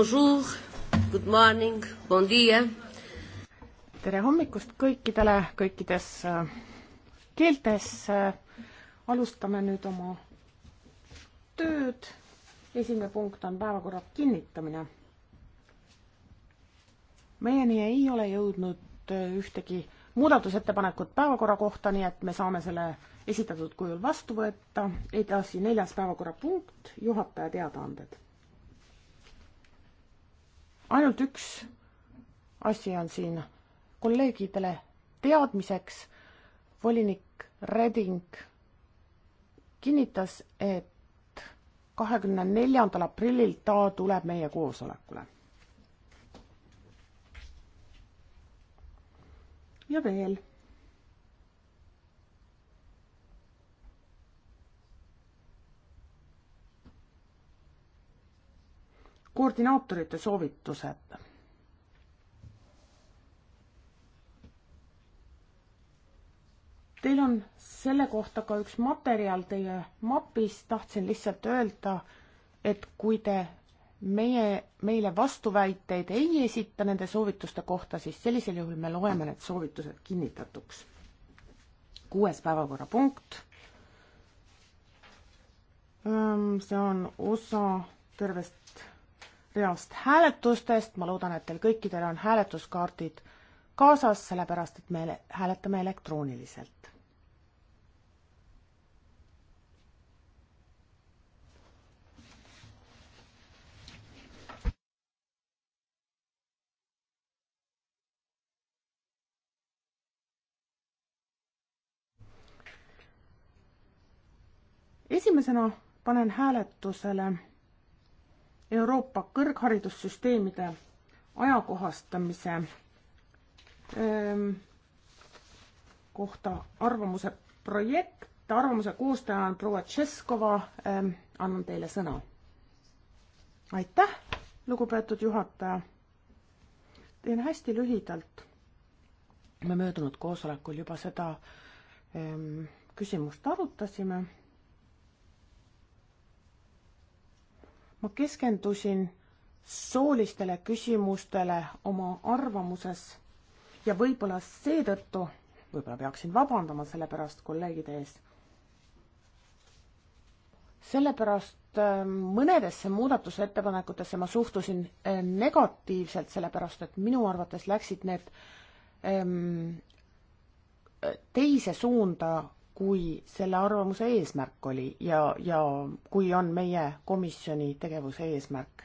Bonjour, good morning, bon dia. tere hommikust kõikidele kõikides äh, keeltes. Äh, alustame nüüd oma tööd. esimene punkt on päevakorra kinnitamine. meieni ei ole jõudnud äh, ühtegi muudatusettepanekut päevakorra kohta, nii et me saame selle esitatud kujul vastu võtta. edasi neljas päevakorrapunkt, juhataja teadaanded ainult üks asi on siin kolleegidele teadmiseks. volinik Reding kinnitas, et kahekümne neljandal aprillil ta tuleb meie koosolekule. ja veel koordinaatorite soovitused. Teil on selle kohta ka üks materjal teie mapis, tahtsin lihtsalt öelda, et kui te meie, meile vastuväiteid ei esita nende soovituste kohta, siis sellisel juhul me loeme need soovitused kinnitatuks. kuues päevakorrapunkt. see on osa tervest reast hääletustest, ma loodan, et teil kõikidel on hääletuskaardid kaasas, sellepärast et me hääletame elektrooniliselt. esimesena panen hääletusele Euroopa kõrgharidussüsteemide ajakohastamise öö, ähm, kohta arvamuse projekt, arvamuse koostaja on proua Tšeskova, ähm, annan teile sõna. aitäh, lugupeetud juhataja. teen hästi lühidalt. me möödunud koosolekul juba seda öö, ähm, küsimust arutasime ma keskendusin soolistele küsimustele oma arvamuses ja võib-olla seetõttu, võib-olla peaksin vabandama selle pärast kolleegide ees, sellepärast ähm, mõnedesse muudatusettepanekutesse ma suhtusin ähm, negatiivselt, sellepärast et minu arvates läksid need ähm, teise suunda kui selle arvamuse eesmärk oli ja, ja kui on meie komisjoni tegevuse eesmärk.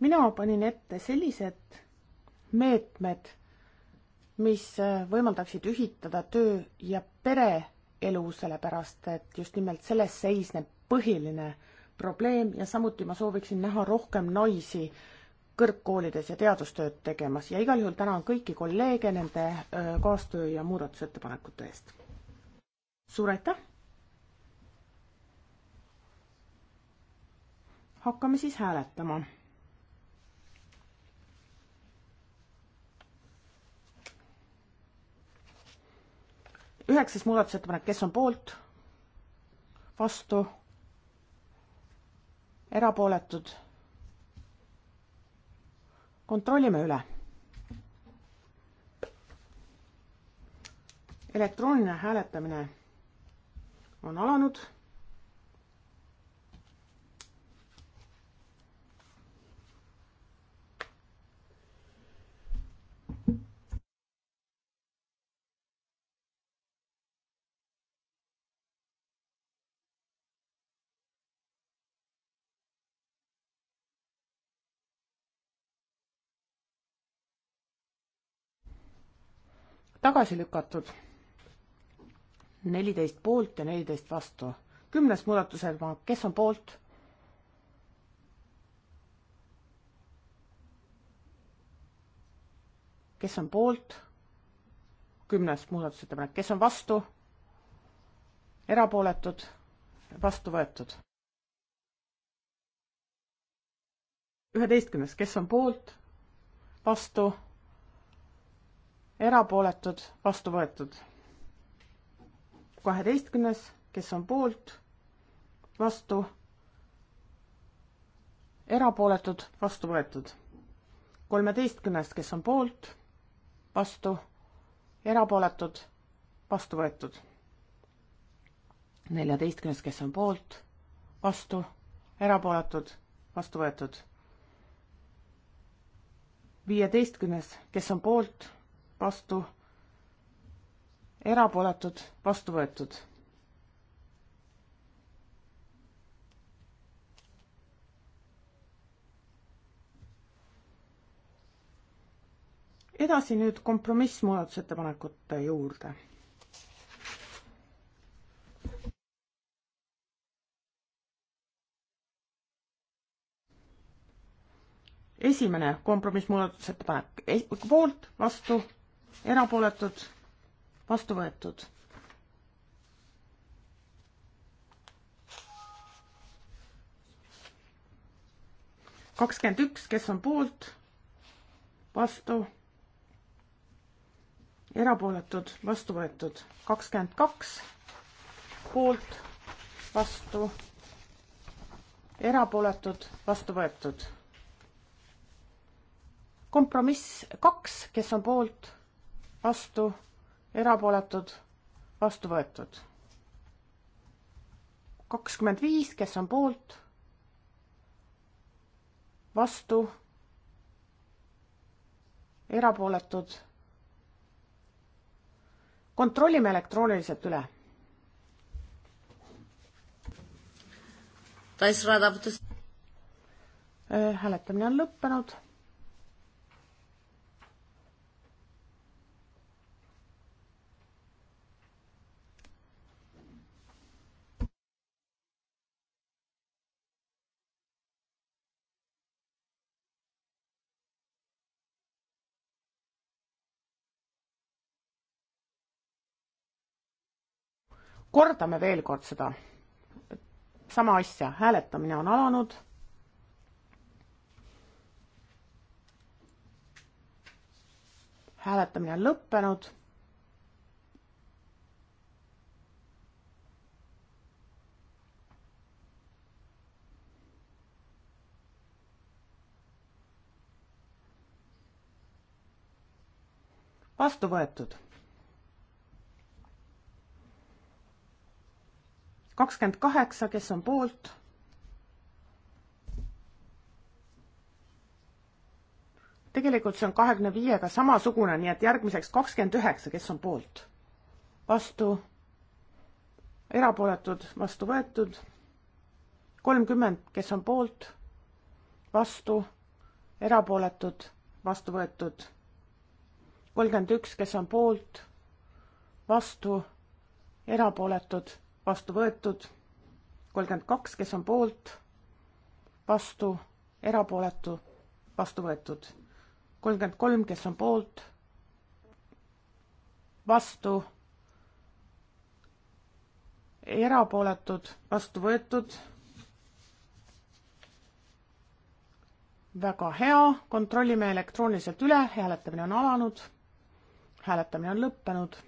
mina panin ette sellised meetmed, mis võimaldaksid ühitada töö ja pereelu, sellepärast et just nimelt selles seisneb põhiline probleem ja samuti ma sooviksin näha rohkem naisi äh, kõrgkoolides ja teadustööd tegemas ja igal juhul tänan kõiki kolleege nende kaastöö ja muudatusettepanekute eest. suur aitäh! hakkame siis hääletama. üheksas muudatusettepanek, kes on poolt, vastu, erapooletud kontrollime üle. elektrooniline hääletamine on alanud tagasi lükatud. neliteist poolt ja neliteist vastu. kümnes muudatusettepanek, kes on poolt? kes on poolt? kümnes muudatusettepanek, kes on vastu? erapooletud, vastu võetud. üheteistkümnes, kes on poolt? vastu erapooletud, vastu võetud. kaheteistkümnes, kes on poolt, vastu, erapooletud, vastu võetud. kolmeteistkümnes, kes on poolt, vastu, erapooletud, vastu võetud. neljateistkümnes, kes on poolt, vastu, erapooletud, vastu võetud. viieteistkümnes, kes on poolt vastu, erapooletud, vastu võetud. edasi nüüd kompromissmuudatusettepanekute juurde esimene kompromissmuudatusettepanek e, poolt, vastu, erapooletud, vastu võetud. kakskümmend üks, kes on poolt, vastu, erapooletud, vastu võetud, kakskümmend kaks, poolt, vastu, erapooletud, vastu võetud kompromiss kaks, kes on poolt, vastu, erapooletud, vastu võetud. kakskümmend viis, kes on poolt, vastu, erapooletud. kontrollime elektrooniliselt üle. Äh, hääletamine on lõppenud kordame veel kord seda sama asja, hääletamine on alanud. hääletamine on lõppenud. vastu võetud kakskümmend kaheksa, kes on poolt? tegelikult see on kahekümne viiega samasugune, nii et järgmiseks kakskümmend üheksa, kes on poolt? vastu, erapooletud, vastu võetud, kolmkümmend, kes on poolt, vastu, erapooletud, vastu võetud, kolmkümmend üks, kes on poolt, vastu, erapooletud vastu võetud, kolmkümmend kaks, kes on poolt, vastu, erapooletu, vastu võetud, kolmkümmend kolm, kes on poolt, vastu, erapooletud, vastu võetud. väga hea, kontrollime elektrooniliselt üle, hääletamine on alanud, hääletamine on lõppenud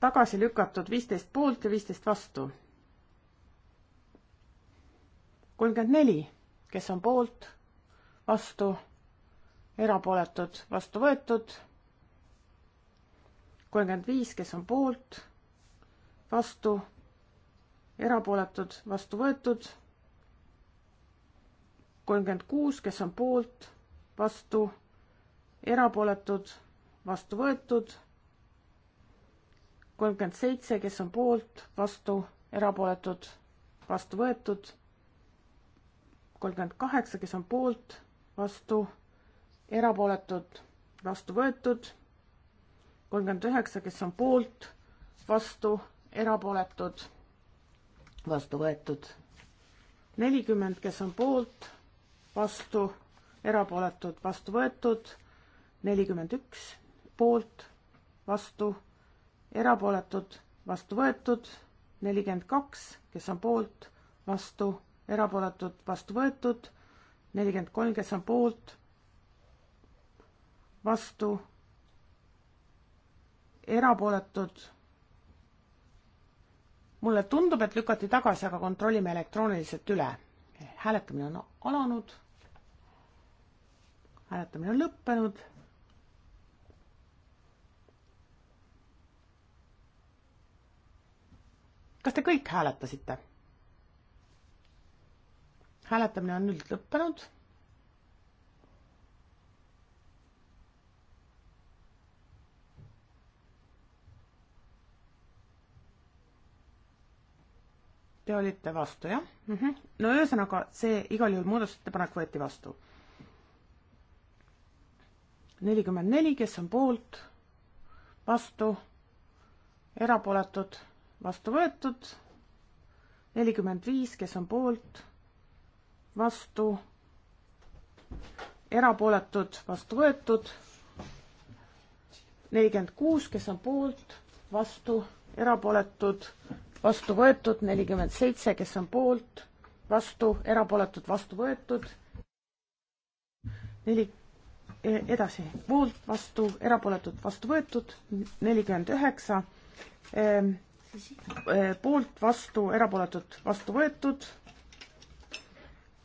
tagasi lükatud viisteist poolt ja viisteist vastu. kolmkümmend neli, kes on poolt, vastu, erapooletud, vastu võetud. kolmkümmend viis, kes on poolt, vastu, erapooletud, vastu võetud. kolmkümmend kuus, kes on poolt, vastu, erapooletud, vastu võetud kolmkümmend seitse, kes on poolt, vastu, erapooletud, vastu võetud. kolmkümmend kaheksa, kes on poolt, vastu, erapooletud, vastu võetud. kolmkümmend üheksa, kes on poolt, vastu, erapooletud, vastu võetud. nelikümmend, kes on poolt, vastu, erapooletud, vastu võetud. nelikümmend üks, poolt, vastu erapooletud, vastu võetud, nelikümmend kaks, kes on poolt, vastu, erapooletud, vastu võetud, nelikümmend kolm, kes on poolt, vastu, erapooletud. mulle tundub, et lükati tagasi, aga kontrollime elektrooniliselt üle. hääletamine on alanud. hääletamine on lõppenud kas te kõik hääletasite? hääletamine on nüüd lõppenud. Te olite vastu, jah mm? -hmm. no ühesõnaga, see igal juhul muudatusettepanek võeti vastu. nelikümmend neli, kes on poolt, vastu, erapooletud vastu võetud, nelikümmend viis, kes on poolt, vastu, erapooletud, vastu võetud, nelikümmend kuus, kes on poolt, vastu, erapooletud, vastu võetud, nelikümmend seitse, kes on poolt, vastu, erapooletud, vastu võetud, neli, e, edasi, poolt, vastu, erapooletud, vastu võetud, nelikümmend üheksa, Eh, poolt, vastu, erapooletud, vastu võetud.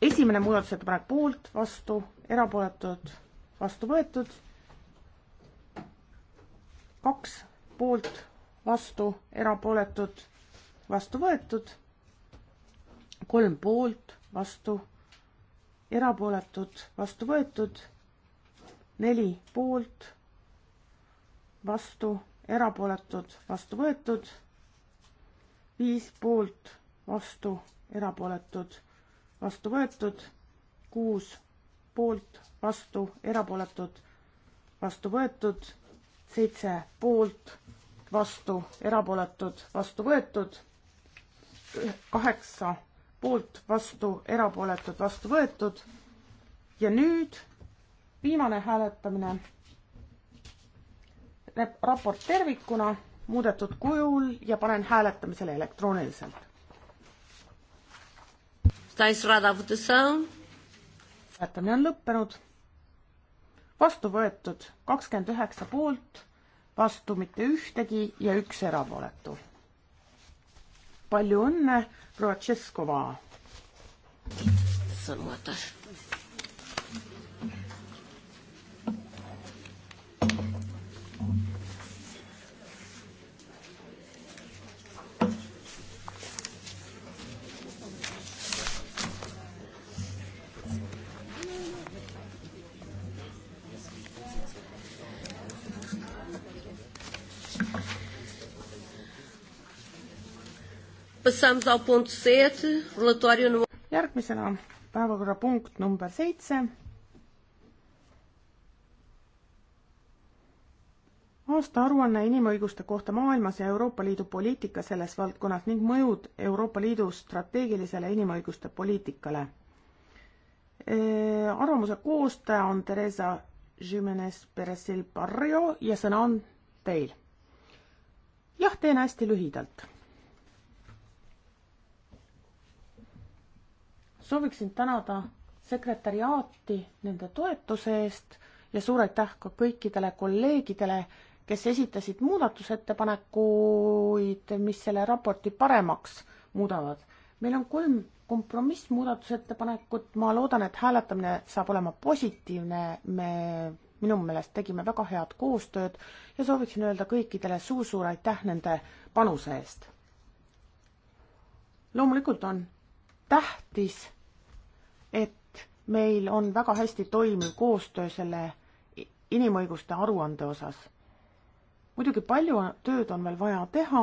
esimene muudatusettepanek poolt, vastu, erapooletud, vastu võetud. kaks poolt, vastu, erapooletud, vastu võetud. kolm poolt, vastu, erapooletud, vastu võetud. neli poolt, vastu, erapooletud, vastu võetud viis poolt, vastu, erapooletud, vastu võetud, kuus poolt, vastu, erapooletud, vastu võetud, seitse poolt, vastu, erapooletud, vastu võetud, kaheksa poolt, vastu, erapooletud, vastu võetud ja nüüd viimane hääletamine, raport tervikuna muudetud kujul ja panen hääletamisele elektrooniliselt. hääletamine on lõppenud. vastu võetud kakskümmend üheksa poolt, vastu mitte ühtegi ja üks erapooletu. palju õnne, Protseskova. sõnumatas Passamos ao ponto 7, relatório no... järgmisena päevakorrapunkt number seitse. aastaaruanne inimõiguste kohta maailmas ja Euroopa Liidu poliitika selles valdkonnas ning mõjud Euroopa Liidu strateegilisele inimõiguste poliitikale. arvamuse koostaja on Theresa Jimenez Peresil Barrio ja sõna on teil. jah, teen hästi lühidalt sooviksin tänada sekretäriaati nende toetuse eest ja suur aitäh ka kõikidele kolleegidele, kes esitasid muudatusettepanekuid, mis selle raporti paremaks muudavad. meil on kolm kompromissmuudatusettepanekut, ma loodan, et hääletamine saab olema positiivne, me minu meelest tegime väga head koostööd ja sooviksin öelda kõikidele suur-suur aitäh nende panuse eest. loomulikult on tähtis et meil on väga hästi toimiv koostöö selle inimõiguste aruande osas. muidugi palju tööd on veel vaja teha,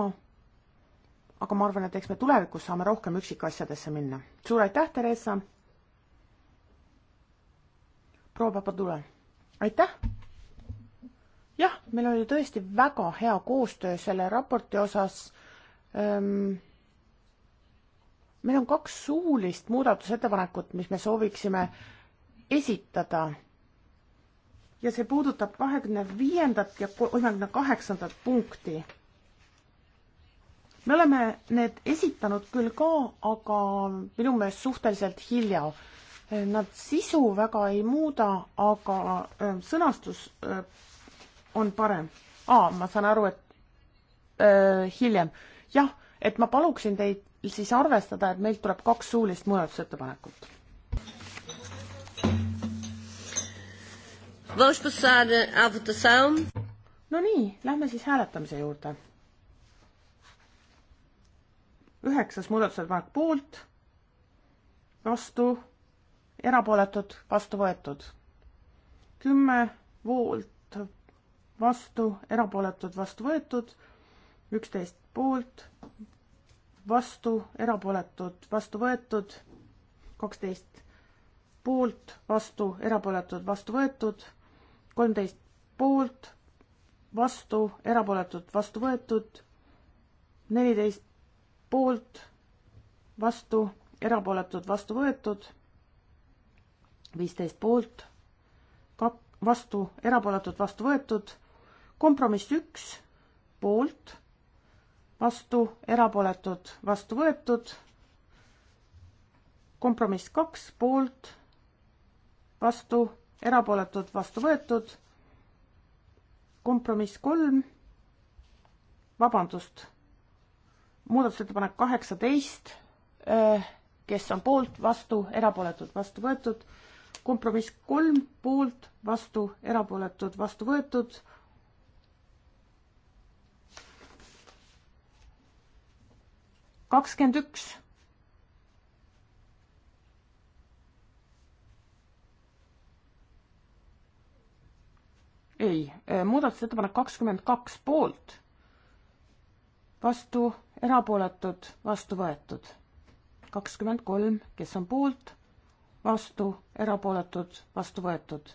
aga ma arvan, et eks me tulevikus saame rohkem üksikasjadesse minna. suur aitäh, Theresa! proua Papadule, aitäh! jah, meil oli tõesti väga hea koostöö selle raporti osas ähm, meil on kaks suulist muudatusettepanekut, mis me sooviksime esitada. ja see puudutab kahekümne viiendat ja kolmekümne kaheksandat punkti. me oleme need esitanud küll ka, aga minu meelest suhteliselt hilja. Nad sisu väga ei muuda, aga äh, sõnastus äh, on parem. aa, ma saan aru, et öö, äh, hiljem. jah, et ma paluksin teid siis arvestada, et meilt tuleb kaks suulist muudatusettepanekut. no nii, lähme siis hääletamise juurde. üheksas muudatusettepanek poolt, vastu, erapooletud, vastu võetud. kümme poolt, vastu, erapooletud, vastu võetud, üksteist poolt vastu, erapooletud, vastu võetud, kaksteist poolt, vastu, erapooletud, vastu võetud, kolmteist poolt, vastu, erapooletud, vastu võetud, neliteist poolt, vastu, erapooletud, vastu võetud, viisteist poolt, kak-, vastu, erapooletud, vastu võetud, kompromiss üks, poolt vastu, erapooletud, vastu võetud. kompromiss kaks, poolt, vastu, erapooletud, vastu võetud. kompromiss kolm, vabandust, muudatusettepanek kaheksateist, äh, kes on poolt, vastu, erapooletud, vastu võetud kompromiss kolm poolt, vastu, erapooletud, vastu võetud kakskümmend üks. ei, äh, muudatusettepanek kakskümmend kaks poolt, vastu erapooletud, vastu võetud. kakskümmend kolm, kes on poolt, vastu erapooletud, vastu võetud.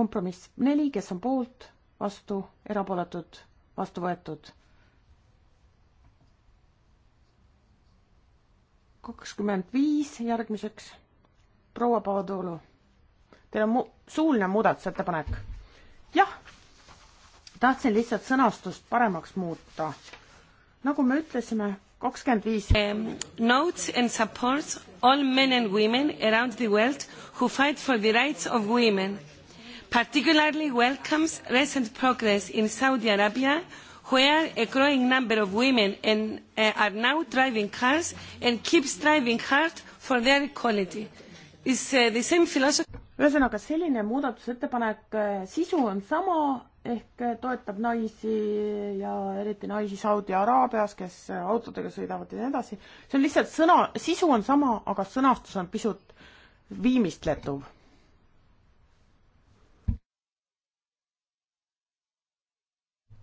kompromiss neli, kes on poolt, vastu erapooletud, vastu võetud kakskümmend viis järgmiseks. proua Paadulu, teil on mu-, suuline muudatusettepanek? jah, tahtsin lihtsalt sõnastust paremaks muuta. nagu me ütlesime, kakskümmend viis. Eh, notes and supports all men and women around the world who fight for the rights of women. Particularly welcomes recent progress in Saudi Arabia where a growing number of women and, uh, are now driving cars and keep striving hard for their equality. Is uh, the same philosophy ühesõnaga, selline muudatusettepanek, äh, sisu on sama, ehk äh, toetab naisi ja eriti naisi Saudi-Araabias, kes äh, autodega sõidavad ja nii edasi. see on lihtsalt sõna, sisu on sama, aga sõnastus on pisut viimistletuv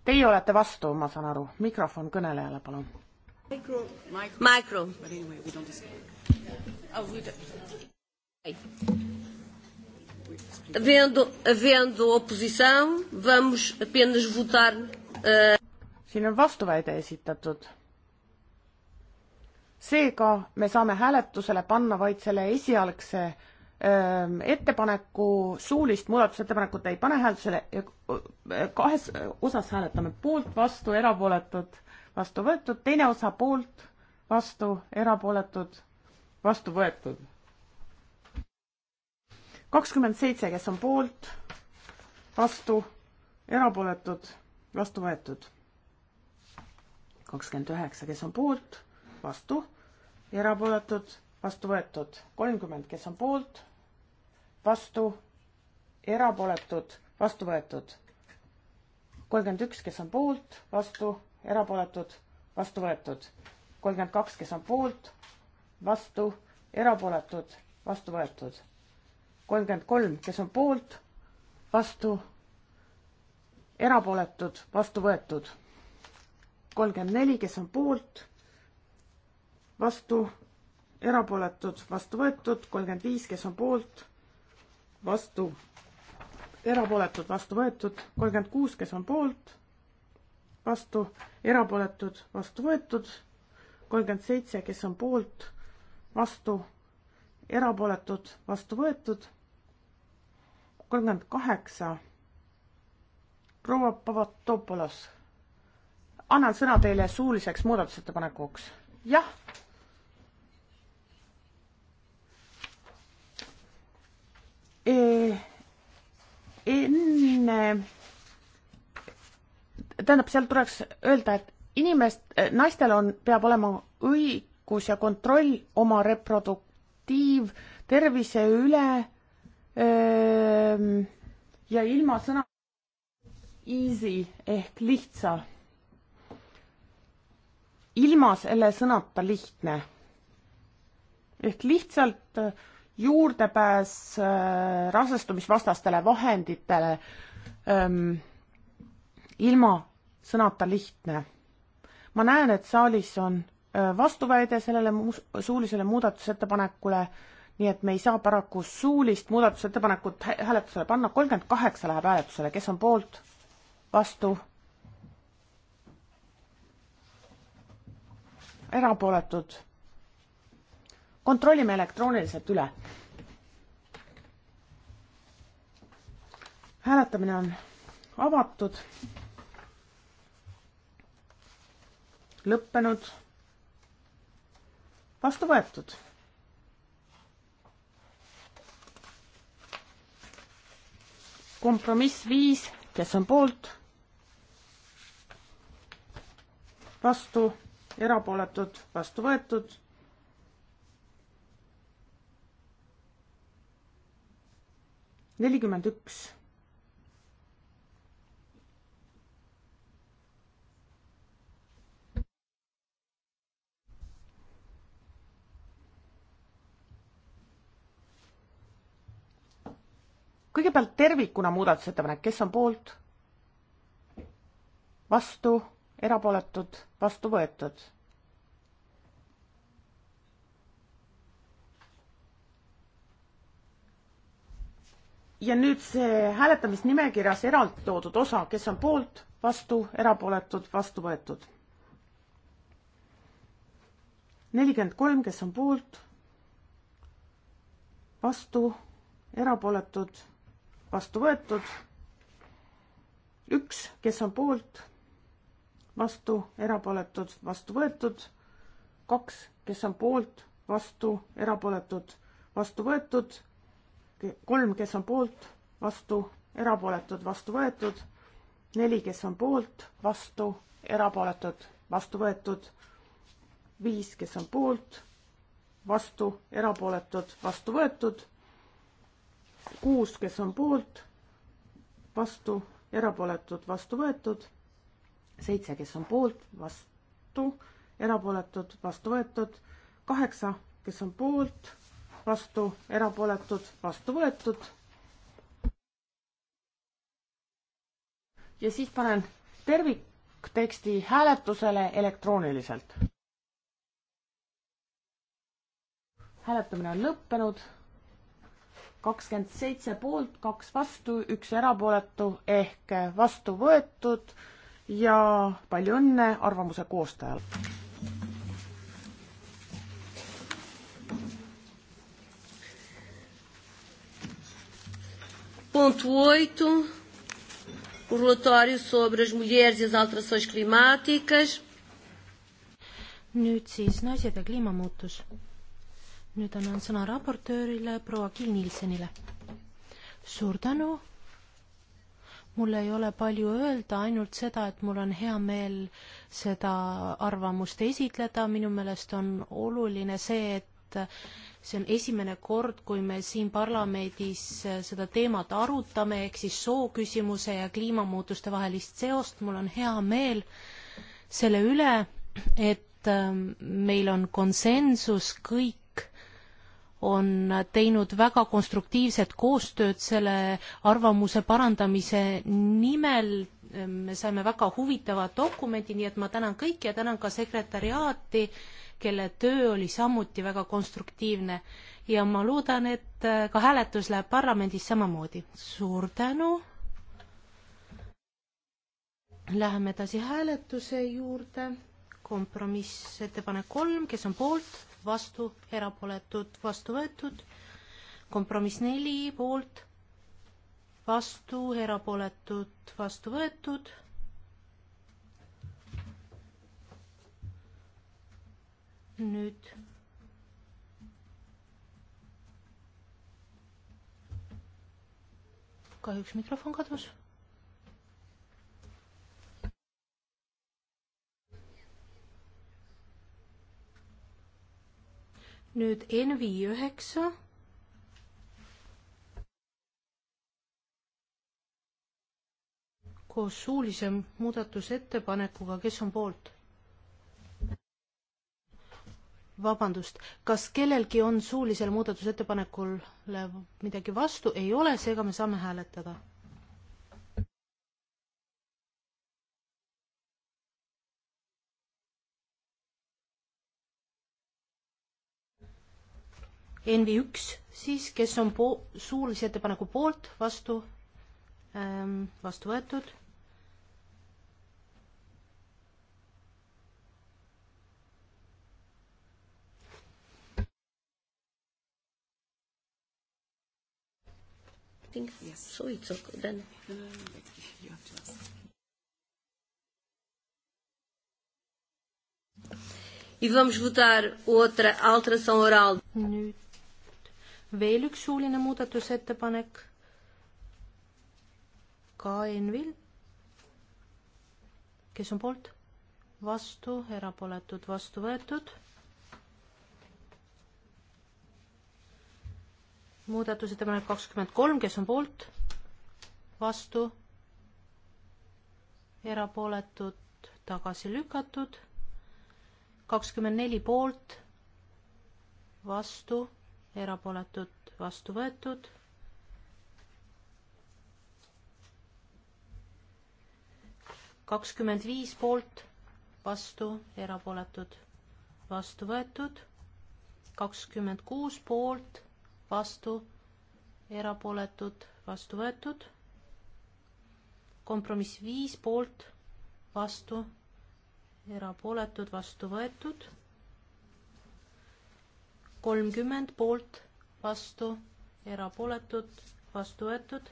Teie olete vastu, ma saan aru. mikrofon kõnelejale, palun. Micro. Micro. But anyway, we don't discuss. Oh, we don't. Havendo, havendo oposição, vamos apenas votar. Uh... siin on vastuväide esitatud. seega me saame hääletusele panna vaid selle esialgse Ähm, ettepaneku, suulist muudatusettepanekut ei pane hääletusele, äh, kahes osas hääletame poolt, vastu, erapooletud, vastu võetud, teine osa poolt, vastu, erapooletud, vastu võetud. kakskümmend seitse, kes on poolt, vastu, erapooletud, vastu võetud. kakskümmend üheksa, kes on poolt, vastu, erapooletud vastu võetud, kolmkümmend, kes on poolt, vastu, erapooletud, vastu võetud. kolmkümmend üks, kes on poolt, vastu, erapooletud, vastu võetud. kolmkümmend kaks, kes on poolt, vastu, erapooletud, vastu võetud. kolmkümmend kolm, kes on poolt, vastu, erapooletud, vastu võetud. kolmkümmend neli, kes on poolt, vastu, erapooletud, vastu võetud, kolmkümmend viis, kes on poolt, vastu, erapooletud, vastu võetud, kolmkümmend kuus, kes on poolt, vastu, erapooletud, vastu võetud, kolmkümmend seitse, kes on poolt, vastu, erapooletud, vastu võetud, kolmkümmend kaheksa, proua Pavatopolos, annan sõna teile suuliseks muudatusettepanekuks. jah enne, tähendab, seal tuleks öelda, et inimest, äh, naistel on, peab olema õigus ja kontroll oma reproduktiivtervise üle öö, ähm, ja ilma sõna easy ehk lihtsa. ilma selle sõnata lihtne. ehk lihtsalt öö, äh, juurdepääs äh, rasestumisvastastele vahenditele ähm, ilma sõnata lihtne. ma näen, et saalis on äh, vastuväide sellele muus, suulisele muudatusettepanekule, nii et me ei saa paraku suulist muudatusettepanekut hääletusele panna, kolmkümmend kaheksa läheb hääletusele, kes on poolt, vastu, erapooletud kontrollime elektrooniliselt üle. hääletamine on avatud. lõppenud. vastu võetud. kompromiss viis, kes on poolt? vastu, erapooletud, vastu võetud nelikümmend üks. kõigepealt tervikuna muudatusettepanek, kes on poolt? vastu, erapooletud, vastu võetud ja nüüd see hääletamisnimekirjas eraldi toodud osa, kes on poolt, vastu, erapooletud, vastu võetud. nelikümmend kolm, kes on poolt, vastu, erapooletud, vastu võetud. üks, kes on poolt, vastu, erapooletud, vastu võetud. kaks, kes on poolt, vastu, erapooletud, vastu võetud kolm, kes on poolt, vastu, erapooletud, vastu võetud, neli, kes on poolt, vastu, erapooletud, vastu võetud, viis, kes on poolt, vastu, erapooletud, vastu võetud, kuus, kes on poolt, vastu, erapooletud, vastu võetud, seitse, kes on poolt, vastu, erapooletud, vastu võetud, kaheksa, kes on poolt vastu, erapooletud, vastu võetud. ja siis panen tervikteksti hääletusele elektrooniliselt. hääletamine on lõppenud. kakskümmend seitse poolt, kaks vastu, üks erapooletu ehk vastu võetud ja palju õnne arvamuse koostajale. Ponto 8, o relatório sobre as mulheres e as alterações climáticas. nüüd siis naised ja kliimamuutus. nüüd annan sõna raportöörile proua Kill Nilsenile. suur tänu. mul ei ole palju öelda, ainult seda, et mul on hea meel seda arvamust esitleda, minu meelest on oluline see, et et see on esimene kord, kui me siin parlamendis seda teemat arutame, ehk siis sooküsimuse ja kliimamuutuste vahelist seost. mul on hea meel selle üle, et ähm, meil on konsensus, kõik on teinud väga konstruktiivset koostööd selle arvamuse parandamise nimel. Ähm, me saime väga huvitava dokumendi, nii et ma tänan kõiki ja tänan ka sekretäriaati äh, kelle töö oli samuti väga konstruktiivne ja ma loodan, et äh, ka hääletus läheb parlamendis samamoodi. suur tänu. Läheme edasi hääletuse juurde. kompromissettepanek kolm, kes on poolt, vastu, erapooletud, vastu võetud. kompromiss neli, poolt, vastu, erapooletud, vastu võetud nüüd kahjuks mikrofon kadus. nüüd NV üheksa. koos suulise muudatusettepanekuga, kes on poolt? vabandust, kas kellelgi on suulisel muudatusettepanekule midagi vastu, ei ole, seega me saame hääletada. NV üks siis, kes on po-, suulise ettepaneku poolt, vastu ähm,, vastu võetud think yes. so. It's okay then. No, no, no, you have to ask. E vamos votar outra alteração oral. Nüüd veel üks suuline muudatusettepanek ka Envil. kes on poolt? vastu, erapooletud, vastu võetud muudatusettepanek kakskümmend kolm, kes on poolt, vastu, erapooletud, tagasi lükatud, kakskümmend neli poolt, vastu, erapooletud, vastu võetud, kakskümmend viis poolt, vastu, erapooletud, vastu võetud, kakskümmend kuus poolt vastu, erapooletud, vastu võetud. kompromiss viis poolt, vastu, erapooletud, vastu võetud. kolmkümmend poolt, vastu, erapooletud, vastu võetud.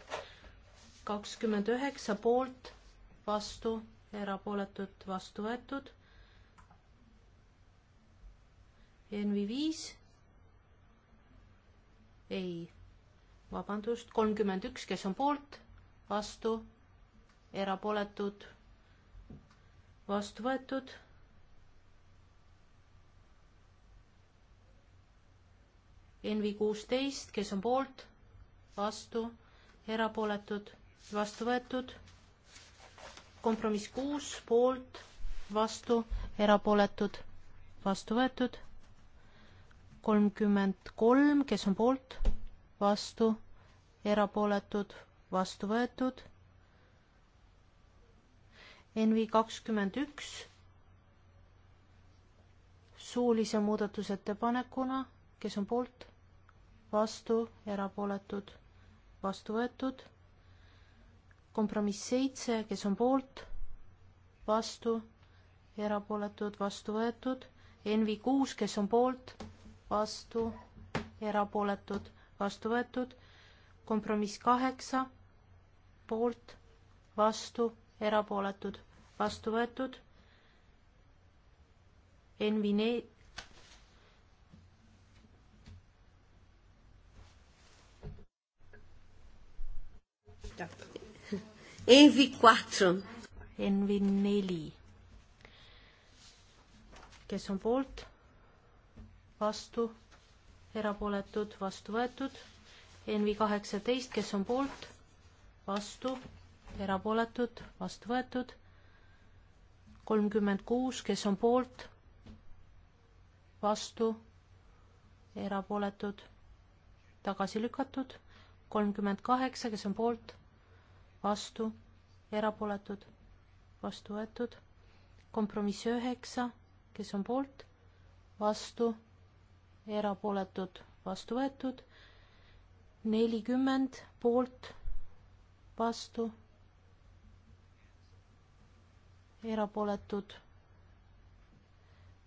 kakskümmend üheksa poolt, vastu, erapooletud, vastu võetud. NV viis ei, vabandust, kolmkümmend üks, kes on poolt, vastu, erapooletud, vastu võetud. NV kuusteist, kes on poolt, vastu, erapooletud, vastu võetud. kompromiss kuus, poolt, vastu, erapooletud, vastu võetud kolmkümmend kolm, kes on poolt, vastu, erapooletud, vastu võetud. NV kakskümmend üks suulise muudatusettepanekuna, kes on poolt, vastu, erapooletud, vastu võetud. kompromiss seitse, kes on poolt, vastu, erapooletud, vastu võetud. NV kuus, kes on poolt vastu, erapooletud, vastu võetud, kompromiss kaheksa, poolt, vastu, erapooletud, vastu võetud, Envi ne-, Envi quattro. Envi neli. kes on poolt? vastu, erapooletud, vastu võetud. NV kaheksateist, kes on poolt, vastu, erapooletud, vastu võetud. kolmkümmend kuus, kes on poolt, vastu, erapooletud, tagasi lükatud. kolmkümmend kaheksa, kes on poolt, vastu, erapooletud, vastu võetud. kompromiss üheksa, kes on poolt, vastu erapooletud, vastu võetud, nelikümmend poolt, vastu, erapooletud,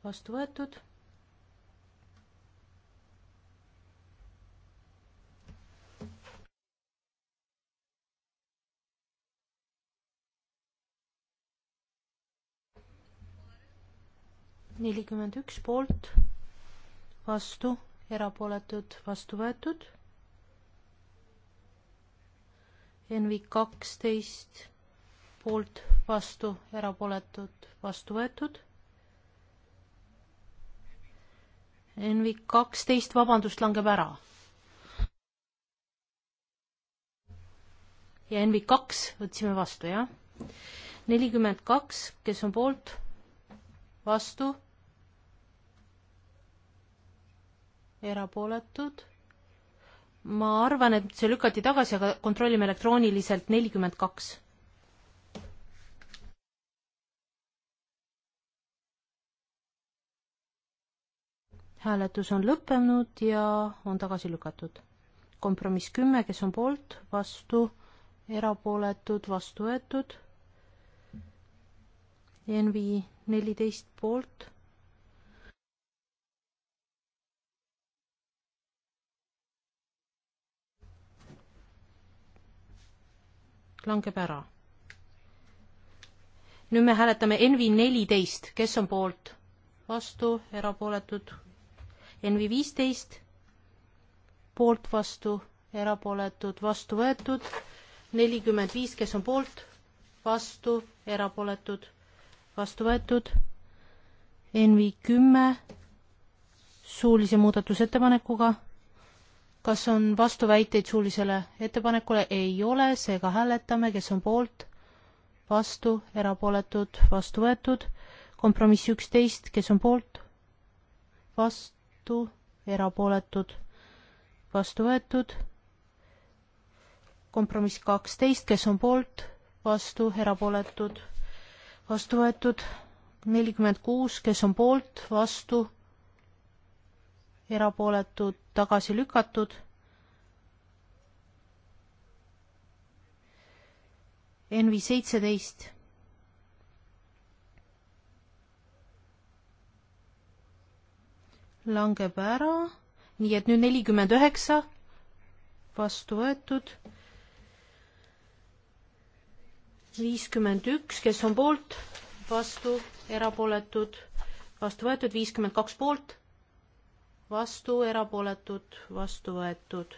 vastu võetud nelikümmend üks poolt vastu, erapooletud, vastu võetud. NV kaksteist poolt, vastu, erapooletud, vastu võetud. NV kaksteist, vabandust, langeb ära. ja NV kaks võtsime vastu, jah. nelikümmend kaks, kes on poolt, vastu erapooletud. ma arvan, et see lükati tagasi, aga kontrollime elektrooniliselt nelikümmend kaks. hääletus on lõppenud ja on tagasi lükatud. kompromiss kümme, kes on poolt, vastu, erapooletud, vastu võetud. NV neliteist poolt langeb ära. nüüd me hääletame Envi neliteist, kes on poolt, vastu, erapooletud. Envi viisteist, poolt, vastu, erapooletud, vastu võetud. nelikümmend viis, kes on poolt, vastu, erapooletud, vastu võetud. Envi kümme, suulise muudatusettepanekuga kas on vastuväiteid suulisele ettepanekule? ei ole, seega hääletame, kes on poolt, vastu, erapooletud, vastu võetud. kompromiss üksteist, kes on poolt, vastu, erapooletud, vastu võetud. kompromiss kaksteist, kes on poolt, vastu, erapooletud, vastu võetud. nelikümmend kuus, kes on poolt, vastu, erapooletud, tagasi lükatud. NV seitseteist. langeb ära, nii et nüüd nelikümmend üheksa vastu võetud. viiskümmend üks, kes on poolt, vastu, erapooletud, vastu võetud, viiskümmend kaks poolt vastu, erapooletud, vastu võetud.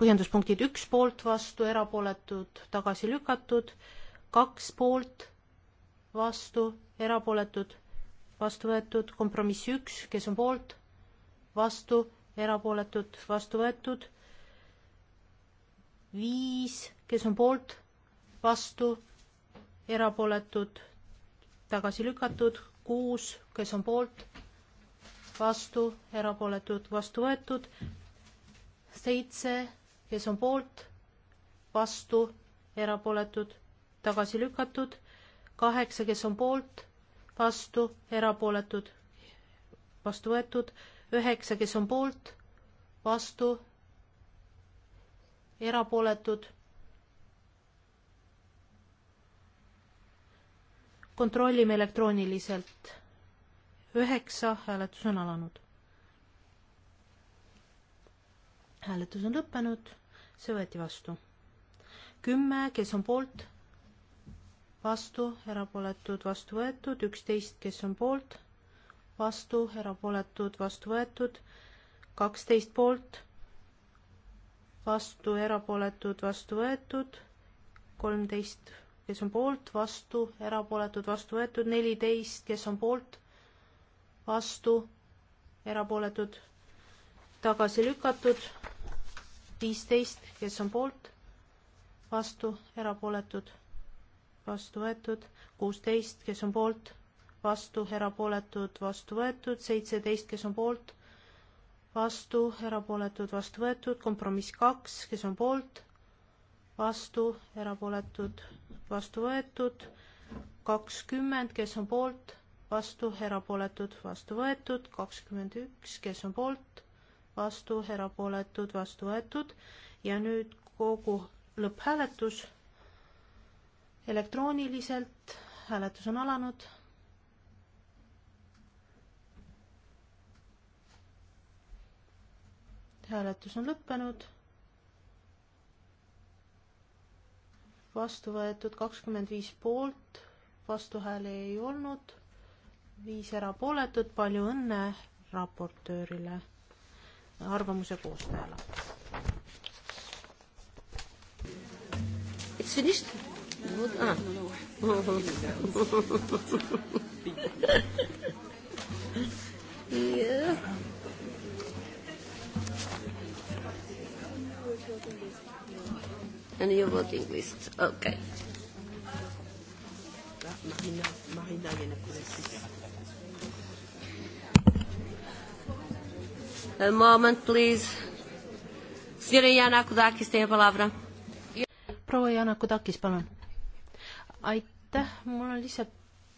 põhjenduspunktid üks poolt vastu, erapooletud, tagasi lükatud, kaks poolt vastu, erapooletud, vastu võetud, kompromiss üks, kes on poolt, vastu, erapooletud, vastu võetud, viis, kes on poolt, vastu, erapooletud, tagasi lükatud, kuus, kes on poolt, vastu, erapooletud, vastu võetud, seitse, kes on poolt, vastu, erapooletud, tagasi lükatud, kaheksa, kes on poolt, vastu, erapooletud, vastu võetud, üheksa, kes on poolt, vastu, erapooletud kontrollime elektrooniliselt. üheksa, hääletus on alanud. hääletus on lõppenud, see võeti vastu. kümme, kes on poolt, vastu, erapooletud, vastu võetud, üksteist, kes on poolt, vastu, erapooletud, vastu võetud, kaksteist poolt, vastu, erapooletud, vastu võetud, kolmteist kes on poolt, vastu, erapooletud, vastu võetud, neliteist, kes on poolt, vastu, erapooletud, tagasi lükatud, viisteist, kes on poolt, vastu, erapooletud, vastu võetud, kuusteist, kes on poolt, vastu, erapooletud, vastu võetud, seitseteist, kes on poolt, vastu, erapooletud, vastu võetud, kompromiss kaks, kes on poolt vastu, erapooletud, vastu võetud, kakskümmend, kes on poolt, vastu, erapooletud, vastu võetud, kakskümmend üks, kes on poolt, vastu, erapooletud, vastu võetud ja nüüd kogu lõpphääletus elektrooniliselt, hääletus on alanud. hääletus on lõppenud vastu võetud kakskümmend viis poolt, vastuhääli ei olnud, viis erapooletut, palju õnne raportöörile, arvamuse koostajale. It's finished? No, ah. no, no. yeah and your voting list. Okay. Marina, Marina Yanakoudakis. A moment, please. Senhora Yanakoudakis, tem a palavra. proua Yanakoudakis, palun. aitäh, mul on lihtsalt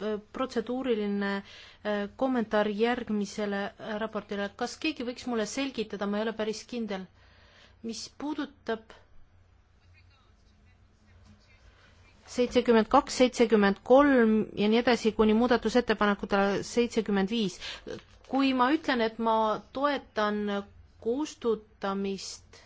äh, protseduuriline äh, kommentaar järgmisele äh, raportile. kas keegi võiks mulle selgitada, ma ei ole päris kindel, mis puudutab seitsekümmend kaks, seitsekümmend kolm ja nii edasi kuni muudatusettepanekutele seitsekümmend viis. kui ma ütlen, et ma toetan kustutamist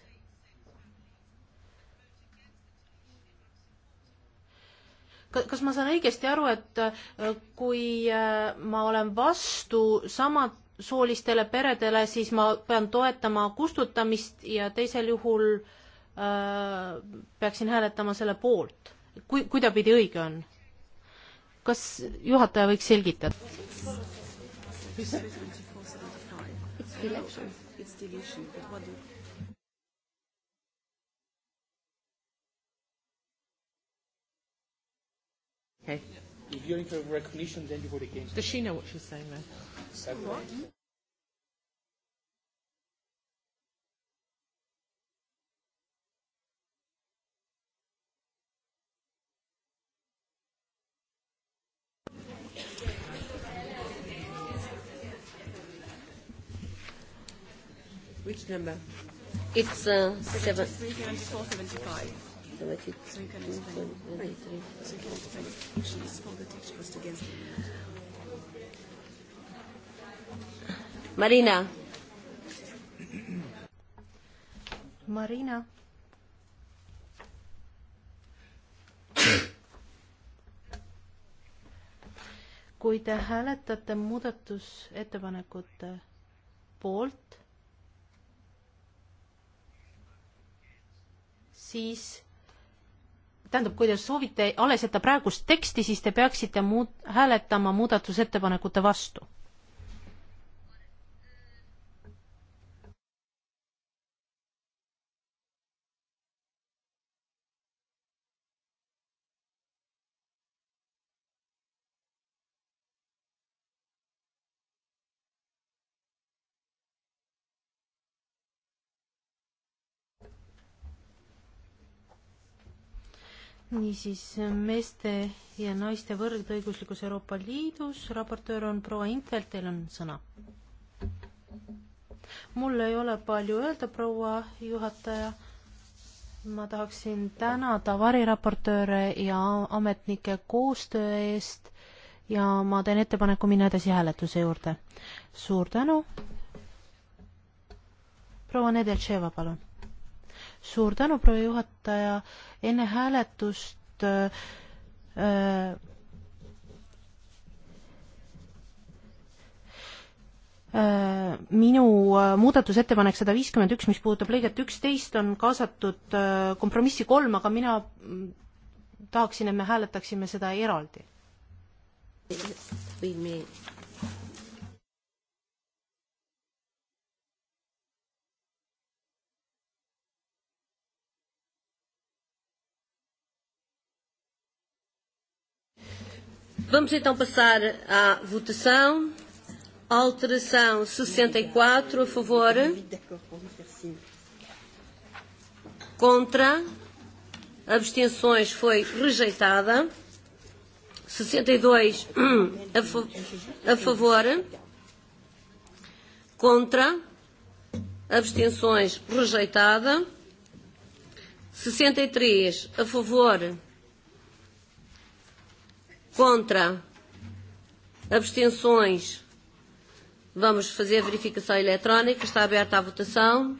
kas ma saan õigesti aru, et äh, kui äh, ma olen vastu samasoolistele peredele, siis ma pean toetama kustutamist ja teisel juhul äh, peaksin hääletama selle poolt? kui, kuidapidi õige on? kas juhataja võiks selgitada? Okay. If you're into recognition, then you vote against. Does she know what she's saying then? So what? Which number? It's uh, 7. 374, 75. 73. 73. 73. She is for the text was against Marina. Marina. kui te hääletate muudatusettepanekute poolt, siis tähendab, kui te soovite alles jätta praegust teksti, siis te peaksite muud, hääletama muudatusettepanekute vastu niisiis meeste ja naiste võrdõiguslikkus Euroopa Liidus, raportöör on proua Infeld, teil on sõna. mul ei ole palju öelda, proua juhataja. ma tahaksin tänada variraportööre ja ametnike koostöö eest ja ma teen ettepaneku minna edasi hääletuse juurde. suur tänu. proua Nedeltševa, palun suur tänu, proua juhataja, enne hääletust äh, äh minu äh, muudatusettepanek sada viiskümmend üks, mis puudutab lõiget üksteist, on kaasatud äh, kompromissi kolm, aga mina mm, tahaksin, et me hääletaksime seda eraldi. Vamos então passar à votação. Alteração 64, e a favor. Contra. Abstenções foi rejeitada. 62 e a, fa a favor. Contra. Abstenções rejeitada. 63 e a favor Contra? Abstenções? Vamos fazer verificação eletrónica. Está aberta a votação.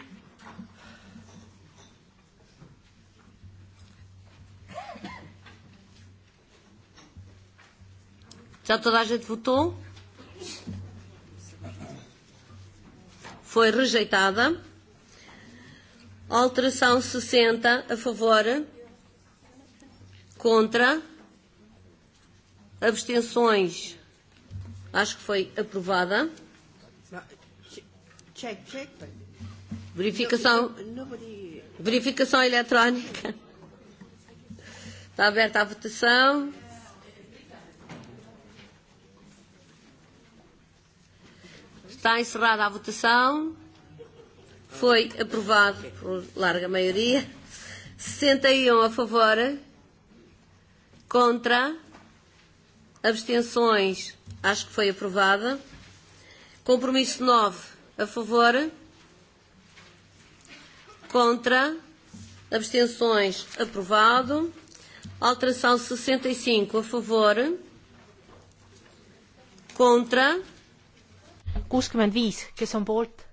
Já toda a gente votou? Foi rejeitada. Alteração 60 a favor. Contra. Abstenções. Acho que foi aprovada. Check, check. Verificação. Nobody... Verificação eletrónica. Está aberta a votação. Está encerrada a votação. Foi aprovado por larga maioria. 61 e um a favor. Contra. Abstenções? Acho que foi aprovada. Compromisso 9, a favor? Contra? Abstenções? Aprovado. Alteração 65, e a favor? Contra? 65, kes on poolt?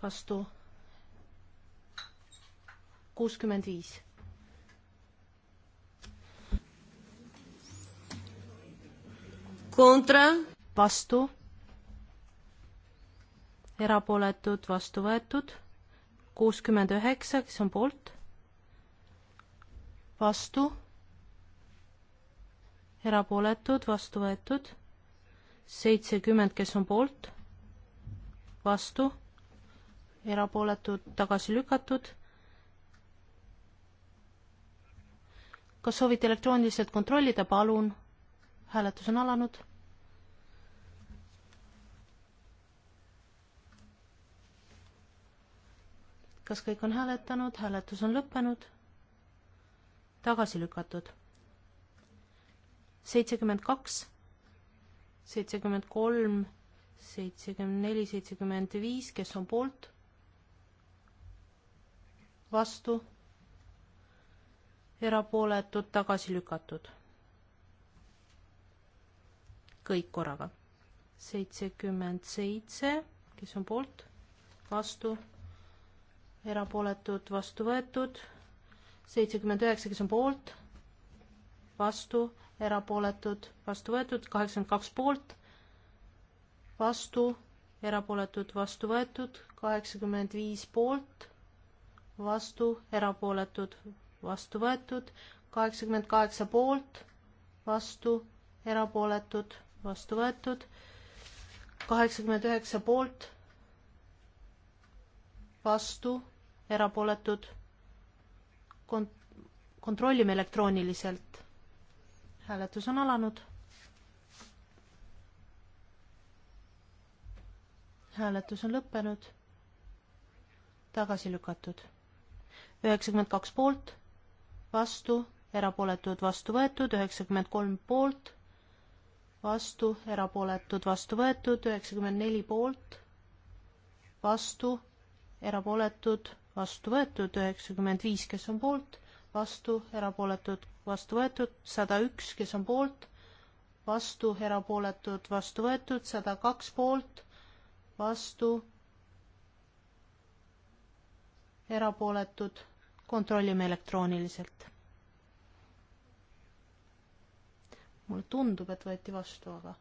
vastu kuuskümmend viis Contra. vastu. erapooletud, vastu võetud. kuuskümmend üheksa, kes on poolt? vastu. erapooletud, vastu võetud. seitsekümmend, kes on poolt? vastu. erapooletud, tagasi lükatud kas soovite elektrooniliselt kontrollida, palun. hääletus on alanud. kas kõik on hääletanud, hääletus on lõppenud, tagasi lükatud. seitsekümmend kaks, seitsekümmend kolm, seitsekümmend neli, seitsekümmend viis, kes on poolt, vastu, erapooletud, tagasi lükatud. kõik korraga. seitsekümmend seitse, kes on poolt, vastu erapooletud, vastu võetud, seitsekümmend üheksa, kes on poolt, vastu, erapooletud, vastu võetud, kaheksakümmend kaks poolt, vastu, erapooletud, vastu võetud, kaheksakümmend viis poolt, vastu, erapooletud, vastu võetud, kaheksakümmend kaheksa poolt, vastu, erapooletud, vastu võetud, kaheksakümmend üheksa poolt vastu, erapooletud Kont. kontrollime elektrooniliselt. hääletus on alanud. hääletus on lõppenud. tagasi lükatud. üheksakümmend kaks poolt, vastu, erapooletud, vastu võetud, üheksakümmend kolm poolt, vastu, erapooletud, vastu võetud, üheksakümmend neli poolt, vastu erapooletud, vastu võetud, üheksakümmend viis, kes on poolt, vastu, erapooletud, vastu võetud, sada üks, kes on poolt, vastu, erapooletud, vastu võetud, sada kaks poolt, vastu, erapooletud, kontrollime elektrooniliselt. mulle tundub, et võeti vastu, aga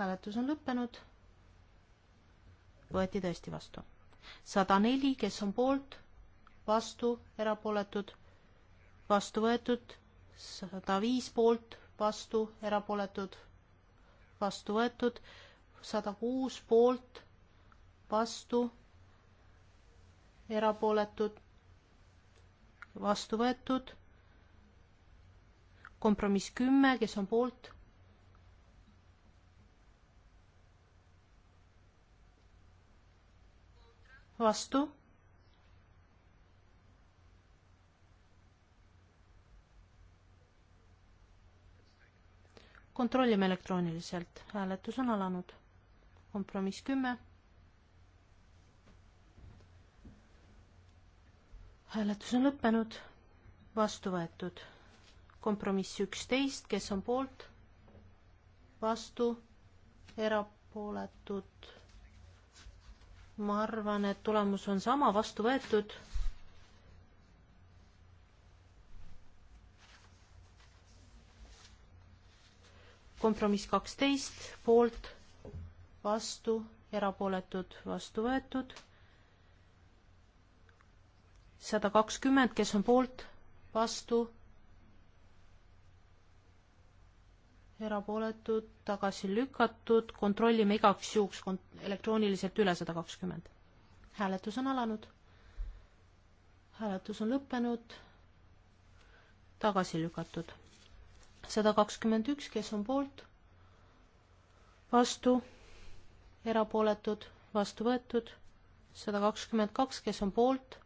hääletus on lõppenud. võeti tõesti vastu sada neli, kes on poolt, vastu, erapooletud, vastu võetud, sada viis poolt, vastu, erapooletud, vastu võetud, sada kuus poolt, vastu, erapooletud, vastu võetud, kompromiss kümme, kes on poolt, vastu. kontrollime elektrooniliselt, hääletus on alanud. kompromiss kümme. hääletus on lõppenud, vastu võetud. kompromiss üksteist, kes on poolt, vastu, erapooletud ma arvan, et tulemus on sama, vastu võetud. kompromiss kaksteist, poolt, vastu, erapooletud, vastu võetud. sada kakskümmend, kes on poolt, vastu erapooletud, tagasi lükatud, kontrollime igaks juhuks elektrooniliselt üle sada kakskümmend. hääletus on alanud. hääletus on lõppenud, tagasi lükatud. sada kakskümmend üks, kes on poolt, vastu, erapooletud, vastu võetud, sada kakskümmend kaks, kes on poolt,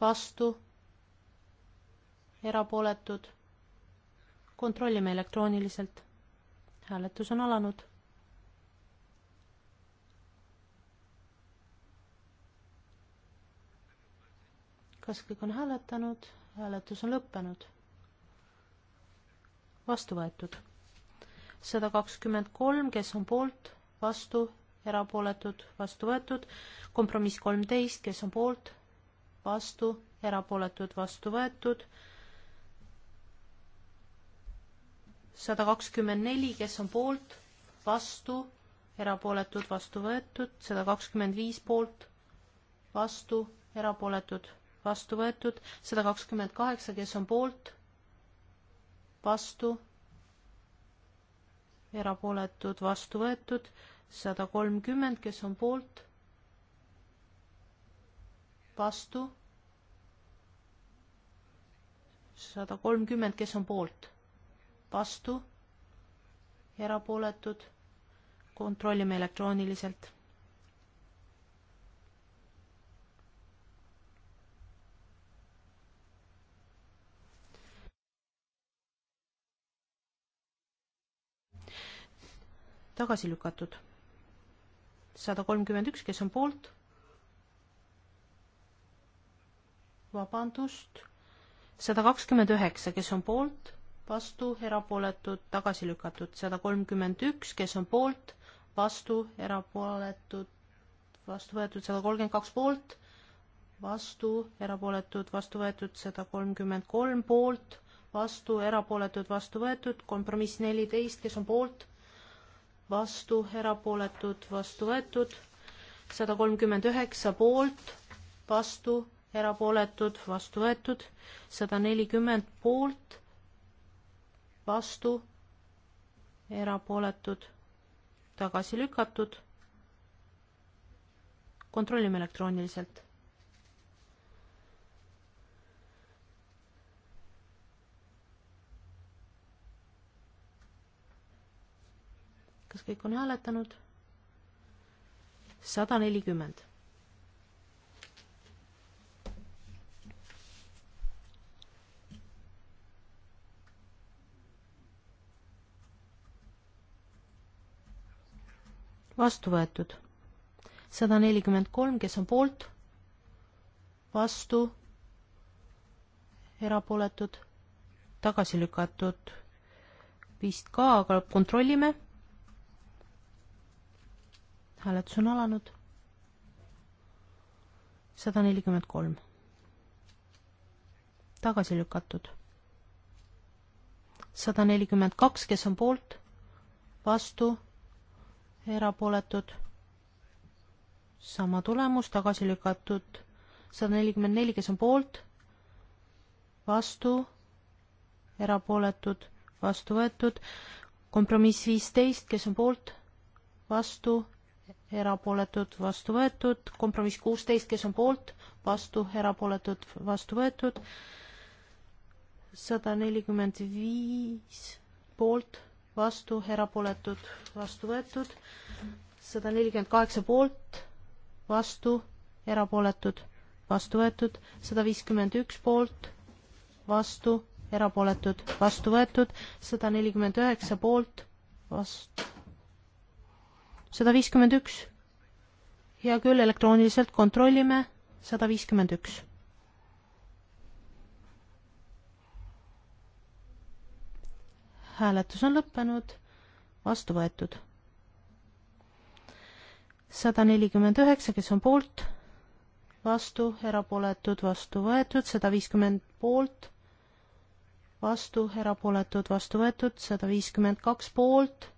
vastu, erapooletud kontrollime elektrooniliselt. hääletus on alanud. kas kõik on hääletanud? hääletus on lõppenud. vastu võetud. sada kakskümmend kolm, kes on poolt, vastu, erapooletud, vastu võetud. kompromiss kolmteist, kes on poolt, vastu, erapooletud, vastu võetud sada kakskümmend neli, kes on poolt, vastu, erapooletud, vastu võetud, sada kakskümmend viis poolt, vastu, erapooletud, vastu võetud, sada kakskümmend kaheksa, kes on poolt, vastu, erapooletud, vastu võetud, sada kolmkümmend, kes on poolt, vastu, sada kolmkümmend, kes on poolt vastu, erapooletud, kontrollime elektrooniliselt. tagasi lükatud. sada kolmkümmend üks, kes on poolt? vabandust, sada kakskümmend üheksa, kes on poolt? vastu, erapooletud, tagasi lükatud. sada kolmkümmend üks, kes on poolt, vastu, erapooletud, vastu võetud, sada kolmkümmend kaks poolt, vastu, erapooletud, vastu võetud, sada kolmkümmend kolm poolt, vastu, erapooletud, vastu võetud, kompromiss neliteist, kes on poolt, vastu, erapooletud, vastu võetud, sada kolmkümmend üheksa poolt, vastu, erapooletud, vastu võetud, sada nelikümmend poolt vastu, erapooletud, tagasi lükatud. kontrollime elektrooniliselt kas kõik on hääletanud? sada nelikümmend. vastu võetud. sada nelikümmend kolm, kes on poolt, vastu, erapooletud, tagasi lükatud vist ka, aga kontrollime. hääletus on alanud. sada nelikümmend kolm. tagasi lükatud sada nelikümmend kaks, kes on poolt, vastu, erapooletud, sama tulemus, tagasi lükatud sada nelikümmend neli, kes on poolt, vastu, erapooletud, vastu võetud, kompromiss viisteist, kes on poolt, vastu, erapooletud, vastu võetud, kompromiss kuusteist, kes on poolt, vastu, erapooletud, vastu võetud, sada nelikümmend viis poolt vastu, erapooletud, vastu võetud, sada nelikümmend kaheksa poolt, vastu, erapooletud, vastu võetud, sada viiskümmend üks poolt, vastu, erapooletud, vastu võetud, sada nelikümmend üheksa poolt, vastu, sada viiskümmend üks. hea küll, elektrooniliselt kontrollime, sada viiskümmend üks hääletus on lõppenud, vastu võetud. sada nelikümmend üheksa, kes on poolt, vastu, erapooletud, vastu võetud, sada viiskümmend poolt, vastu, erapooletud, vastu võetud, sada viiskümmend kaks poolt,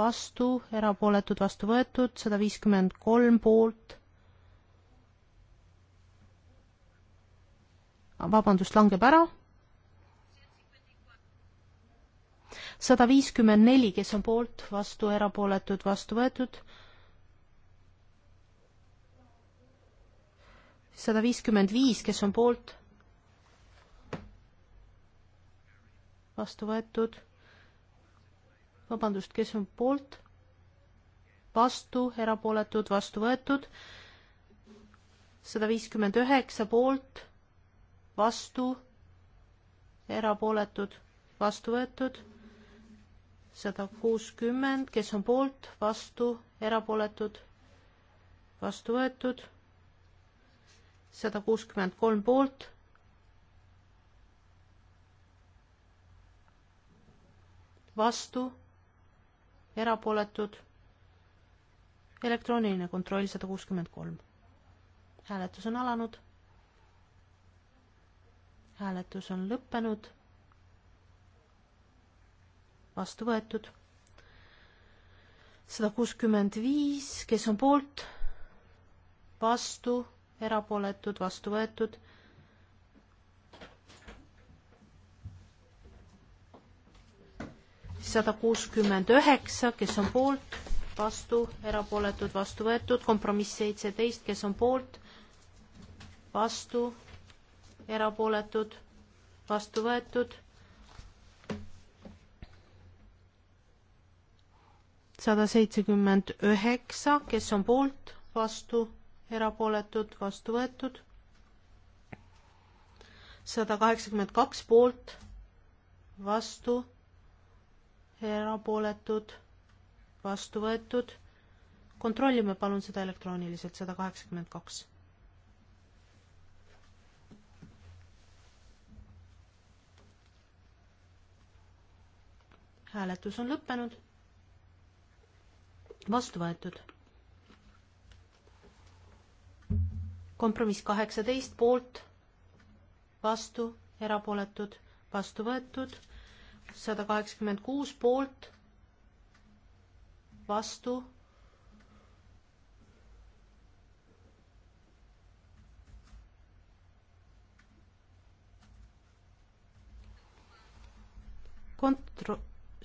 vastu, erapooletud, vastu võetud, sada viiskümmend kolm poolt ah, vabandust, langeb ära. sada viiskümmend neli, kes on poolt, vastu, erapooletud, vastu võetud. sada viiskümmend viis, kes on poolt, vastu võetud. vabandust, kes on poolt, vastu, erapooletud, vastu võetud. sada viiskümmend üheksa poolt, vastu, erapooletud, vastu võetud sada kuuskümmend, kes on poolt, vastu, erapooletud, vastu võetud, sada kuuskümmend kolm poolt, vastu, erapooletud, elektrooniline kontroll sada kuuskümmend kolm. hääletus on alanud. hääletus on lõppenud vastu võetud. sada kuuskümmend viis, kes on poolt, vastu, erapooletud, vastu võetud. sada kuuskümmend üheksa, kes on poolt, vastu, erapooletud, vastu võetud, kompromiss seitseteist, kes on poolt, vastu, erapooletud, vastu võetud sada seitsekümmend üheksa, kes on poolt, vastu, erapooletud, vastu võetud. sada kaheksakümmend kaks poolt, vastu, erapooletud, vastu võetud. kontrollime palun seda elektrooniliselt, sada kaheksakümmend kaks. hääletus on lõppenud vastu võetud. kompromiss kaheksateist poolt, vastu, erapooletud, vastu võetud, sada kaheksakümmend kuus poolt, vastu kontro-,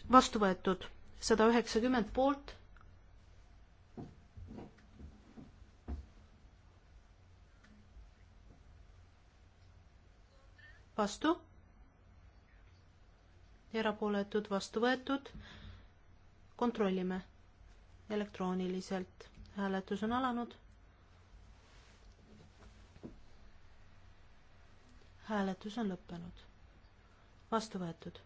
vastu võetud sada üheksakümmend poolt, vastu, erapooletud, vastu võetud. kontrollime elektrooniliselt. hääletus on alanud. hääletus on lõppenud. vastu võetud.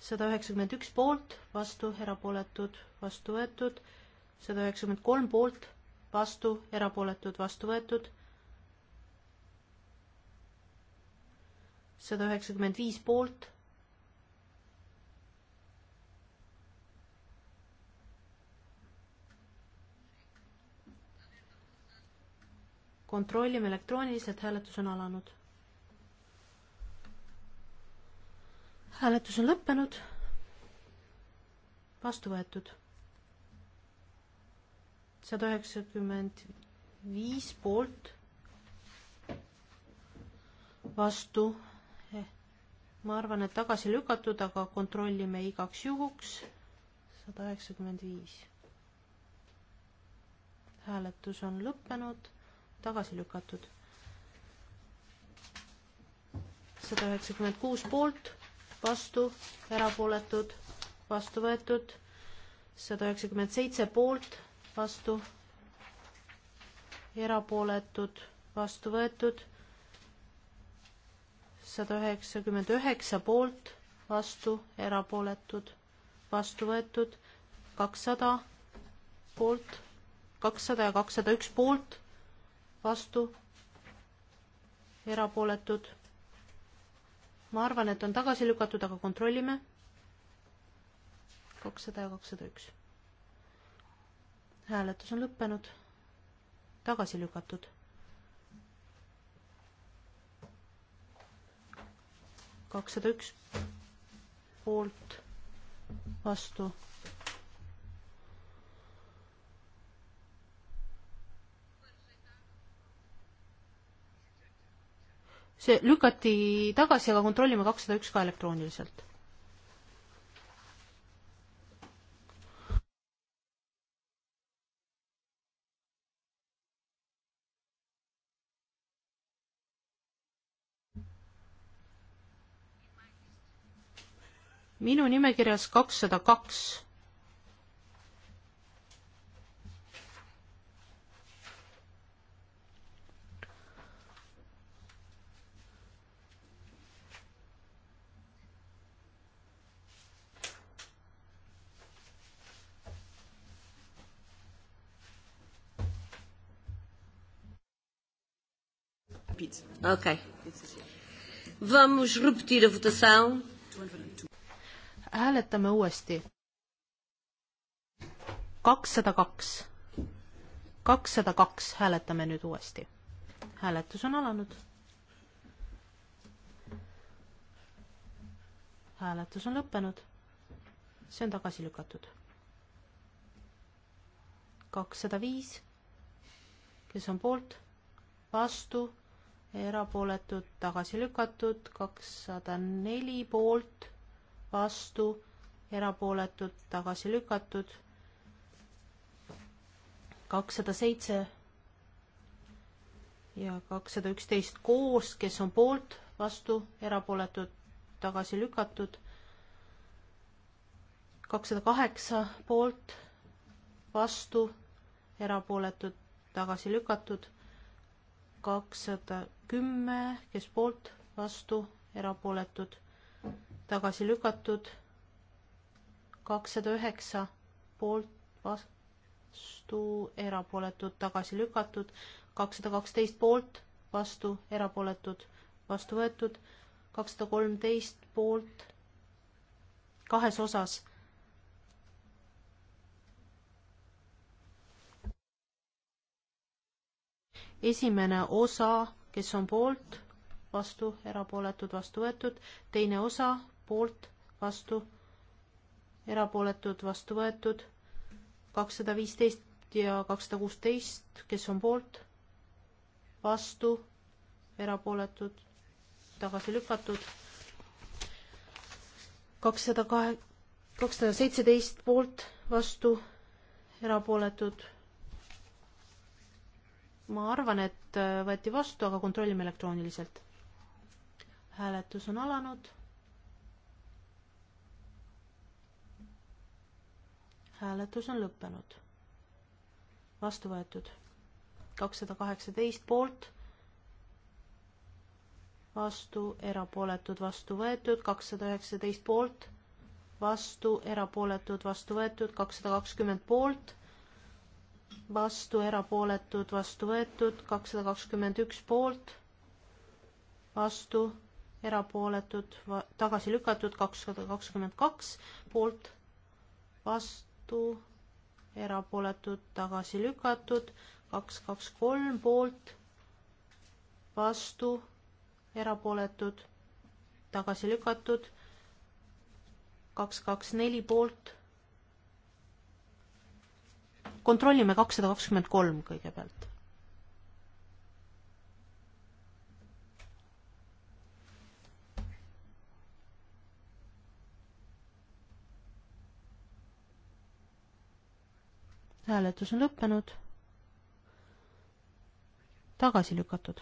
sada üheksakümmend üks poolt, vastu, erapooletud, vastu võetud. sada üheksakümmend kolm poolt, vastu, erapooletud, vastu võetud sada üheksakümmend viis poolt. kontrollime elektrooniliselt, hääletus on alanud. hääletus on lõppenud. vastu võetud. sada üheksakümmend viis poolt. vastu ma arvan, et tagasi lükatud, aga kontrollime igaks juhuks. sada üheksakümmend viis. hääletus on lõppenud, tagasi lükatud. sada üheksakümmend kuus poolt, vastu, erapooletud, vastu võetud. sada üheksakümmend seitse poolt, vastu, erapooletud, vastu võetud sada üheksakümmend üheksa poolt, vastu, erapooletud, vastu võetud, kakssada poolt, kakssada ja kakssada üks poolt, vastu, erapooletud. ma arvan, et on tagasi lükatud, aga kontrollime. kakssada ja kakssada üks. hääletus on lõppenud, tagasi lükatud kakssada üks poolt, vastu. see lükati tagasi, aga kontrollime kakssada üks ka elektrooniliselt minu nimekirjas kakssada kaks. Ok. Vamos repetir a votação hääletame uuesti. kakssada kaks, kakssada kaks hääletame nüüd uuesti. hääletus on alanud. hääletus on lõppenud. see on tagasi lükatud. kakssada viis, kes on poolt, vastu erapooletud tagasi lükatud, kakssada neli poolt, vastu, erapooletud, tagasi lükatud. kakssada seitse ja kakssada üksteist koos, kes on poolt, vastu, erapooletud, tagasi lükatud. kakssada kaheksa poolt, vastu, erapooletud, tagasi lükatud. kakssada kümme, kes poolt, vastu, erapooletud tagasi lükatud, kakssada üheksa poolt, vastu, erapooletud, tagasi lükatud, kakssada kaksteist poolt, vastu, erapooletud, vastu võetud, kakssada kolmteist poolt, kahes osas esimene osa, kes on poolt, vastu, erapooletud, vastu võetud, teine osa poolt, vastu, erapooletud, vastu võetud, kakssada viisteist ja kakssada kuusteist, kes on poolt, vastu, erapooletud, tagasi lükatud, kakssada kahe, kakssada seitseteist poolt, vastu, erapooletud. ma arvan, et võeti vastu, aga kontrollime elektrooniliselt. hääletus on alanud hääletus on lõppenud. vastu võetud kakssada kaheksateist poolt, vastu erapooletud, vastu võetud kakssada üheksateist poolt, vastu erapooletud, vastu võetud kakssada kakskümmend poolt, vastu erapooletud, vastu võetud kakssada kakskümmend üks poolt, vastu erapooletud, tagasi lükatud kakssada kakskümmend kaks poolt, vastu vastu, erapooletud tagasi lükatud, kaks, kaks, kolm poolt, vastu, erapooletud, tagasi lükatud, kaks, kaks, neli poolt. kontrollime kakssada kakskümmend kolm kõigepealt hääletus on lõppenud. tagasi lükatud.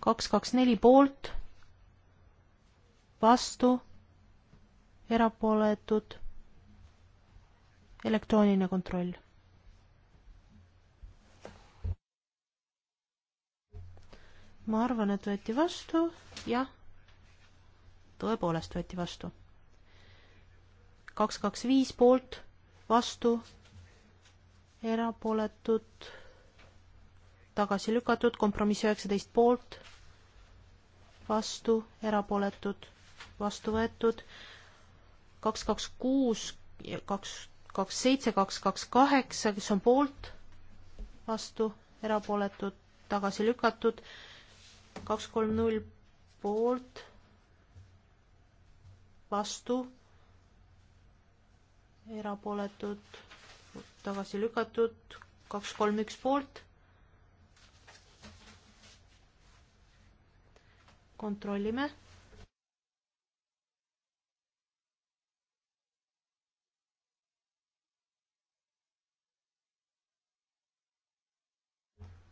kaks, kaks, neli poolt, vastu, erapooletud, elektrooniline kontroll. ma arvan, et võeti vastu, jah, tõepoolest võeti vastu kaks, kaks, viis poolt, vastu, erapooletud, tagasi lükatud, kompromiss üheksateist poolt, vastu, erapooletud, vastu võetud, kaks, kaks, kuus, kaks, kaks, seitse, kaks, kaks, kaheksa, kes on poolt, vastu, erapooletud, tagasi lükatud, kaks, kolm, null poolt, vastu erapooletud, tagasi lükatud, kaks, kolm, üks poolt. kontrollime.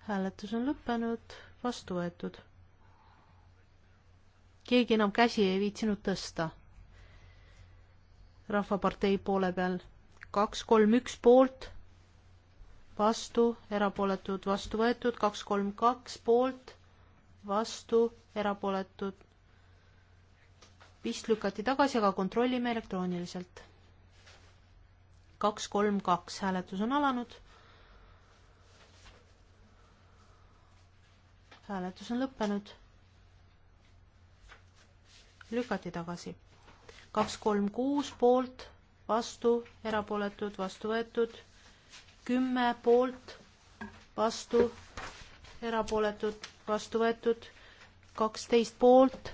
hääletus on lõppenud, vastu võetud. keegi enam käsi ei viitsinud tõsta Rahvapartei poole peal kaks, kolm, üks poolt, vastu, erapooletud, vastu võetud, kaks, kolm, kaks poolt, vastu, erapooletud. vist lükati tagasi, aga kontrollime elektrooniliselt. kaks, kolm, kaks, hääletus on alanud. hääletus on lõppenud. lükati tagasi kaks, kolm, kuus poolt, vastu, erapooletud, vastu võetud, kümme poolt, vastu, erapooletud, vastu võetud, kaksteist poolt,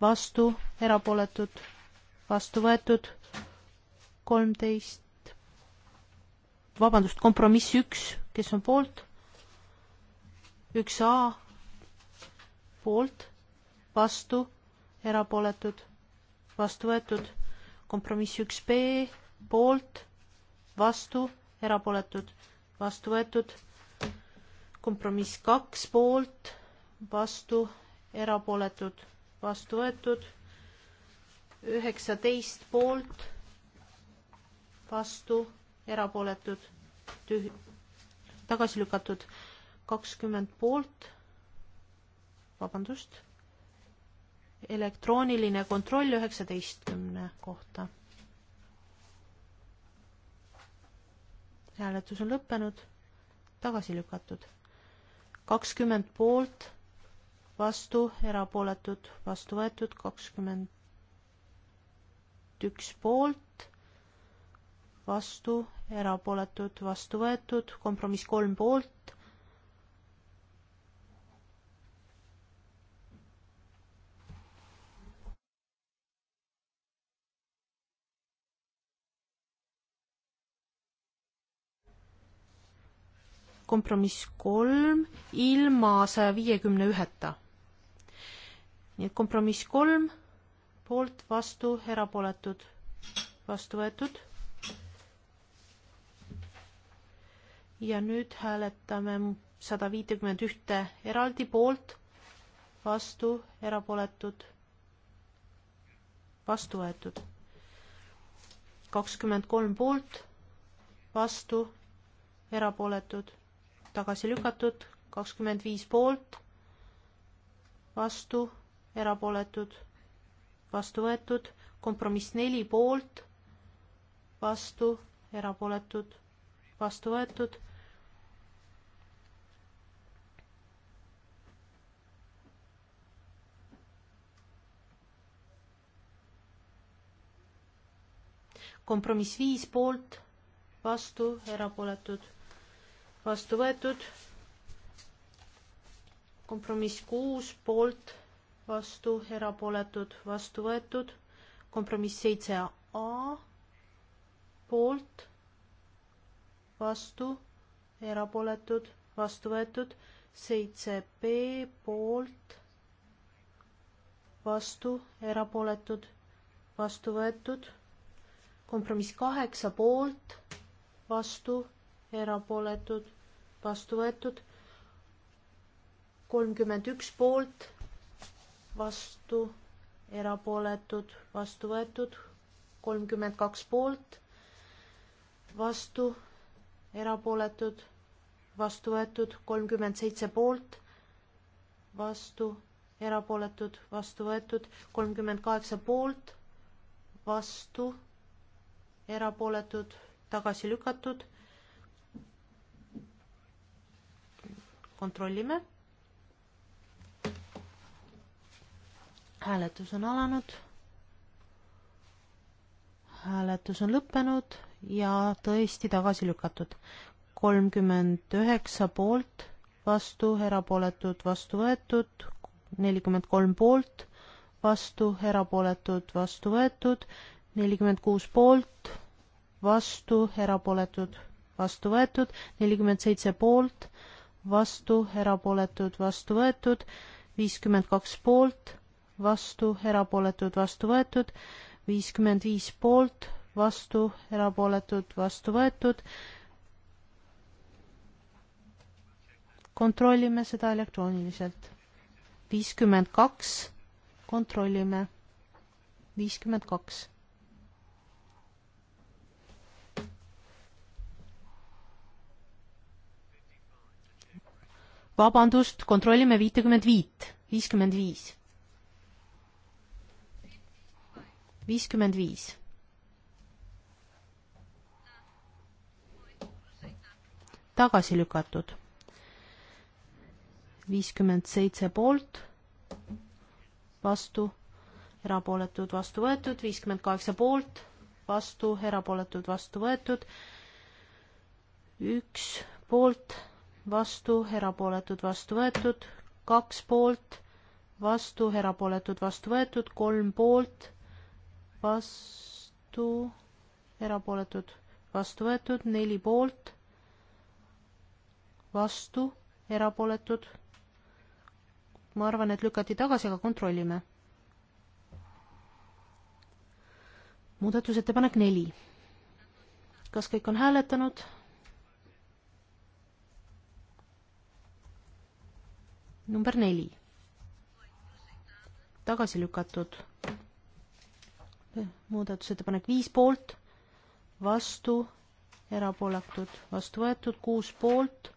vastu, erapooletud, vastu võetud, kolmteist, vabandust, kompromiss üks, kes on poolt, üks A poolt, vastu, erapooletud vastu võetud. kompromiss üks B poolt, vastu, erapooletud, vastu võetud. kompromiss kaks poolt, vastu, erapooletud, vastu võetud. üheksateist poolt, vastu, erapooletud, tüh-, tagasi lükatud. kakskümmend poolt, vabandust elektrooniline kontroll üheksateistkümne kohta. hääletus on lõppenud, tagasi lükatud. kakskümmend poolt, vastu, erapooletud, vastu võetud, kakskümmend üks poolt, vastu, erapooletud, vastu võetud, kompromiss kolm poolt, kompromiss kolm ilma saja viiekümne üheta. nii et kompromiss kolm, poolt, vastu, erapooletud, vastu võetud. ja nüüd hääletame sada viitekümmet ühte eraldi poolt, vastu, erapooletud, vastu võetud. kakskümmend kolm poolt, vastu, erapooletud tagasi lükatud, kakskümmend viis poolt, vastu, erapooletud, vastu võetud, kompromiss neli poolt, vastu, erapooletud, vastu võetud. kompromiss viis poolt, vastu, erapooletud vastu võetud. kompromiss kuus poolt, vastu, erapooletud, vastu võetud. kompromiss seitse A poolt, vastu, erapooletud, vastu võetud. seitse B poolt, vastu, erapooletud, vastu võetud. kompromiss kaheksa poolt, vastu, erapooletud vastu võetud, kolmkümmend üks poolt, vastu, erapooletud, vastu võetud, kolmkümmend kaks poolt, vastu, erapooletud, vastu võetud, kolmkümmend seitse poolt, vastu, erapooletud, vastu võetud, kolmkümmend kaheksa poolt, vastu, erapooletud, tagasi lükatud kontrollime. hääletus on alanud. hääletus on lõppenud ja tõesti tagasi lükatud. kolmkümmend üheksa poolt, vastu, erapooletud, vastu võetud, nelikümmend kolm poolt, vastu, erapooletud, vastu võetud, nelikümmend kuus poolt, vastu, erapooletud, vastu võetud, nelikümmend seitse poolt, vastu, erapooletud, vastu võetud, viiskümmend kaks poolt, vastu, erapooletud, vastu võetud, viiskümmend viis poolt, vastu, erapooletud, vastu võetud. kontrollime seda elektrooniliselt. viiskümmend kaks, kontrollime. viiskümmend kaks vabandust, kontrollime viitekümmet viit, viiskümmend viis. viiskümmend viis. tagasi lükatud. viiskümmend seitse poolt, vastu, erapooletud, vastu võetud, viiskümmend kaheksa poolt, vastu, erapooletud, vastu võetud, üks poolt vastu, erapooletud, vastu võetud, kaks poolt, vastu, erapooletud, vastu võetud, kolm poolt, vastu, erapooletud, vastu võetud, neli poolt, vastu, erapooletud. ma arvan, et lükati tagasi, aga kontrollime. muudatusettepanek neli. kas kõik on hääletanud? number neli, tagasi lükatud. muudatusettepanek viis poolt, vastu, erapooletud, vastu võetud, kuus poolt,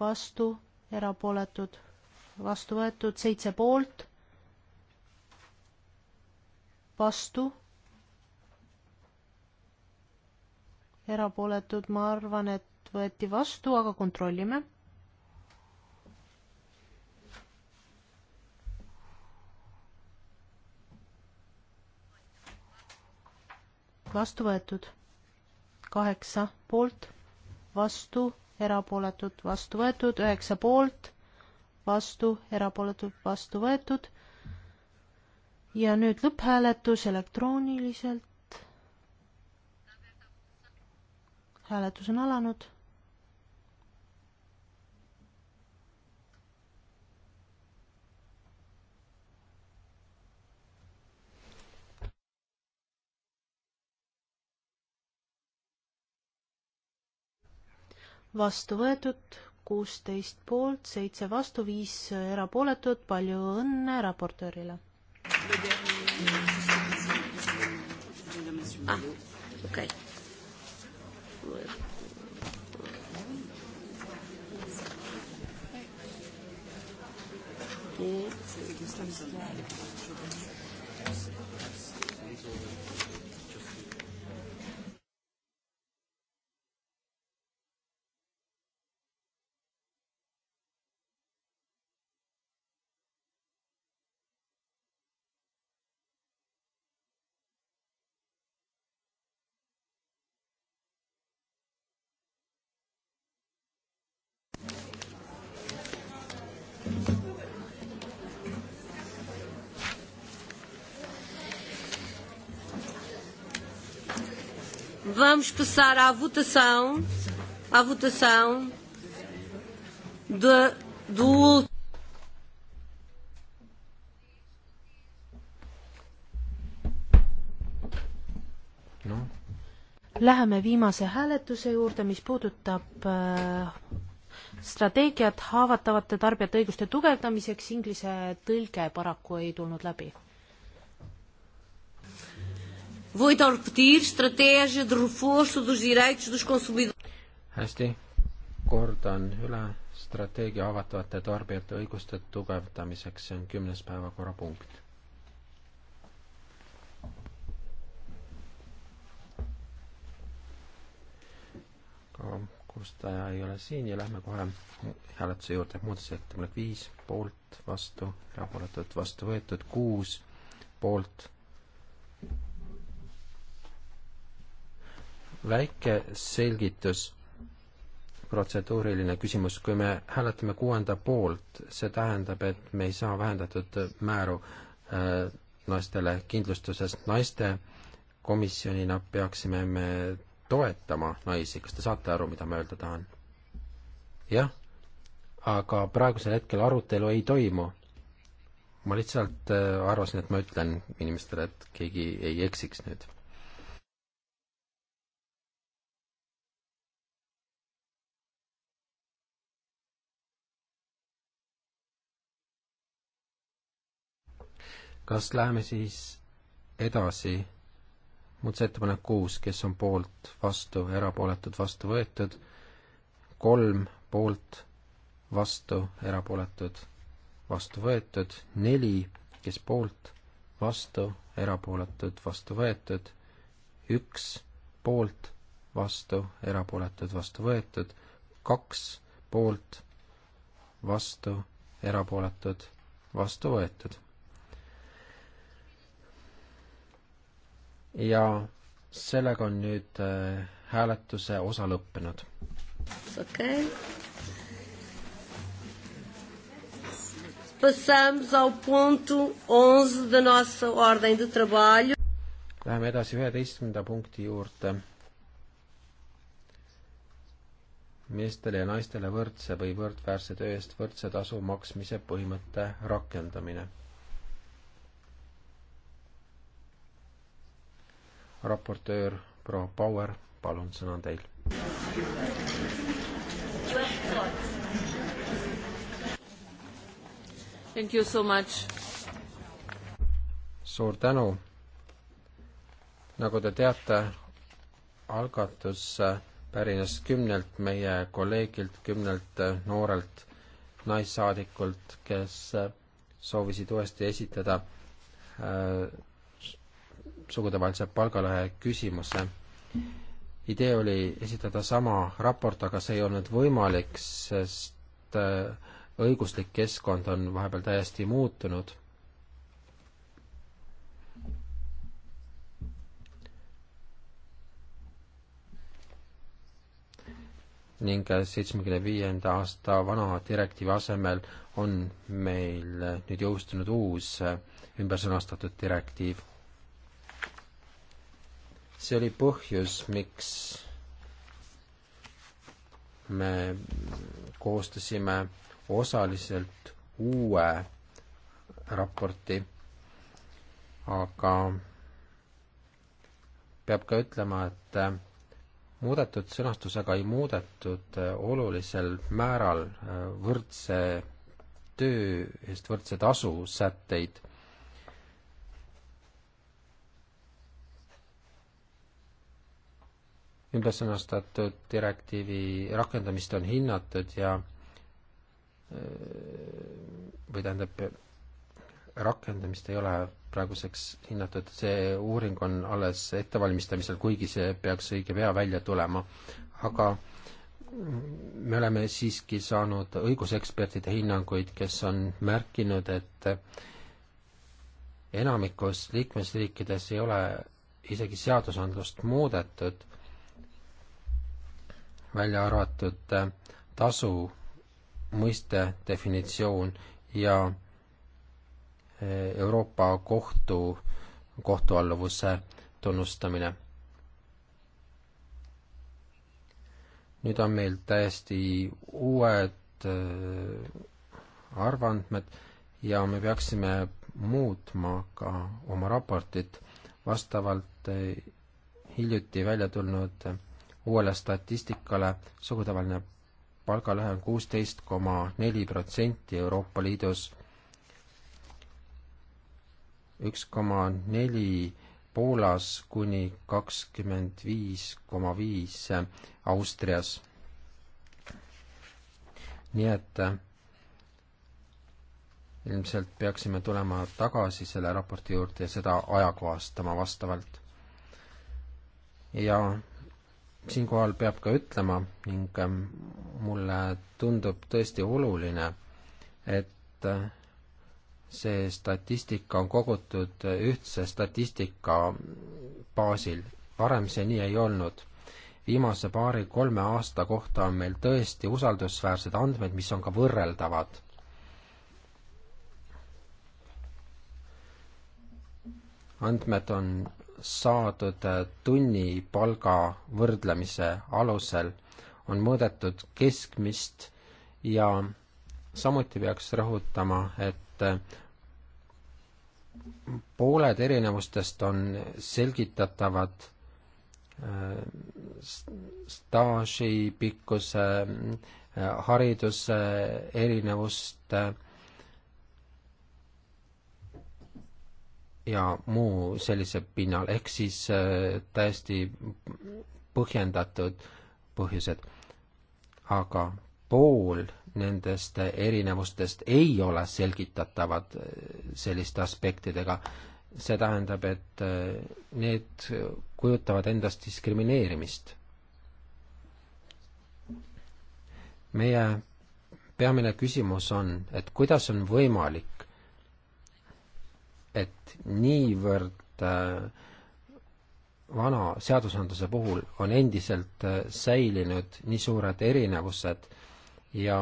vastu, erapooletud, vastu võetud, seitse poolt, vastu erapooletud, ma arvan, et võeti vastu, aga kontrollime. vastu võetud. kaheksa poolt, vastu, erapooletud, vastu võetud, üheksa poolt, vastu, erapooletud, vastu võetud. ja nüüd lõpphääletus elektrooniliselt. hääletus on alanud vastu võetud, kuusteist poolt, seitse vastu, viis erapooletut, palju õnne raportöörile. Ah, okay. Okay. Vamos passar à votação, à votação de, do no.. Läheme viimase hääletuse juurde, mis puudutab äh, strateegiat haavatavate tarbijate õiguste tugevdamiseks, inglise tõlge paraku ei tulnud läbi Vou então repetir, estratégia de reforço dos direitos dos consumidores. hästi, kordan üle strateegia avatavate tarbijate õiguste tugevdamiseks, see on kümnes päevakorrapunkt. koostaja ei ole siin ja lähme kohe hääletuse juurde, muudatusettepanek viis, poolt, vastu, erapooletud, vastu võetud, kuus, poolt väike selgitus, protseduuriline küsimus, kui me hääletame kuuenda poolt, see tähendab, et me ei saa vähendatud määru äh, naistele kindlustusest, naiste komisjonina peaksime me toetama naisi, kas te saate aru, mida ma öelda tahan? jah, aga praegusel hetkel arutelu ei toimu. ma lihtsalt äh, arvasin, et ma ütlen inimestele, et keegi ei eksiks nüüd kas läheme siis edasi muudatusettepanek kuus, kes on poolt, vastu, erapooletud, vastu võetud, kolm poolt, vastu, erapooletud, vastu võetud, neli, kes poolt, vastu, erapooletud, vastu võetud, üks poolt, vastu, erapooletud, vastu võetud, kaks poolt, vastu, erapooletud, vastu võetud. ja sellega on nüüd äh, hääletuse osa lõppenud. okei okay.. Passamos ao ponto 11 da nossa ordem de trabalho. Läheme edasi üheteistkümnenda punkti juurde. meestele ja naistele võrdse või võrdväärse töö eest võrdse tasu maksmise põhimõtte rakendamine raportöör proua Bauer, palun, sõna on teil. Thank you so much. suur tänu. nagu te teate, algatus pärines kümnelt meie kolleegilt, kümnelt noorelt naissaadikult, kes soovisid uuesti esitada äh, sugudevahelise palgalõhe küsimusse. idee oli esitada sama raport, aga see ei olnud võimalik, sest äh, õiguslik keskkond on vahepeal täiesti muutunud. ning äh, seitsmekümne viienda aasta vana direktiivi asemel on meil nüüd jõustunud uus äh, ümbersõnastatud direktiiv see oli põhjus, miks me koostasime osaliselt uue raporti, aga peab ka ütlema, et muudetud sõnastusega ei muudetud olulisel määral võrdse töö eest võrdse tasu sätteid ümbersõnastatud direktiivi rakendamist on hinnatud ja äh, või tähendab, rakendamist ei ole praeguseks hinnatud, see uuring on alles ettevalmistamisel, kuigi see peaks õige pea välja tulema. aga me oleme siiski saanud õigusekspertide hinnanguid, kes on märkinud, et enamikus liikmesriikides ei ole isegi seadusandlust muudetud välja arvatud äh, tasu mõiste definitsioon ja äh, Euroopa Kohtu kohtualluvuse tunnustamine. nüüd on meil täiesti uued äh, arvandmed ja me peaksime muutma ka oma raportit vastavalt hiljuti välja tulnud uuele statistikale sugutavaline palgalõhe on kuusteist koma neli protsenti Euroopa Liidus, üks koma neli Poolas kuni kakskümmend viis koma viis Austrias. nii et äh, ilmselt peaksime tulema tagasi selle raporti juurde ja seda ajakohastama vastavalt. ja siinkohal peab ka ütlema ning ähm, mulle tundub tõesti oluline, et äh, see statistika on kogutud äh, ühtse statistika baasil. varem see nii ei olnud. viimase paari-kolme aasta kohta on meil tõesti usaldusväärsed andmed, mis on ka võrreldavad. andmed on saadud äh, tunnipalga võrdlemise alusel on mõõdetud keskmist ja samuti peaks rõhutama, et äh, pooled erinevustest on selgitatavad äh, staaži pikkuse, hariduse erinevuste ja muu sellise pinnal, ehk siis äh, täiesti põhjendatud põhjused. aga pool nendest erinevustest ei ole selgitatavad äh, selliste aspektidega. see tähendab, et äh, need kujutavad endast diskrimineerimist. meie peamine küsimus on, et kuidas on võimalik et niivõrd äh, vana seadusandluse puhul on endiselt äh, säilinud nii suured erinevused ja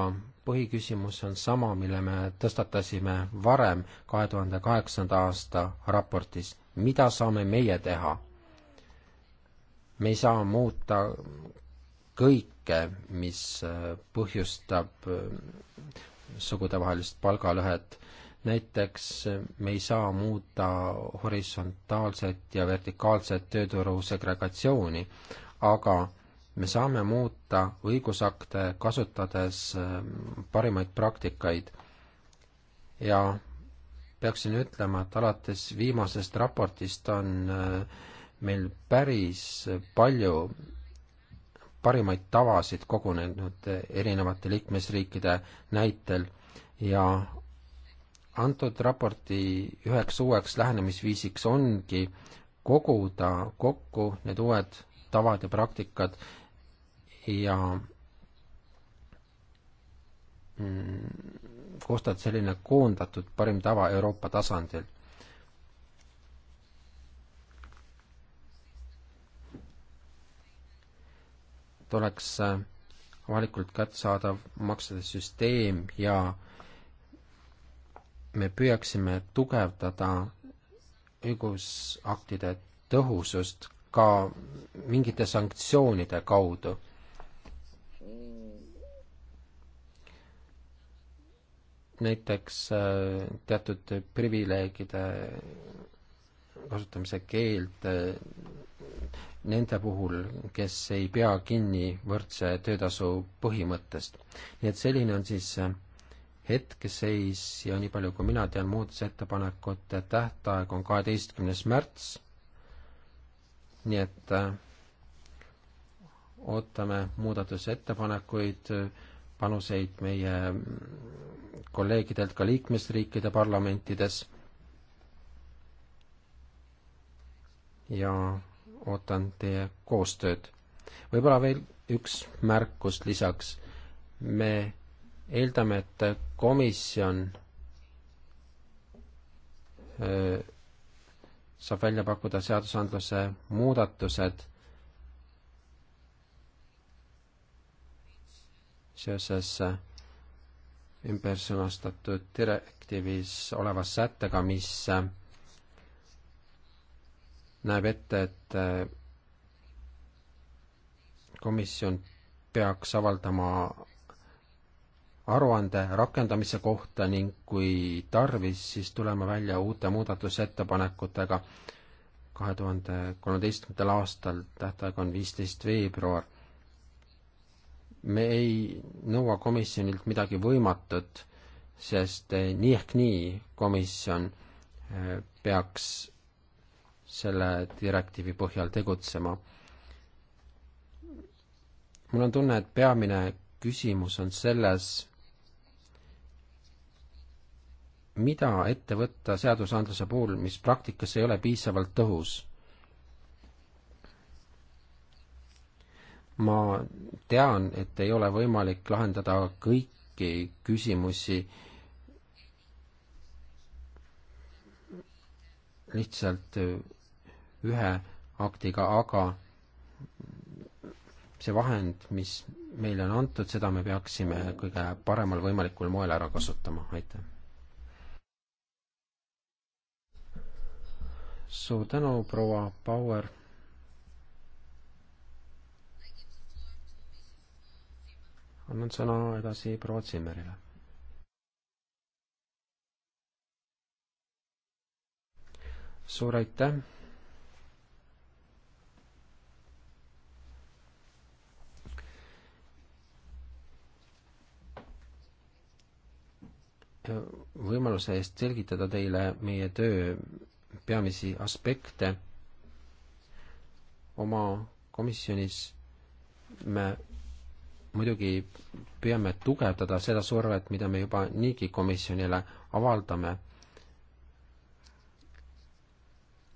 põhiküsimus on sama, mille me tõstatasime varem kahe tuhande kaheksanda aasta raportis. mida saame meie teha? me ei saa muuta kõike, mis äh, põhjustab sugudevahelist palgalõhet näiteks eh, me ei saa muuta horisontaalset ja vertikaalset tööturu segregatsiooni, aga me saame muuta õigusakte, kasutades eh, parimaid praktikaid. ja peaksin ütlema, et alates viimasest raportist on eh, meil päris palju parimaid tavasid kogunenud erinevate liikmesriikide näitel ja antud raporti üheks uueks lähenemisviisiks ongi koguda kokku need uued tavad ja praktikad ja mm, koostada selline koondatud parim tava Euroopa tasandil. et oleks äh, avalikult kättesaadav maksude süsteem ja äh, me püüaksime tugevdada õigusaktide tõhusust ka mingite sanktsioonide kaudu. näiteks äh, teatud privileegide kasutamise keeld äh, nende puhul, kes ei pea kinni võrdse töötasu põhimõttest. nii et selline on siis äh, hetkeseis ja nii palju, kui mina tean, muudatusettepanekute tähtaeg on kaheteistkümnes märts, nii et äh, ootame muudatusettepanekuid, panuseid meie kolleegidelt ka liikmesriikide parlamentides ja ootan teie koostööd. võib-olla veel üks märkus lisaks, me eeldame, et komisjon saab välja pakkuda seadusandluse muudatused seoses ümbersõnastatud direktiivis oleva sättega, mis näeb ette, et komisjon peaks avaldama aruande rakendamise kohta ning kui tarvis, siis tulema välja uute muudatusettepanekutega kahe tuhande kolmeteistkümnendal aastal, tähtaeg on viisteist veebruar. me ei nõua komisjonilt midagi võimatut, sest nii ehk nii komisjon eh, peaks selle direktiivi põhjal tegutsema. mul on tunne, et peamine küsimus on selles, mida ette võtta seadusandluse puhul, mis praktikas ei ole piisavalt tõhus? ma tean, et ei ole võimalik lahendada kõiki küsimusi lihtsalt ühe aktiga, aga see vahend, mis meile on antud, seda me peaksime kõige paremal võimalikul moel ära kasutama, aitäh suur tänu, proua Bauer. annan sõna edasi proua Zimmerile. suur aitäh võimaluse eest selgitada teile meie töö peamisi aspekte. oma komisjonis me muidugi püüame tugevdada seda survet, mida me juba niigi komisjonile avaldame.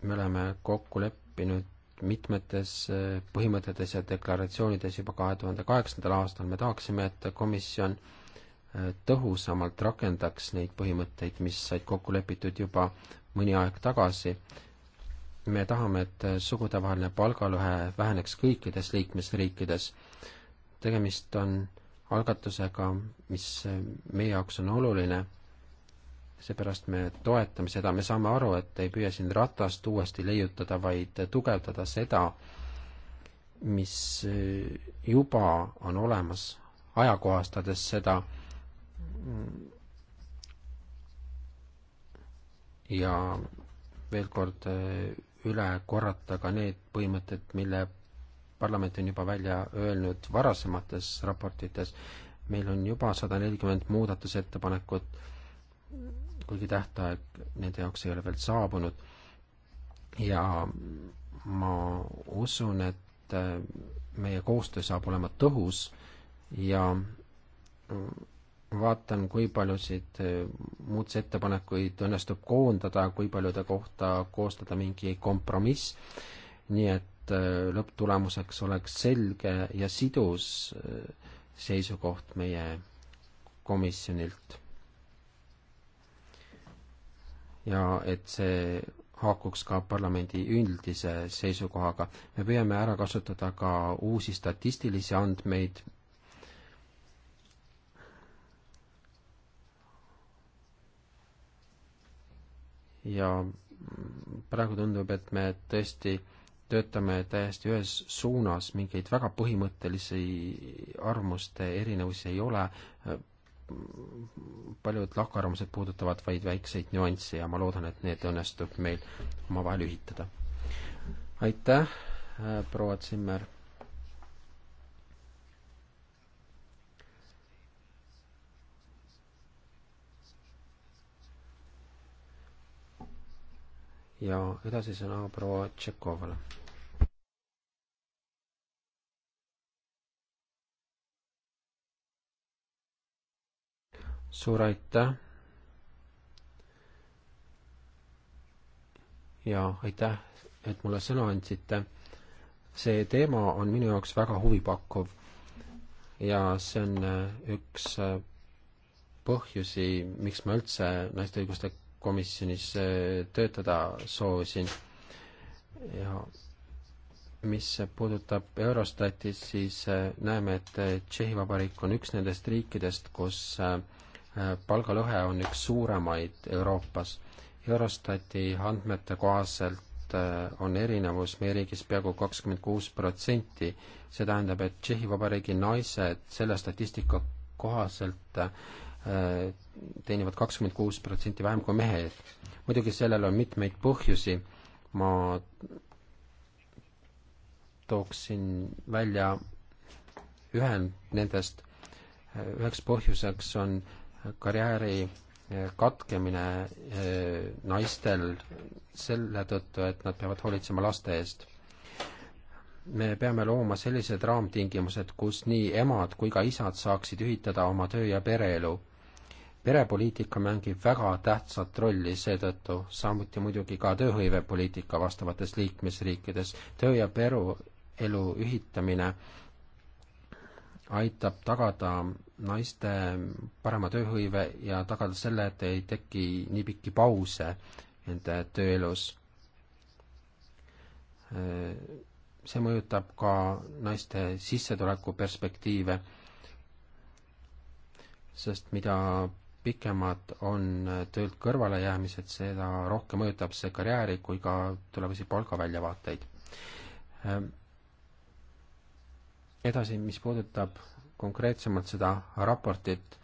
me oleme kokku leppinud mitmetes eh, põhimõtetes ja deklaratsioonides juba kahe tuhande kaheksandal aastal, me tahaksime, et komisjon eh, tõhusamalt rakendaks neid põhimõtteid, mis said kokku lepitud juba mõni aeg tagasi. me tahame, et sugudevaheline palgalõhe väheneks kõikides liikmesriikides. tegemist on algatusega, mis meie jaoks on oluline, seepärast me toetame seda, me saame aru, et ei püüa siin ratast uuesti leiutada, vaid tugevdada seda, mis juba on olemas, ajakohastades seda ja veel kord eh, üle korrata ka need põhimõtted, mille parlament on juba välja öelnud varasemates raportites. meil on juba sada nelikümmend muudatusettepanekut, kuigi tähtaeg nende jaoks ei ole veel saabunud. ja ma usun, et eh, meie koostöö saab olema tõhus ja mm, vaatan, kui paljusid eh, muudatusettepanekuid õnnestub koondada, kui paljude kohta koostada mingi kompromiss, nii et eh, lõpptulemuseks oleks selge ja sidus eh, seisukoht meie komisjonilt. ja et see haakuks ka parlamendi üldise seisukohaga. me püüame ära kasutada ka uusi statistilisi andmeid, ja praegu tundub, et me tõesti töötame täiesti ühes suunas, mingeid väga põhimõttelisi arvamuste erinevusi ei ole, paljud lahkarvamused puudutavad vaid väikseid nüansse ja ma loodan, et need õnnestub meil omavahel ühitada. aitäh, proua Zimmer ja edasi sõna proua Tšekovale. suur aitäh ja aitäh, et mulle sõna andsite. see teema on minu jaoks väga huvipakkuv ja see on üks põhjusi, miks ma üldse naiste õiguste komisjonis eh, töötada soovisin. ja mis puudutab Eurostatit, siis eh, näeme, et eh, Tšehhi Vabariik on üks nendest riikidest, kus palgalõhe on üks suuremaid Euroopas. Eurostati andmete kohaselt on erinevus meie riigis peaaegu kakskümmend kuus protsenti. see tähendab, et Tšehhi Vabariigi naised selle statistika kohaselt Äh, teenivad kakskümmend kuus protsenti vähem kui mehed. muidugi sellel on mitmeid põhjusi, ma tooksin välja ühe nendest, üheks põhjuseks on karjääri äh, katkemine äh, naistel selle tõttu, et nad peavad hoolitsema laste eest me peame looma sellised raamtingimused, kus nii emad kui ka isad saaksid ühitada oma töö ja pereelu perepoliitika mängib väga tähtsat rolli seetõttu, samuti muidugi ka tööhõivepoliitika vastavates liikmesriikides. töö ja peruelu ühitamine aitab tagada naiste parema tööhõive ja tagada selle, et ei teki nii pikki pause nende tööelus. see mõjutab ka naiste sissetuleku perspektiive, sest mida pikemad on töölt kõrvalejäämised, seda rohkem mõjutab see karjääri kui ka tulevasi palgaväljavaateid. Ehm, edasi, mis puudutab konkreetsemalt seda raportit,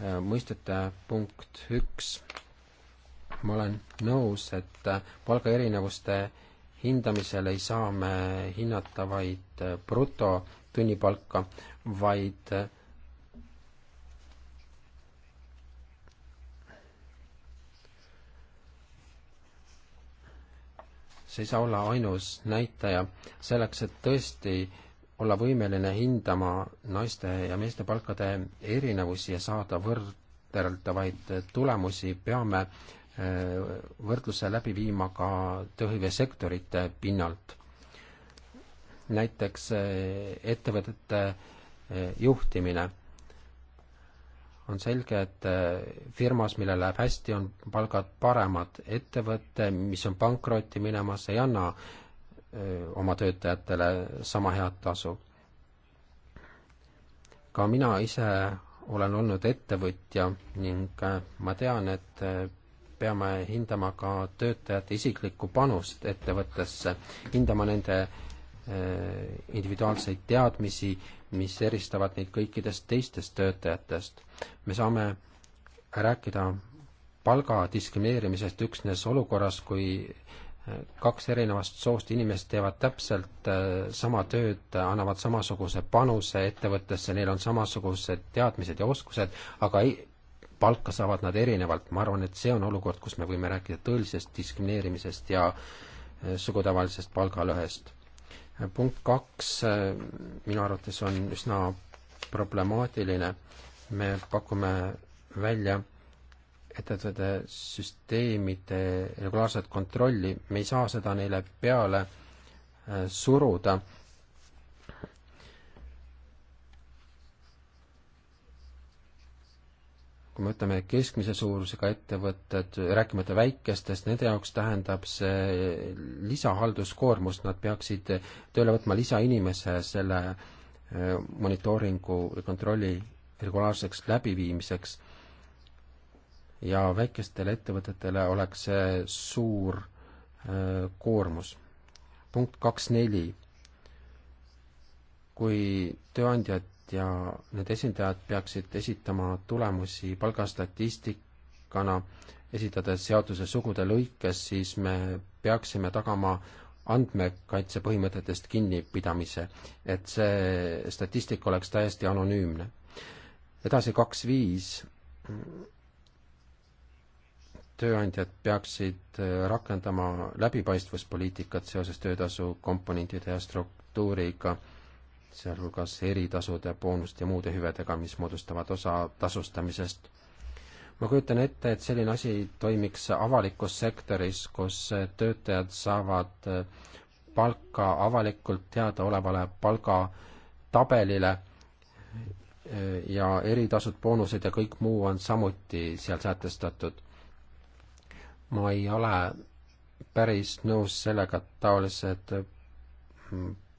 ehm, mõistete punkt üks, ma olen nõus, et palgaerinevuste hindamisel ei saa me hinnata vaid brutotunnipalka, vaid see ei saa olla ainus näitaja selleks, et tõesti olla võimeline hindama naiste ja meeste palkade erinevusi ja saada võrdeldavaid tulemusi, peame äh, võrdluse läbi viima ka tööhõivesektorite pinnalt. näiteks äh, ettevõtete äh, juhtimine on selge, et äh, firmas, millel läheb hästi, on palgad paremad. ettevõte, mis on pankrotti minemas, ei anna öö, äh, oma töötajatele sama head tasu. ka mina ise olen olnud ettevõtja ning äh, ma tean, et peame hindama ka töötajate isiklikku panust ettevõttesse, hindama nende individuaalseid teadmisi, mis eristavad neid kõikidest teistest töötajatest. me saame rääkida palga diskrimineerimisest üksnes olukorras, kui eh, kaks erinevast soost inimest teevad täpselt eh, sama tööd, annavad samasuguse panuse ettevõttesse, neil on samasugused teadmised ja oskused, aga ei, palka saavad nad erinevalt, ma arvan, et see on olukord, kus me võime rääkida tõelisest diskrimineerimisest ja eh, sugutavalisest palgalõhest punkt kaks äh, minu arvates on üsna problemaatiline. me pakume välja ettevõtete süsteemide regulaarset kontrolli, me ei saa seda neile peale äh, suruda kui me võtame keskmise suurusega ettevõtted, rääkimata väikestest, nende jaoks tähendab see lisahalduskoormust, nad peaksid tööle võtma lisainimese selle eh, monitooringu ja kontrolli regulaarseks läbiviimiseks. ja väikestele ettevõtetele oleks see suur eh, koormus. punkt kaks neli. kui tööandjad ja need esindajad peaksid esitama tulemusi palgastatistikana, esitades seaduse sugude lõikes, siis me peaksime tagama andmekaitse põhimõtetest kinnipidamise, et see statistika oleks täiesti anonüümne. edasi kaks viis, tööandjad peaksid rakendama läbipaistvuspoliitikat seoses töötasu komponentide ja struktuuriga sealhulgas eritasude, boonuste ja muude hüvedega, mis moodustavad osa tasustamisest. ma kujutan ette, et selline asi toimiks avalikus sektoris, kus töötajad saavad palka avalikult teadaolevale palgatabelile ja eritasud, boonused ja kõik muu on samuti seal sätestatud. ma ei ole päris nõus sellega, et taolised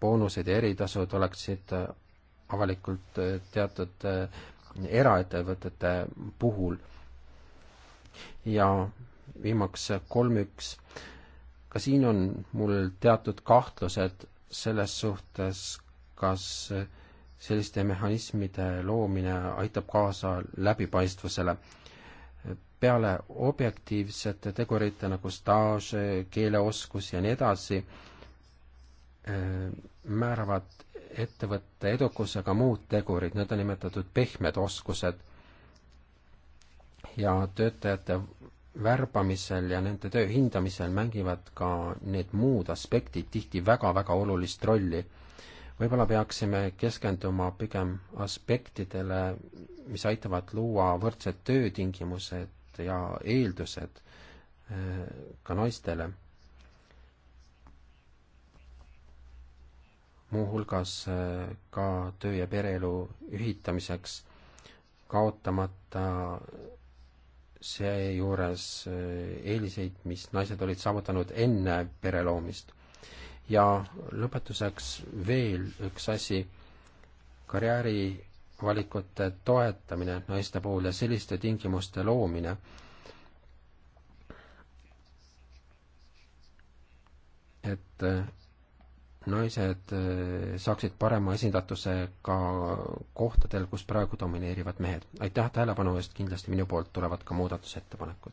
boonused ja eritasud oleksid äh, avalikult äh, teatud äh, eraettevõtete puhul. ja viimaks kolm üks. ka siin on mul teatud kahtlused selles suhtes, kas selliste mehhanismide loomine aitab kaasa läbipaistvusele. peale objektiivsete tegurite nagu staaž, keeleoskus ja nii edasi, Äh, määravad ettevõtte edukusega muud tegurid, need on nimetatud pehmed oskused ja töötajate värbamisel ja nende töö hindamisel mängivad ka need muud aspektid tihti väga-väga olulist rolli. võib-olla peaksime keskenduma pigem aspektidele, mis aitavad luua võrdsed töötingimused ja eeldused äh, ka naistele muuhulgas äh, ka töö- ja pereelu ühitamiseks, kaotamata seejuures äh, eeliseid, mis naised olid saavutanud enne pere loomist. ja lõpetuseks veel üks asi, karjäärivalikute toetamine naiste puhul ja selliste tingimuste loomine et äh, naised äh, saaksid parema esindatuse ka kohtadel, kus praegu domineerivad mehed. aitäh tähelepanu eest, kindlasti minu poolt tulevad ka muudatusettepanekud.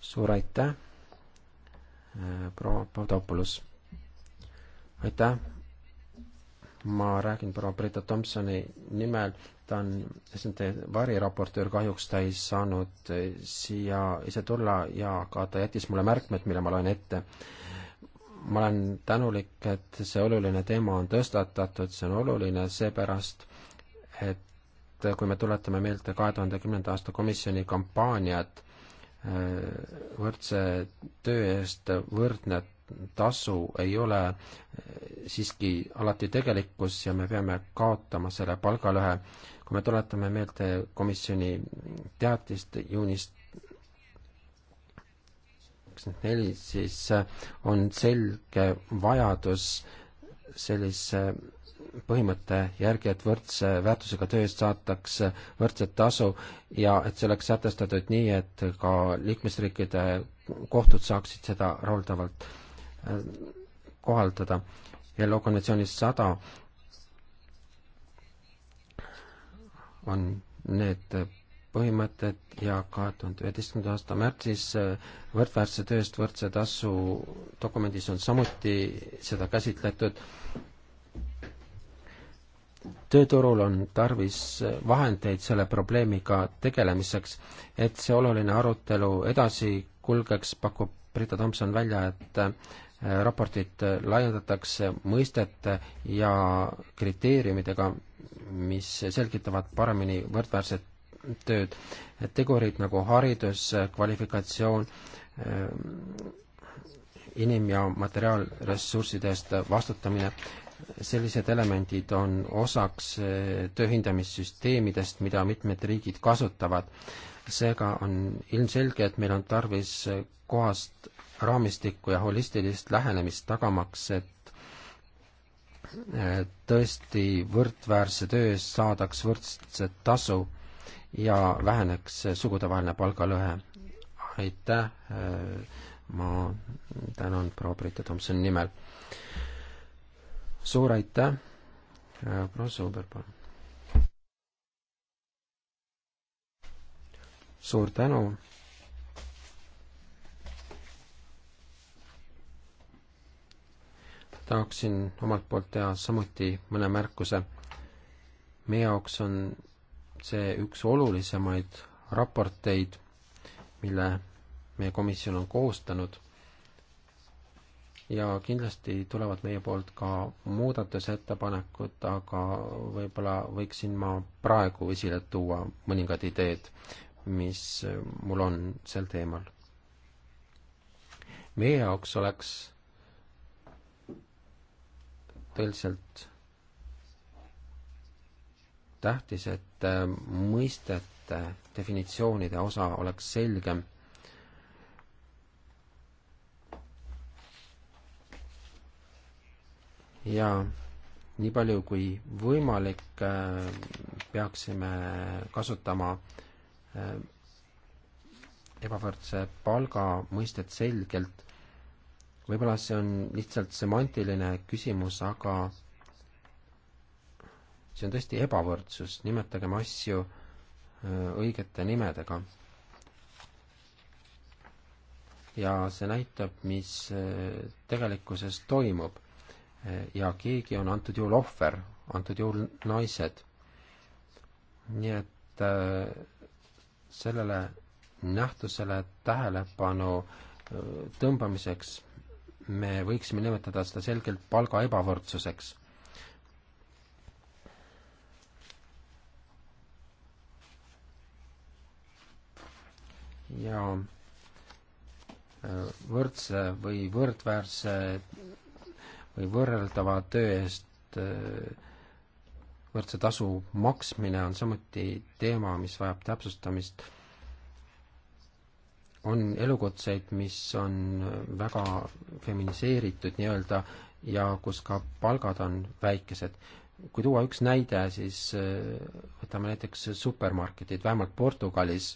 suur aitäh, äh, proua Pavdopoulos. aitäh, ma räägin proua Brita Tomsoni nimel, ta on esimene variraportöör, kahjuks ta ei saanud äh, siia ise tulla ja ka ta jättis mulle märkmed, mille ma loen ette ma olen tänulik, et see oluline teema on tõstatatud, see on oluline seepärast, et kui me tuletame meelde kahe tuhande kümnenda aasta komisjoni kampaaniat äh, võrdse töö eest võrdne tasu ei ole äh, siiski alati tegelikkus ja me peame kaotama selle palgalõhe. kui me tuletame meelde komisjoni teatist juunist kaks tuhat neli, siis äh, on selge vajadus sellise põhimõtte järgi, et võrdse väärtusega töö eest saadakse võrdset tasu ja et see oleks sätestatud nii, et ka liikmesriikide kohtud saaksid seda rahuldavalt äh, kohaldada. ILO konventsioonis sada on need põhimõtted ja kahe tuhande üheteistkümnenda aasta märtsis äh, võrdväärse töö eest võrdse tasu dokumendis on samuti seda käsitletud. tööturul on tarvis äh, vahendeid selle probleemiga tegelemiseks, et see oluline arutelu edasi kulgeks, pakub Brita Tomson välja, et äh, raportit laiendatakse mõistete ja kriteeriumidega, mis selgitavad paremini võrdväärset tööd. tegurid nagu haridus, kvalifikatsioon, äh, inim- ja materiaalressursside eest vastutamine, sellised elemendid on osaks äh, tööhindamissüsteemidest, mida mitmed riigid kasutavad. seega on ilmselge, et meil on tarvis äh, kohast raamistikku ja holistilist lähenemist tagamaks, et tõesti võrdväärse töö eest saadaks võrdset tasu ja väheneks sugudevaheline palgalõhe. aitäh, ma tänan proua Brita Tomsoni nimel. suur aitäh, proua Suuber, palun. suur tänu. tahaksin omalt poolt teha samuti mõne märkuse. meie jaoks on see üks olulisemaid raporteid, mille meie komisjon on koostanud. ja kindlasti tulevad meie poolt ka muudatusettepanekud, aga võib-olla võiksin ma praegu esile tuua mõningad ideed, mis mul on sel teemal. meie jaoks oleks tõeliselt tähtis, et äh, mõistete definitsioonide osa oleks selgem. ja nii palju kui võimalik, äh, peaksime kasutama äh, ebavõrdse palga mõistet selgelt. võib-olla see on lihtsalt semantiline küsimus, aga see on tõesti ebavõrdsus, nimetagem asju äh, õigete nimedega. ja see näitab, mis äh, tegelikkuses toimub. Äh, ja keegi on antud juhul ohver, antud juhul naised. nii et sellele nähtusele tähelepanu tõmbamiseks me võiksime nimetada seda selgelt palga ebavõrdsuseks ja äh, võrdse või võrdväärse või võrreldava töö eest äh, võrdse tasu maksmine on samuti teema, mis vajab täpsustamist. on elukutseid, mis on väga feminiseeritud nii-öelda ja kus ka palgad on väikesed. kui tuua üks näide, siis äh, võtame näiteks supermarketid, vähemalt Portugalis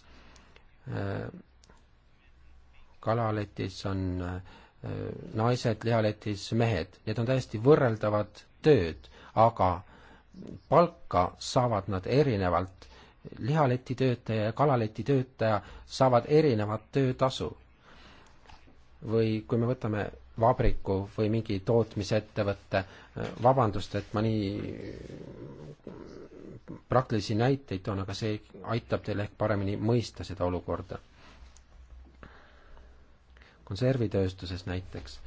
kalaletis on äh, naised, lihaletis mehed, need on täiesti võrreldavad tööd, aga palka saavad nad erinevalt. lihaleti töötaja ja kalaleti töötaja saavad erinevat töötasu. või kui me võtame vabriku või mingi tootmisettevõtte, äh, vabandust, et ma nii praktilisi näiteid toon, aga see aitab teil ehk paremini mõista seda olukorda. konservitööstuses näiteks.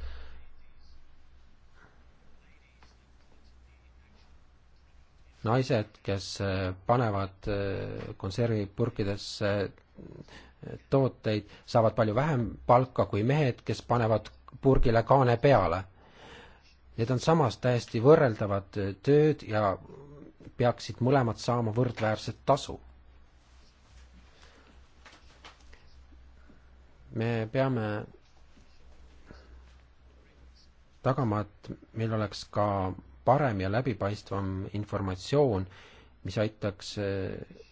naised, kes äh, panevad äh, konservipurkidesse äh, tooteid, saavad palju vähem palka kui mehed, kes panevad purgile kaane peale. Need on samas täiesti võrreldavad tööd ja peaksid mõlemad saama võrdväärset tasu. me peame tagama, et meil oleks ka parem ja läbipaistvam informatsioon, mis aitaks eh,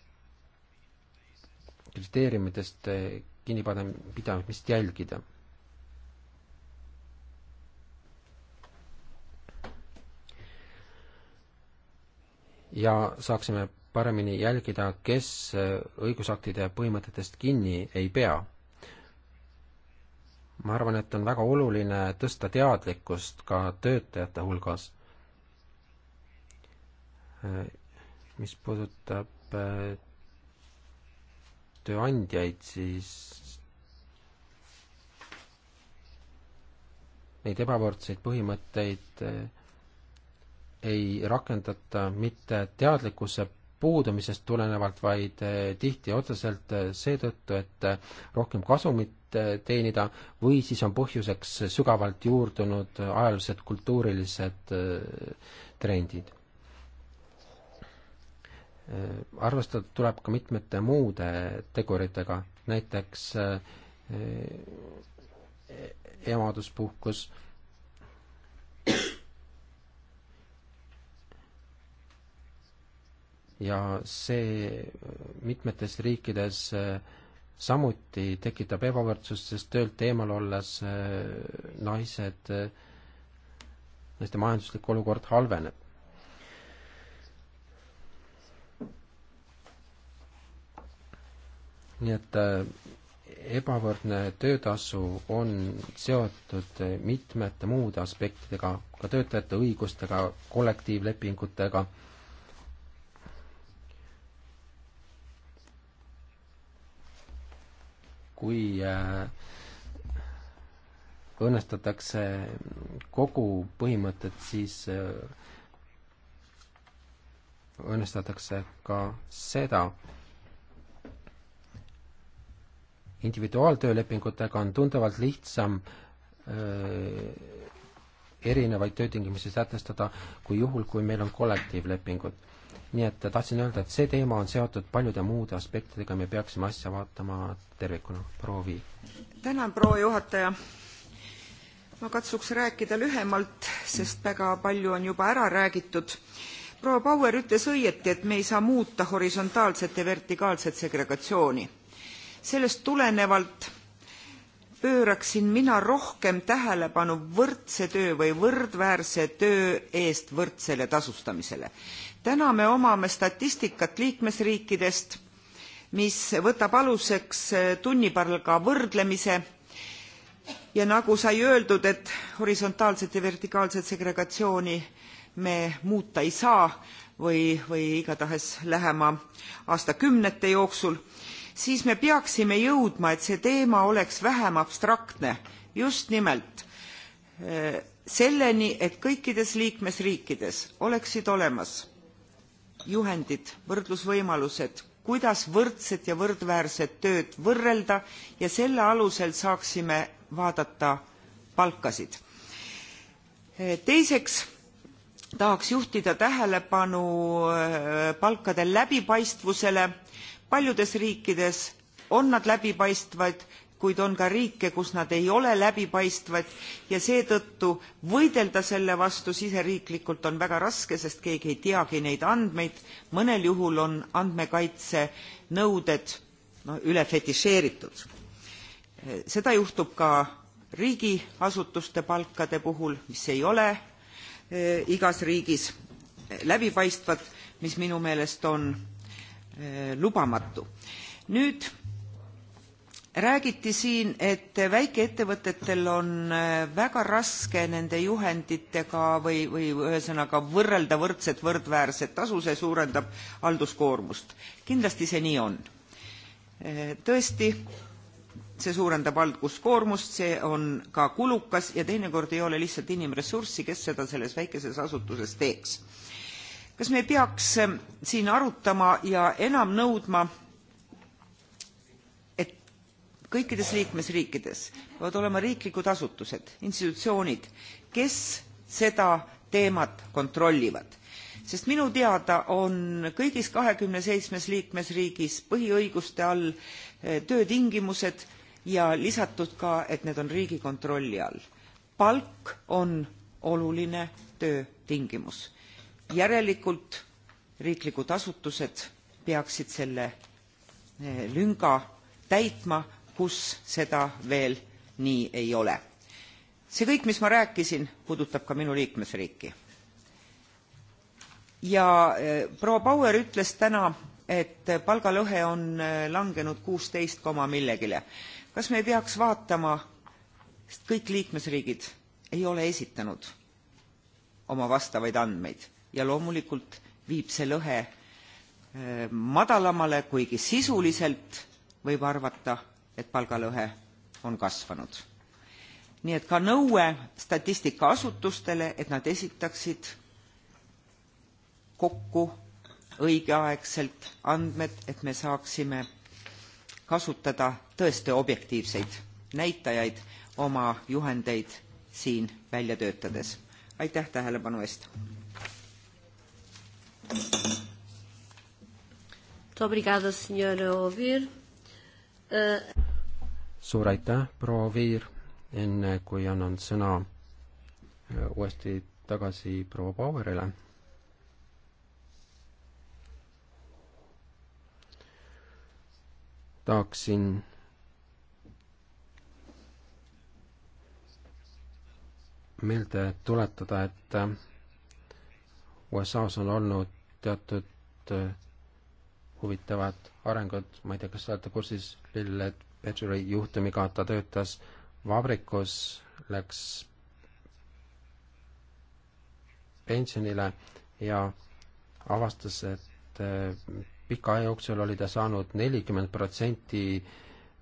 kriteeriumidest eh, kinnipidamist jälgida ja saaksime paremini jälgida, kes äh, õigusaktide põhimõtetest kinni ei pea. ma arvan, et on väga oluline tõsta teadlikkust ka töötajate hulgas. Äh, mis puudutab äh, tööandjaid, siis neid ebavõrdseid põhimõtteid ei rakendata mitte teadlikkuse puudumisest tulenevalt, vaid tihti otseselt seetõttu, et rohkem kasumit teenida või siis on põhjuseks sügavalt juurdunud ajaloolised kultuurilised trendid. arvestada tuleb ka mitmete muude teguritega, näiteks emaduspuhkus äh, ja see äh, mitmetes riikides äh, samuti tekitab ebavõrdsust, sest töölt eemal olles äh, naised, naiste majanduslik olukord halveneb. nii et ebavõrdne töötasu on seotud mitmete muude aspektidega, ka töötajate õigustega, kollektiivlepingutega Äh, kui õõnestatakse kogu põhimõtet, siis äh, õõnestatakse ka seda. individuaaltöölepingutega on tunduvalt lihtsam öö, äh, erinevaid töötingimusi sätestada kui juhul, kui meil on kollektiivlepingud nii et tahtsin öelda, et see teema on seotud paljude muude aspektidega, me peaksime asja vaatama tervikuna. proua Vii. tänan, proua juhataja. ma katsuks rääkida lühemalt, sest väga palju on juba ära räägitud proua bauer ütles õieti et me ei saa muuta horisontaalset ja vertikaalset segregatsiooni sellest tulenevalt pööraksin mina rohkem tähelepanu võrdse töö või võrdväärse töö eest võrdsele tasustamisele täna me omame statistikat liikmesriikidest mis võtab aluseks äh, tunnipalga võrdlemise ja nagu sai öeldud et horisontaalset ja vertikaalset segregatsiooni me muuta ei saa või või igatahes lähema aastakümnete jooksul siis me peaksime jõudma et see teema oleks vähem abstraktne just nimelt äh, selleni et kõikides liikmesriikides oleksid olemas juhendid võrdlusvõimalused kuidas võrdset ja võrdväärset tööd võrrelda ja selle alusel saaksime vaadata palkasid. teiseks tahaks juhtida tähelepanu äh, palkade läbipaistvusele paljudes riikides on nad läbipaistvad kuid on ka riike kus nad ei ole läbipaistvad ja seetõttu võidelda selle vastu siseriiklikult on väga raske sest keegi ei teagi neid andmeid mõnel juhul on andmekaitsenõuded no, üle fetišeeritud. seda juhtub ka riigiasutuste palkade puhul mis ei ole e, igas riigis läbipaistvad mis minu meelest on e, lubamatu. nüüd räägiti siin et väikeettevõtetel on äh, väga raske nende juhenditega või või ühesõnaga võrrelda võrdset võrdväärset tasu see suurendab halduskoormust kindlasti see nii on äh, tõesti see suurendab halduskoormust see on ka kulukas ja teinekord ei ole lihtsalt inimressurssi kes seda selles väikeses asutuses teeks kas me ei peaks äh, siin arutama ja enam nõudma kõikides liikmesriikides peavad olema riiklikud asutused institutsioonid kes seda teemat kontrollivad sest minu teada on kõigis liikmesriigis põhiõiguste all eh, töötingimused ja lisatud ka et need on riigi kontrolli all. palk on oluline töötingimus järelikult riiklikud asutused peaksid selle eh, lünga täitma kus seda veel nii ei ole. see kõik, mis ma rääkisin, puudutab ka minu liikmesriiki. ja e, proua Bauer ütles täna, et palgalõhe on e, langenud kuusteist koma millegile. kas me ei peaks vaatama, sest kõik liikmesriigid ei ole esitanud oma vastavaid andmeid ja loomulikult viib see lõhe e, madalamale kuigi sisuliselt võib arvata et palgalõhe on kasvanud nii et ka nõue statistikaasutustele et nad esitaksid kokku õigeaegselt andmed et me saaksime kasutada tõesti objektiivseid näitajaid oma juhendeid siin välja töötades aitäh tähelepanu eest Muito obrigada, senhora Ouvir. Uh... Eh, suur aitäh, proua Viir, enne kui annan sõna äh, uuesti tagasi proua Bauerile. tahaksin meelde tuletada, et äh, USA-s on olnud teatud äh, huvitavad arengud, ma ei tea, kas te olete kursis, Lill, et Petri juhtumiga, ta töötas vabrikus, läks pensionile ja avastas, et äh, pika aja jooksul oli ta saanud nelikümmend protsenti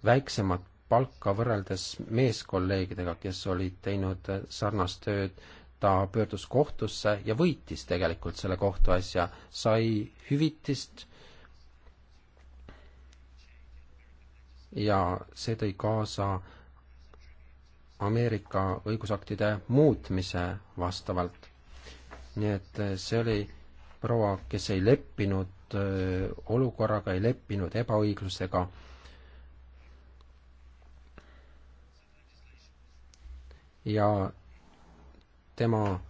väiksemat palka võrreldes meeskolleegidega, kes olid teinud äh, sarnast tööd. ta pöördus kohtusse ja võitis tegelikult selle kohtuasja, sai hüvitist ja see tõi kaasa Ameerika õigusaktide muutmise vastavalt. nii et eh, see oli proua, kes ei leppinud eh, olukorraga, ei leppinud ebaõiglusega. ja tema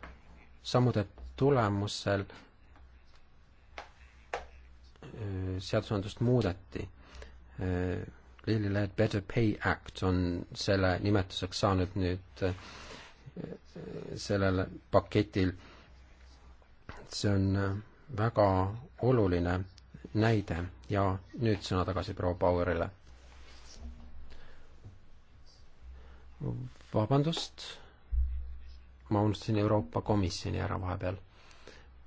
sammude tulemusel eh, seadusandlust muudeti Lillile Better Pay Act on selle nimetuseks saanud nüüd äh, sellel paketil. see on äh, väga oluline näide ja nüüd sõna tagasi proua Bauerile. vabandust, ma unustasin Euroopa Komisjoni ära vahepeal.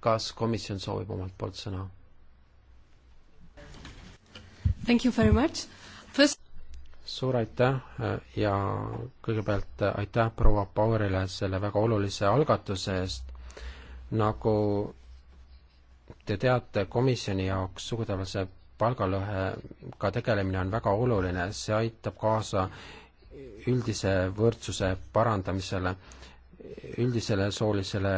kas komisjon soovib omalt poolt sõna? Thank you very much First... suur aitäh äh, ja kõigepealt äh, aitäh proua Paurile selle väga olulise algatuse eest. nagu te teate, komisjoni jaoks sugudevalise palgalõhega tegelemine on väga oluline, see aitab kaasa üldise võrdsuse parandamisele üldisele soolisele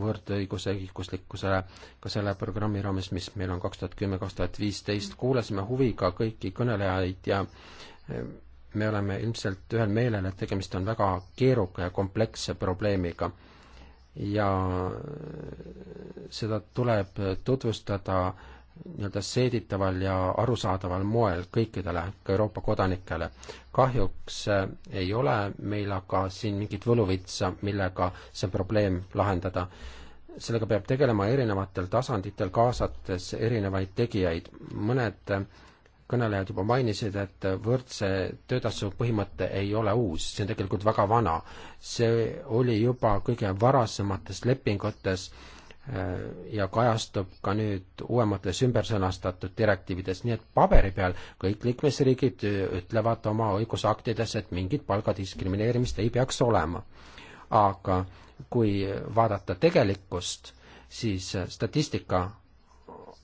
võrdõiguse õiguslikkusele ka selle programmi raames, mis meil on kaks tuhat kümme, kaks tuhat viisteist, kuulasime huviga kõiki kõnelejaid ja eh, me oleme ilmselt ühel meelel, et tegemist on väga keeruka ja kompleksse probleemiga. ja eh, seda tuleb tutvustada nii-öelda seeditaval ja arusaadaval moel kõikidele, ka Euroopa kodanikele. kahjuks äh, ei ole meil aga siin mingit võluvitsa, millega see probleem lahendada. sellega peab tegelema erinevatel tasanditel, kaasates erinevaid tegijaid. mõned äh, kõnelejad juba mainisid, et võrdse töötasu põhimõte ei ole uus, see on tegelikult väga vana. see oli juba kõige varasemates lepingutes Äh, ja kajastub ka nüüd uuemates ümbersõnastatud direktiivides, nii et paberi peal kõik liikmesriigid ütlevad oma õigusaktides, et mingit palgadiskrimineerimist ei peaks olema. aga kui vaadata tegelikkust, siis statistika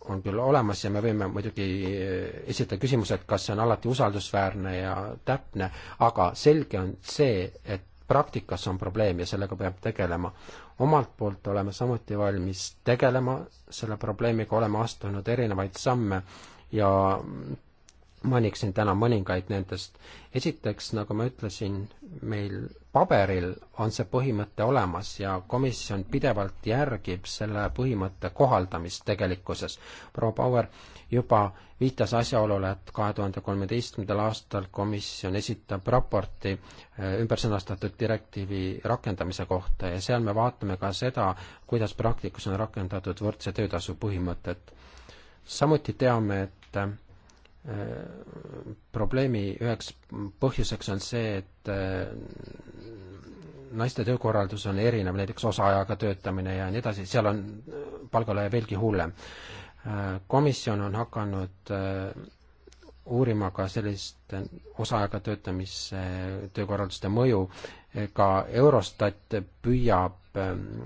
on küll olemas ja me võime muidugi äh, esitada küsimuse, et kas see on alati usaldusväärne ja täpne, aga selge on see, et praktikas on probleem ja sellega peab tegelema omalt poolt oleme samuti valmis tegelema selle probleemiga, oleme astunud erinevaid samme ja mainiksin täna mõningaid nendest. esiteks, nagu ma ütlesin, meil paberil on see põhimõte olemas ja komisjon pidevalt järgib selle põhimõtte kohaldamist tegelikkuses. proua Bauer juba viitas asjaolule, et kahe tuhande kolmeteistkümnendal aastal komisjon esitab raporti eh, ümbersõnastatud direktiivi rakendamise kohta ja seal me vaatame ka seda, kuidas praktikas on rakendatud võrdse töötasu põhimõtet. samuti teame, et Äh, probleemi üheks põhjuseks on see, et äh, naiste töökorraldus on erinev, näiteks osaajaga töötamine ja nii edasi, seal on äh, palgalõhe veelgi hullem. komisjon on hakanud uurima ka sellist osaajaga töötamise töökorralduste mõju ka Eurostat püüab ähm,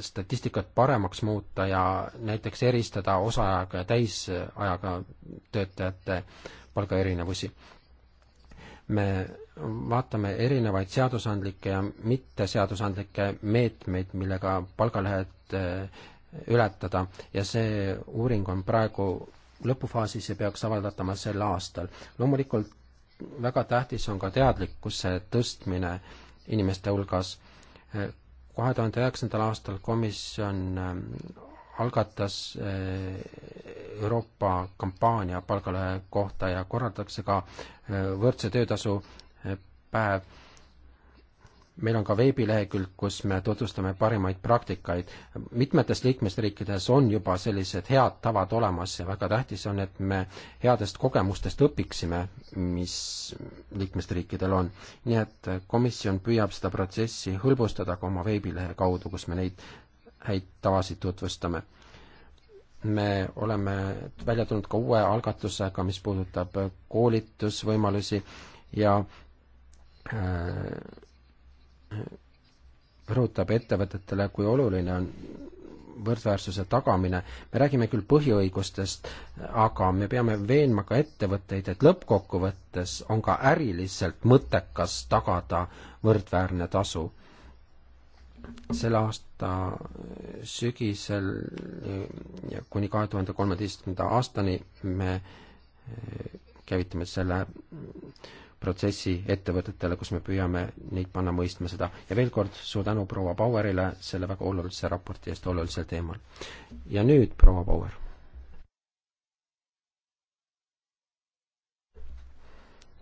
statistikat paremaks muuta ja näiteks eristada osaajaga ja täisajaga töötajate palgaerinevusi. me vaatame erinevaid seadusandlikke ja mitteseadusandlikke meetmeid, millega palgalõhed äh, ületada ja see uuring on praegu lõpufaasis ja peaks avaldatama sel aastal. loomulikult väga tähtis on ka teadlikkuse tõstmine äh, inimeste hulgas. kahe tuhande üheksandal aastal komisjon ähm, algatas äh, Euroopa kampaania palgalõhe kohta ja korraldatakse ka äh, võrdse töötasu äh, päev meil on ka veebilehekülg, kus me tutvustame parimaid praktikaid. mitmetes liikmesriikides on juba sellised head tavad olemas ja väga tähtis on, et me headest kogemustest õpiksime, mis liikmesriikidel on. nii et komisjon püüab seda protsessi hõlbustada ka oma veebilehe kaudu, kus me neid häid tavasid tutvustame. me oleme välja tulnud ka uue algatusega, mis puudutab koolitusvõimalusi ja äh, rõhutab ettevõtetele, kui oluline on võrdväärsuse tagamine. me räägime küll põhiõigustest, aga me peame veenma ka ettevõtteid, et lõppkokkuvõttes on ka äriliselt mõttekas tagada võrdväärne tasu. selle aasta sügisel ja kuni kahe tuhande kolmeteistkümnenda aastani me käivitame selle protsessi ettevõtetele, kus me püüame neid panna mõistma seda. ja veel kord suur tänu proua Bauerile selle väga olulise raporti eest olulisel teemal. ja nüüd proua Bauer.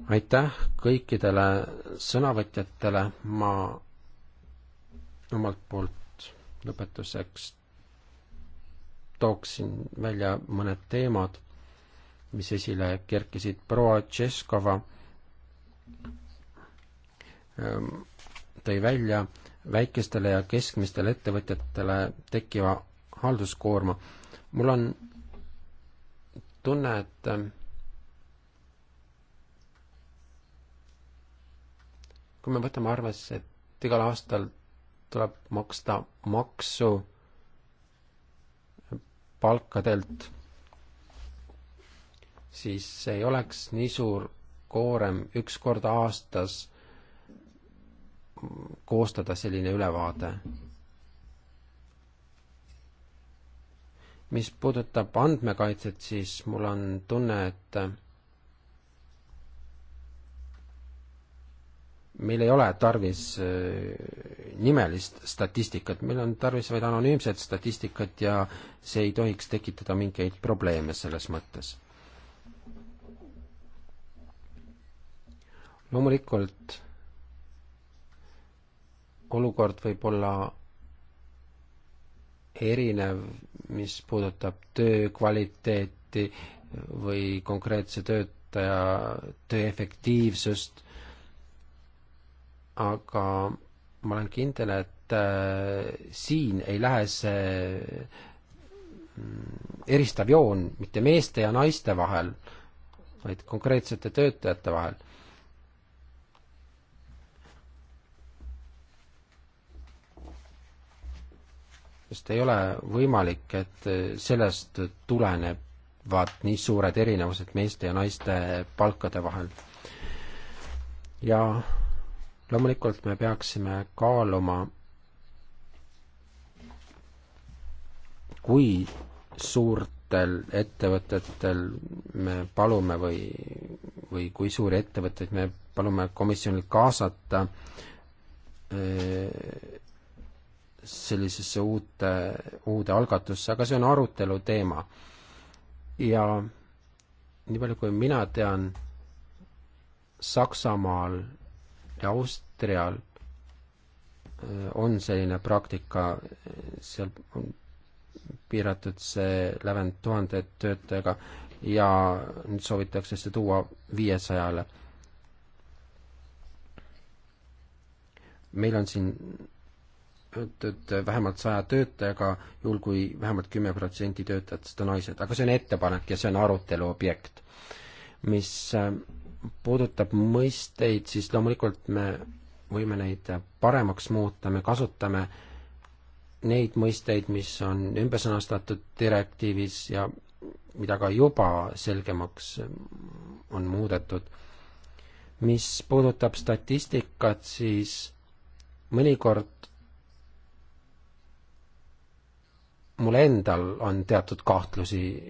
aitäh kõikidele sõnavõtjatele, ma omalt poolt lõpetuseks tooksin välja mõned teemad, mis esile kerkisid. proua Tšeskova Ehm, tõi välja väikestele ja keskmistele ettevõtjatele tekkiva halduskoorma. mul on tunne, et ehm, kui me võtame arvesse, et igal aastal tuleb maksta maksu palkadelt, siis ei oleks nii suur koorem üks kord aastas koostada selline ülevaade. mis puudutab andmekaitset, siis mul on tunne, et meil ei ole tarvis äh, nimelist statistikat, meil on tarvis vaid anonüümset statistikat ja see ei tohiks tekitada mingeid probleeme selles mõttes loomulikult olukord võib olla erinev, mis puudutab töö kvaliteeti või konkreetse töötaja töö efektiivsust, aga ma olen kindel, et äh, siin ei lähe see mm, eristav joon mitte meeste ja naiste vahel, vaid konkreetsete töötajate vahel sest ei ole võimalik, et sellest tulenevad nii suured erinevused meeste ja naiste palkade vahel. ja loomulikult me peaksime kaaluma, kui suurtel ettevõtetel me palume või, või kui suuri ettevõtteid me palume komisjonil kaasata öö, sellisesse uute, uude algatusse, aga see on arutelu teema. ja nii palju, kui mina tean, Saksamaal ja Austrial äh, on selline praktika, seal on piiratud see lävend tuhande töötajaga ja nüüd soovitakse see tuua viiesajale. meil on siin et vähemalt saja töötajaga, juhul kui vähemalt kümme protsenti töötajatest on naised, aga see on ettepanek ja see on arutelu objekt. mis äh, puudutab mõisteid, siis loomulikult me võime neid paremaks muuta, me kasutame neid mõisteid, mis on ümber sõnastatud direktiivis ja mida ka juba selgemaks on muudetud. mis puudutab statistikat, siis mõnikord mul endal on teatud kahtlusi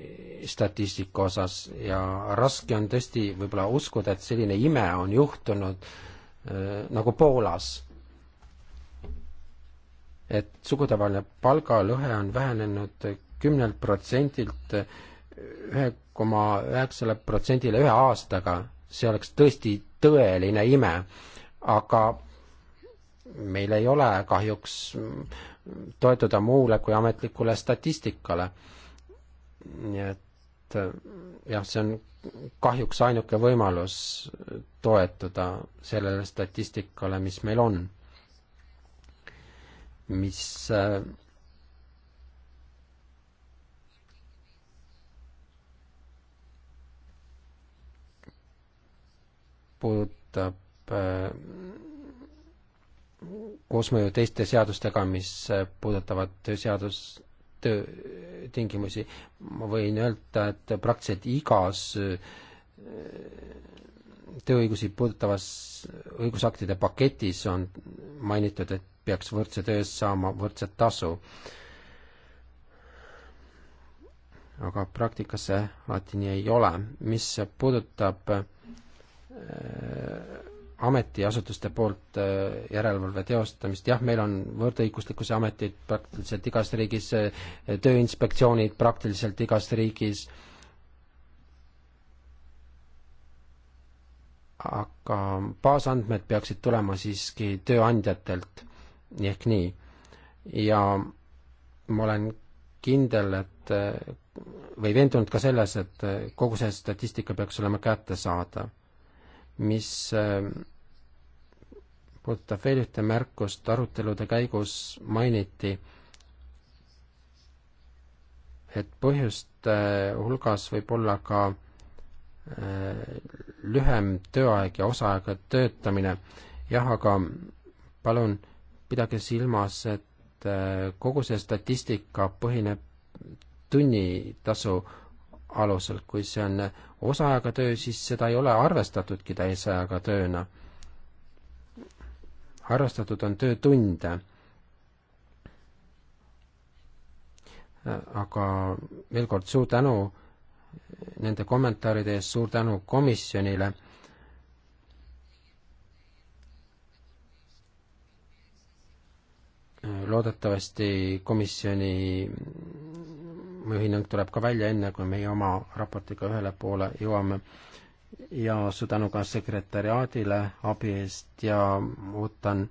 statistika osas ja raske on tõesti võib-olla uskuda, et selline ime on juhtunud äh, nagu Poolas. et sugutavaline palgalõhe on vähenenud kümnelt protsendilt ühe koma üheksale protsendile ühe aastaga, see oleks tõesti tõeline ime, aga meil ei ole kahjuks toetuda muule kui ametlikule statistikale. nii et jah, see on kahjuks ainuke võimalus toetuda sellele statistikale, mis meil on, mis puudutab äh, koosmõju teiste seadustega, mis puudutavad tööseadus, töötingimusi. ma võin öelda, et praktiliselt igas äh, tööõigusi puudutavas õigusaktide paketis on mainitud, et peaks võrdse töö eest saama võrdset tasu. aga praktikas see alati nii ei ole. mis puudutab äh, ametiasutuste poolt äh, järelevalve teostamist, jah, meil on võrdõiguslikkuse ametid praktiliselt igas riigis, äh, tööinspektsioonid praktiliselt igas riigis, aga baasandmed peaksid tulema siiski tööandjatelt, ehk nii. ja ma olen kindel, et äh, või veendunud ka selles, et kogu see statistika peaks olema kättesaadav. mis puudutab veel ühte märkust, arutelude käigus mainiti, et põhjuste hulgas võib olla ka äh, lühem tööaeg ja osaaega töötamine. jah, aga palun pidage silmas, et äh, kogu see statistika põhineb tunnitasu alusel, kui see on osaajaga töö, siis seda ei ole arvestatudki täisajaga tööna harrastatud on töötunde. aga veel kord suur tänu nende kommentaaride eest, suur tänu komisjonile. loodetavasti komisjoni mõjuhinnang tuleb ka välja enne, kui meie oma raportiga ühele poole jõuame ja suur tänu ka sekretäriaadile abi eest ja ootan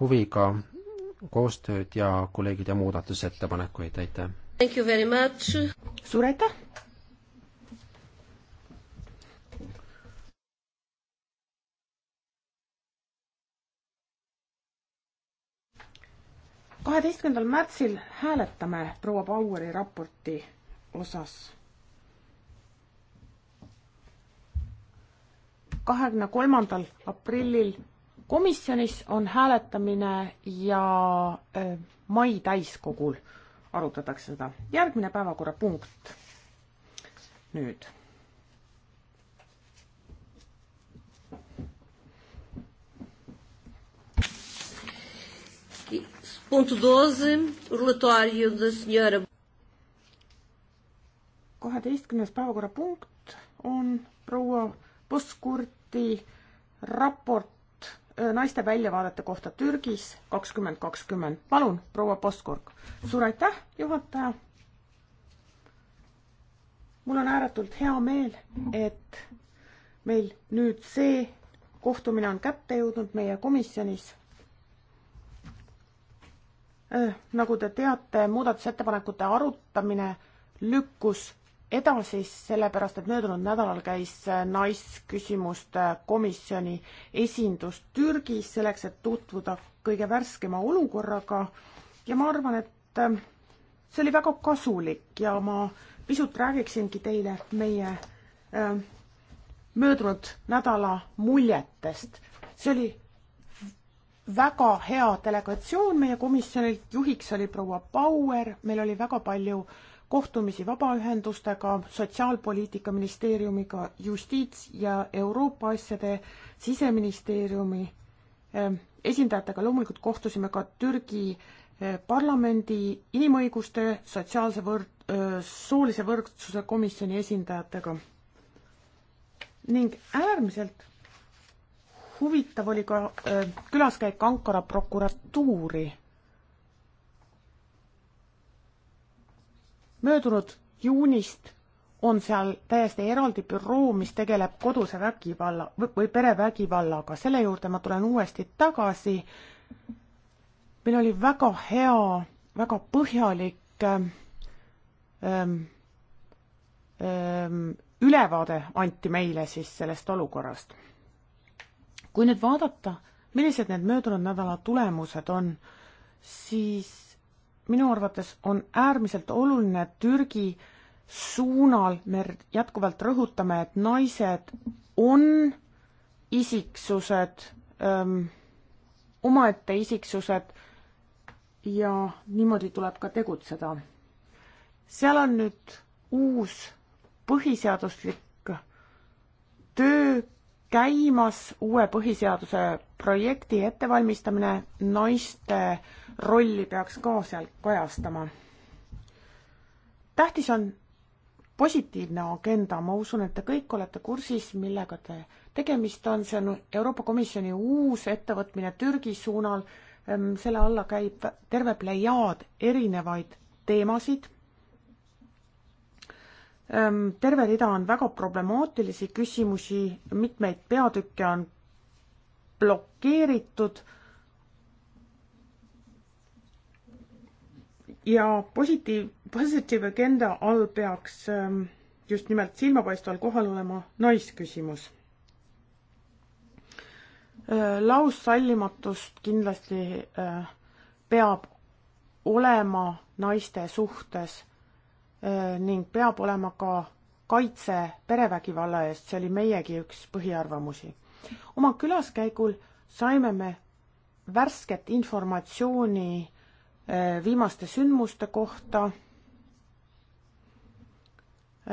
huviga koostööd ja kolleegide muudatusettepanekuid, aitäh! suur aitäh! kaheteistkümnendal märtsil hääletame proua Baueri raporti osas kahekümne kolmandal aprillil komisjonis on hääletamine ja mai täiskogul arutatakse seda. järgmine päevakorrapunkt nüüd. Ponto 12, relatório da senhora. kaheteistkümnes päevakorrapunkt on proua Poskurti Briti raport äh, naiste väljavaadete kohta Türgis kakskümmend kakskümmend. palun, proua Postkorg. suur aitäh, juhataja. mul on ääretult hea meel, et meil nüüd see kohtumine on kätte jõudnud meie komisjonis äh, nagu te teate, muudatusettepanekute arutamine lükkus edasi, sellepärast et möödunud nädalal käis äh, naisküsimuste komisjoni esindus Türgis selleks, et tutvuda kõige värskema olukorraga ja ma arvan, et äh, see oli väga kasulik ja ma pisut räägiksingi teile meie äh, möödunud nädala muljetest. see oli väga hea delegatsioon meie komisjonilt, juhiks oli proua Bauer, meil oli väga palju äh, kohtumisi vabaühendustega, Sotsiaalpoliitika ministeeriumiga, Justiits- ja Euroopa asjade siseministeeriumi eh, esindajatega, loomulikult kohtusime ka Türgi eh, parlamendi inimõiguste, sotsiaalse võrd-, eh, soolise võrdsuse komisjoni esindajatega. ning äärmiselt huvitav oli ka külaskäik Ankara prokuratuuri möödunud juunist on seal täiesti eraldi büroo, mis tegeleb koduse vägivalla või perevägivallaga, selle juurde ma tulen uuesti tagasi. meil oli väga hea, väga põhjalik ähm, ähm, ähm, ülevaade anti meile siis sellest olukorrast. kui nüüd vaadata, millised need möödunud nädala tulemused on, siis minu arvates on äärmiselt oluline, et Türgi suunal me jätkuvalt rõhutame, et naised on isiksused, ähm, omaette isiksused ja niimoodi tuleb ka tegutseda. seal on nüüd uus põhiseaduslik töö käimas uue põhiseaduse projekti ettevalmistamine, naiste rolli peaks ka seal kajastama. tähtis on positiivne agenda, ma usun, et te kõik olete kursis, millega te tegemist on, see on Euroopa Komisjoni uus ettevõtmine Türgi suunal, selle alla käib terve plejaad erinevaid teemasid Ehm, terve rida on väga problemaatilisi küsimusi, mitmeid peatükke on blokeeritud ja positiiv, positive agenda all peaks ehm, just nimelt silmapaistval kohal olema naisküsimus. Ehm, laussallimatust kindlasti peab olema naiste suhtes Äh, ning peab olema ka kaitse perevägivalla eest, see oli meiegi üks põhiarvamusi. oma külaskäigul saime me värsket informatsiooni äh, viimaste sündmuste kohta.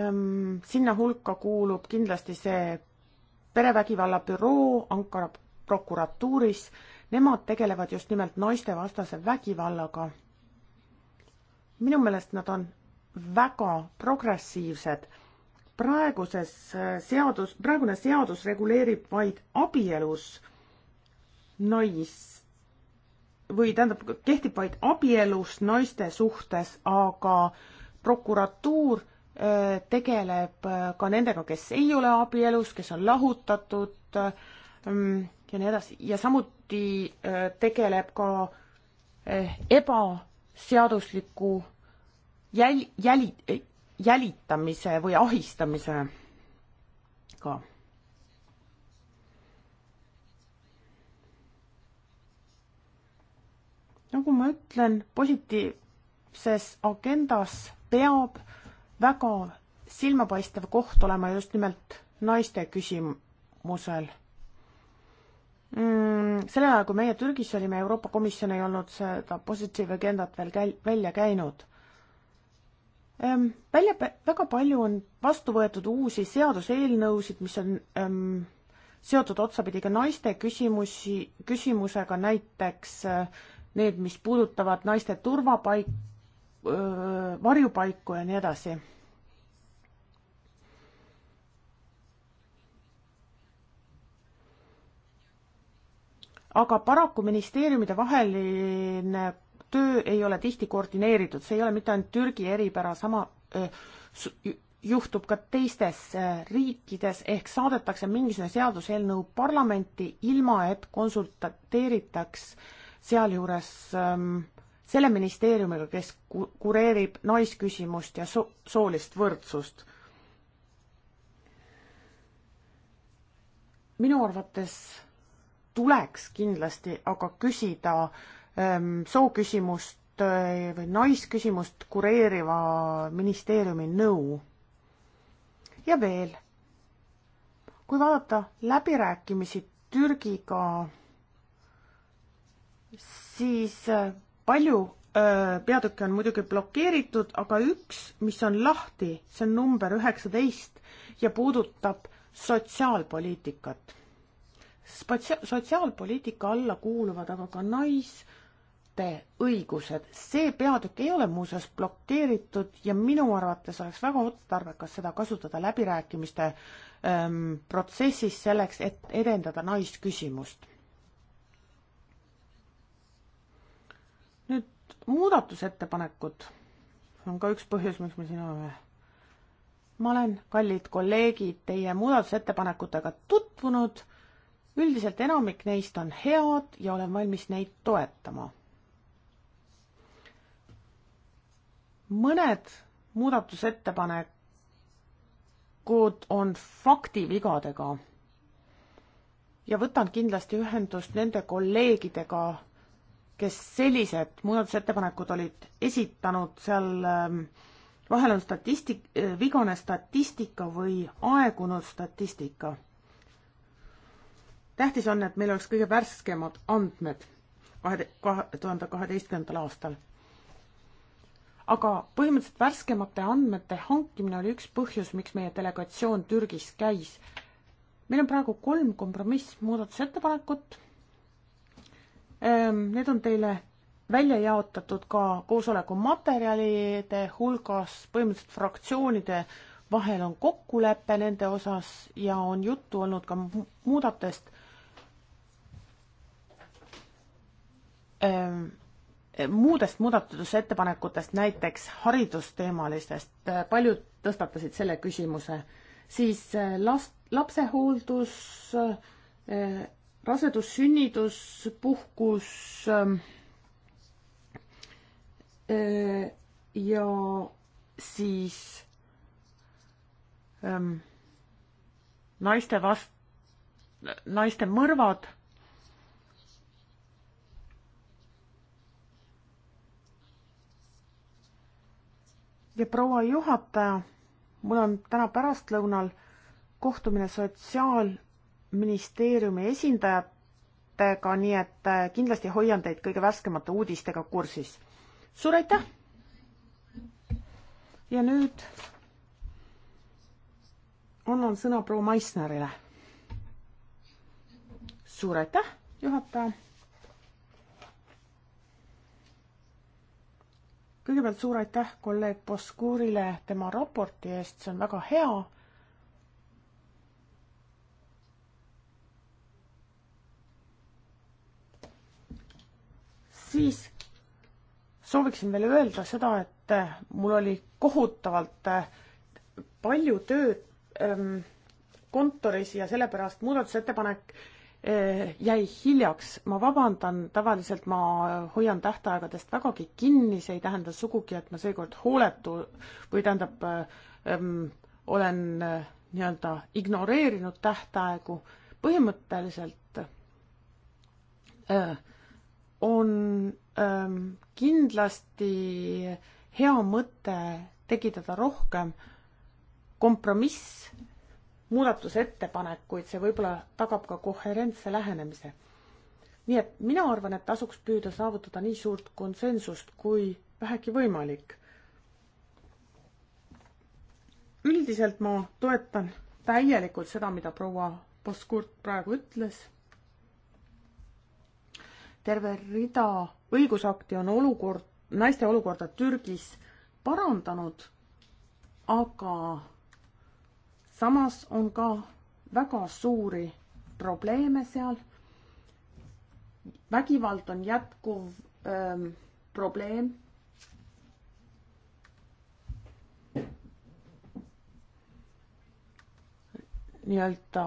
Ähm, sinna hulka kuulub kindlasti see perevägivalla büroo Ankara prokuratuuris, nemad tegelevad just nimelt naistevastase vägivallaga. minu meelest nad on väga progressiivsed. praeguses äh, seadus, praegune seadus reguleerib vaid abielus nais või tähendab, kehtib vaid abielus naiste suhtes, aga prokuratuur äh, tegeleb äh, ka nendega, kes ei ole abielus, kes on lahutatud ähm, ja nii edasi ja samuti tegeleb ka ebaseadusliku jäl-, jäli-, eh, jälitamise või ahistamisega. nagu ma ütlen, positiivses agendas peab väga silmapaistev koht olema just nimelt naiste küsimusel mm,. sellel ajal, kui meie Türgis olime, Euroopa Komisjon ei olnud seda positiivagendat veel käi-, välja käinud Ehm, välja, väga palju on vastu võetud uusi seaduseelnõusid, mis on ähm, seotud otsapidi ka naiste küsimusi, küsimusega, näiteks äh, need, mis puudutavad naiste turvapaik äh,, varjupaiku ja nii edasi. aga paraku ministeeriumide vaheline töö ei ole tihti koordineeritud, see ei ole mitte ainult Türgi eripära, sama juhtub ka teistes riikides, ehk saadetakse mingisugune seaduseelnõu parlamenti, ilma et konsulteeritaks sealjuures selle ministeeriumiga, kes kureerib naisküsimust ja so-, soolist võrdsust. minu arvates tuleks kindlasti aga küsida äh, Ähm, sooküsimust äh, või naisküsimust kureeriva ministeeriumi nõu. ja veel, kui vaadata läbirääkimisi Türgiga, siis äh, palju äh, peatükke on muidugi blokeeritud, aga üks, mis on lahti, see on number üheksateist ja puudutab sotsiaalpoliitikat. Spotsia-, sotsiaalpoliitika alla kuuluvad aga ka nais- laste õigused, see peatükk ei ole muuseas blokeeritud ja minu arvates oleks väga otstarbekas seda kasutada läbirääkimiste ähm, protsessis selleks, et edendada naisküsimust. nüüd muudatusettepanekud on ka üks põhjus, miks me siin oleme. ma olen, kallid kolleegid, teie muudatusettepanekutega tutvunud üldiselt enamik neist on head ja olen valmis neid toetama. mõned muudatusettepanekud on faktivigadega ja võtan kindlasti ühendust nende kolleegidega, kes sellised muudatusettepanekud olid esitanud, seal ähm, vahel on statistik, äh, vigane statistika või aegunud statistika. tähtis on, et meil oleks kõige värskemad andmed kahe, kahe tuhande kaheteistkümnendal aastal aga põhimõtteliselt värskemate andmete hankimine oli üks põhjus, miks meie delegatsioon Türgis käis. meil on praegu kolm kompromissmuudatusettepanekut. Ehm, need on teile välja jaotatud ka koosoleku materjalide hulgas, põhimõtteliselt fraktsioonide vahel on kokkulepe nende osas ja on juttu olnud ka muudatest ähm, muudest muudatusettepanekutest, näiteks haridusteemalistest, paljud tõstatasid selle küsimuse, siis äh, last, lapsehooldus, äh, rasedus, sünnitus, puhkus ähm, äh, ja siis ähm, naiste vast-, naiste mõrvad ja proua juhataja, mul on täna pärastlõunal kohtumine Sotsiaalministeeriumi esindajatega, nii et äh, kindlasti hoian teid kõige värskemate uudistega kursis. suur aitäh! ja nüüd annan sõna proua Maisnerile. suur aitäh, juhataja! kõigepealt suur aitäh kolleeg Poskuurile tema raporti eest, see on väga hea. siis sooviksin veel öelda seda, et äh, mul oli kohutavalt äh, palju tööd ähm, kontoris ja sellepärast muudatusettepanek Eh, jäi hiljaks, ma vabandan, tavaliselt ma hoian tähtaegadest vägagi kinni, see ei tähenda sugugi, et ma seekord hooletu või tähendab ähm,, olen äh, nii-öelda ignoreerinud tähtaegu, põhimõtteliselt äh, on äh, kindlasti hea mõte tekitada rohkem kompromiss muudatusettepanekuid, see võib-olla tagab ka koherentse lähenemise. nii et mina arvan, et tasuks püüda saavutada nii suurt konsensust kui vähegi võimalik. üldiselt ma toetan täielikult seda, mida proua Poskurt praegu ütles. terve rida õigusakti on olukord, naiste olukorda Türgis parandanud, aga samas on ka väga suuri probleeme seal. vägivald on jätkuv öö, ähm, probleem nii-öelda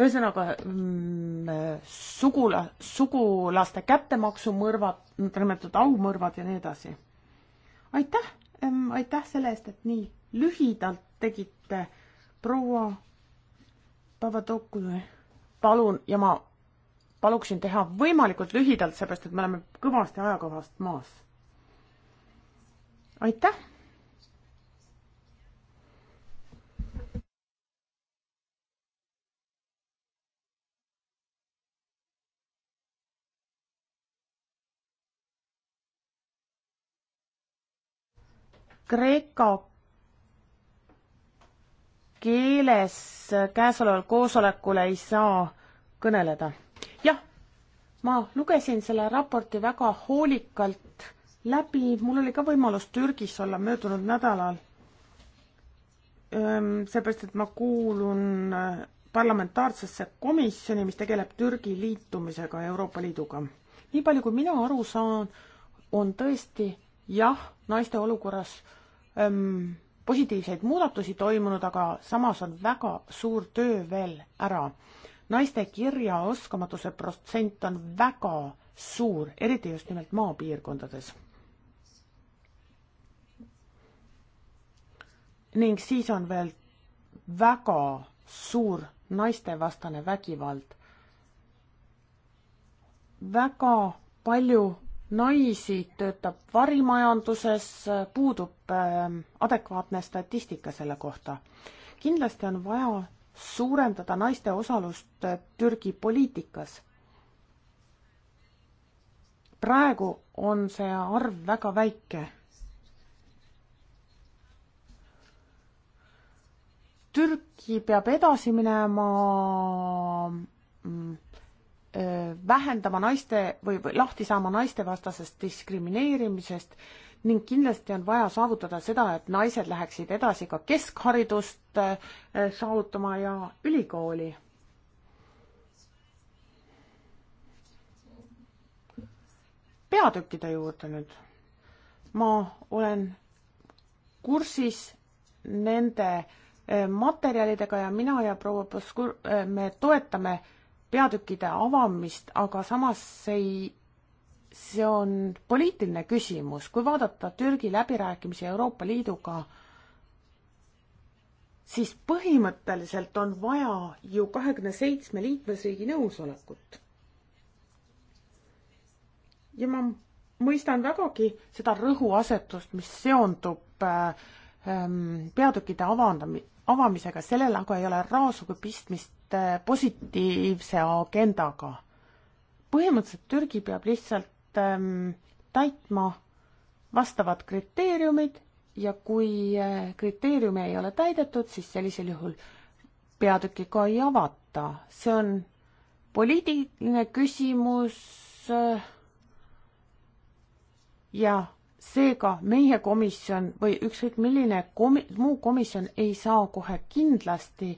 ühesõnaga mm, sugula, sugulaste kättemaksumõrvad, nõndanimetatud aumõrvad ja nii edasi. aitäh! aitäh selle eest, et nii lühidalt tegite, proua Pavadokule. palun ja ma paluksin teha võimalikult lühidalt, seepärast et me oleme kõvasti ajakavast maas. aitäh kreeka keeles käesoleval koosolekul ei saa kõneleda. jah, ma lugesin selle raporti väga hoolikalt läbi, mul oli ka võimalus Türgis olla möödunud nädalal. seepärast, et ma kuulun äh, parlamentaarsesse komisjoni, mis tegeleb Türgi liitumisega Euroopa Liiduga. nii palju, kui mina aru saan, on tõesti jah, naiste olukorras ähm, positiivseid muudatusi toimunud, aga samas on väga suur töö veel ära. naiste kirjaoskamatuse protsent on väga suur, eriti just nimelt maapiirkondades. ning siis on veel väga suur naistevastane vägivald. väga palju naisi töötab varimajanduses, puudub ähm, adekvaatne statistika selle kohta. kindlasti on vaja suurendada naiste osalust äh, Türgi poliitikas. praegu on see arv väga väike. Türki peab edasi minema mm, Äh, vähendama naiste või, või lahti saama naistevastasest diskrimineerimisest ning kindlasti on vaja saavutada seda, et naised läheksid edasi ka keskharidust äh, saavutama ja ülikooli. peatükkide juurde nüüd. ma olen kursis nende äh, materjalidega ja mina ja proua Paskur, me toetame äh, peatükkide avamist, aga samas see ei, see on poliitiline küsimus, kui vaadata Türgi läbirääkimisi Euroopa Liiduga, siis põhimõtteliselt on vaja ju kahekümne seitsme liikmesriigi nõusolekut. ja ma mõistan vägagi seda rõhuasetust, mis seondub äh, ähm, peatükkide avandami-, avamisega, sellel aga ei ole raasugi pistmist Äh, positiivse agendaga. põhimõtteliselt Türgi peab lihtsalt ähm, täitma vastavad kriteeriumid ja kui äh, kriteeriume ei ole täidetud, siis sellisel juhul peatükki ka ei avata. see on poliitiline küsimus. Äh, ja seega meie komisjon või ükskõik milline komi-, muu komisjon ei saa kohe kindlasti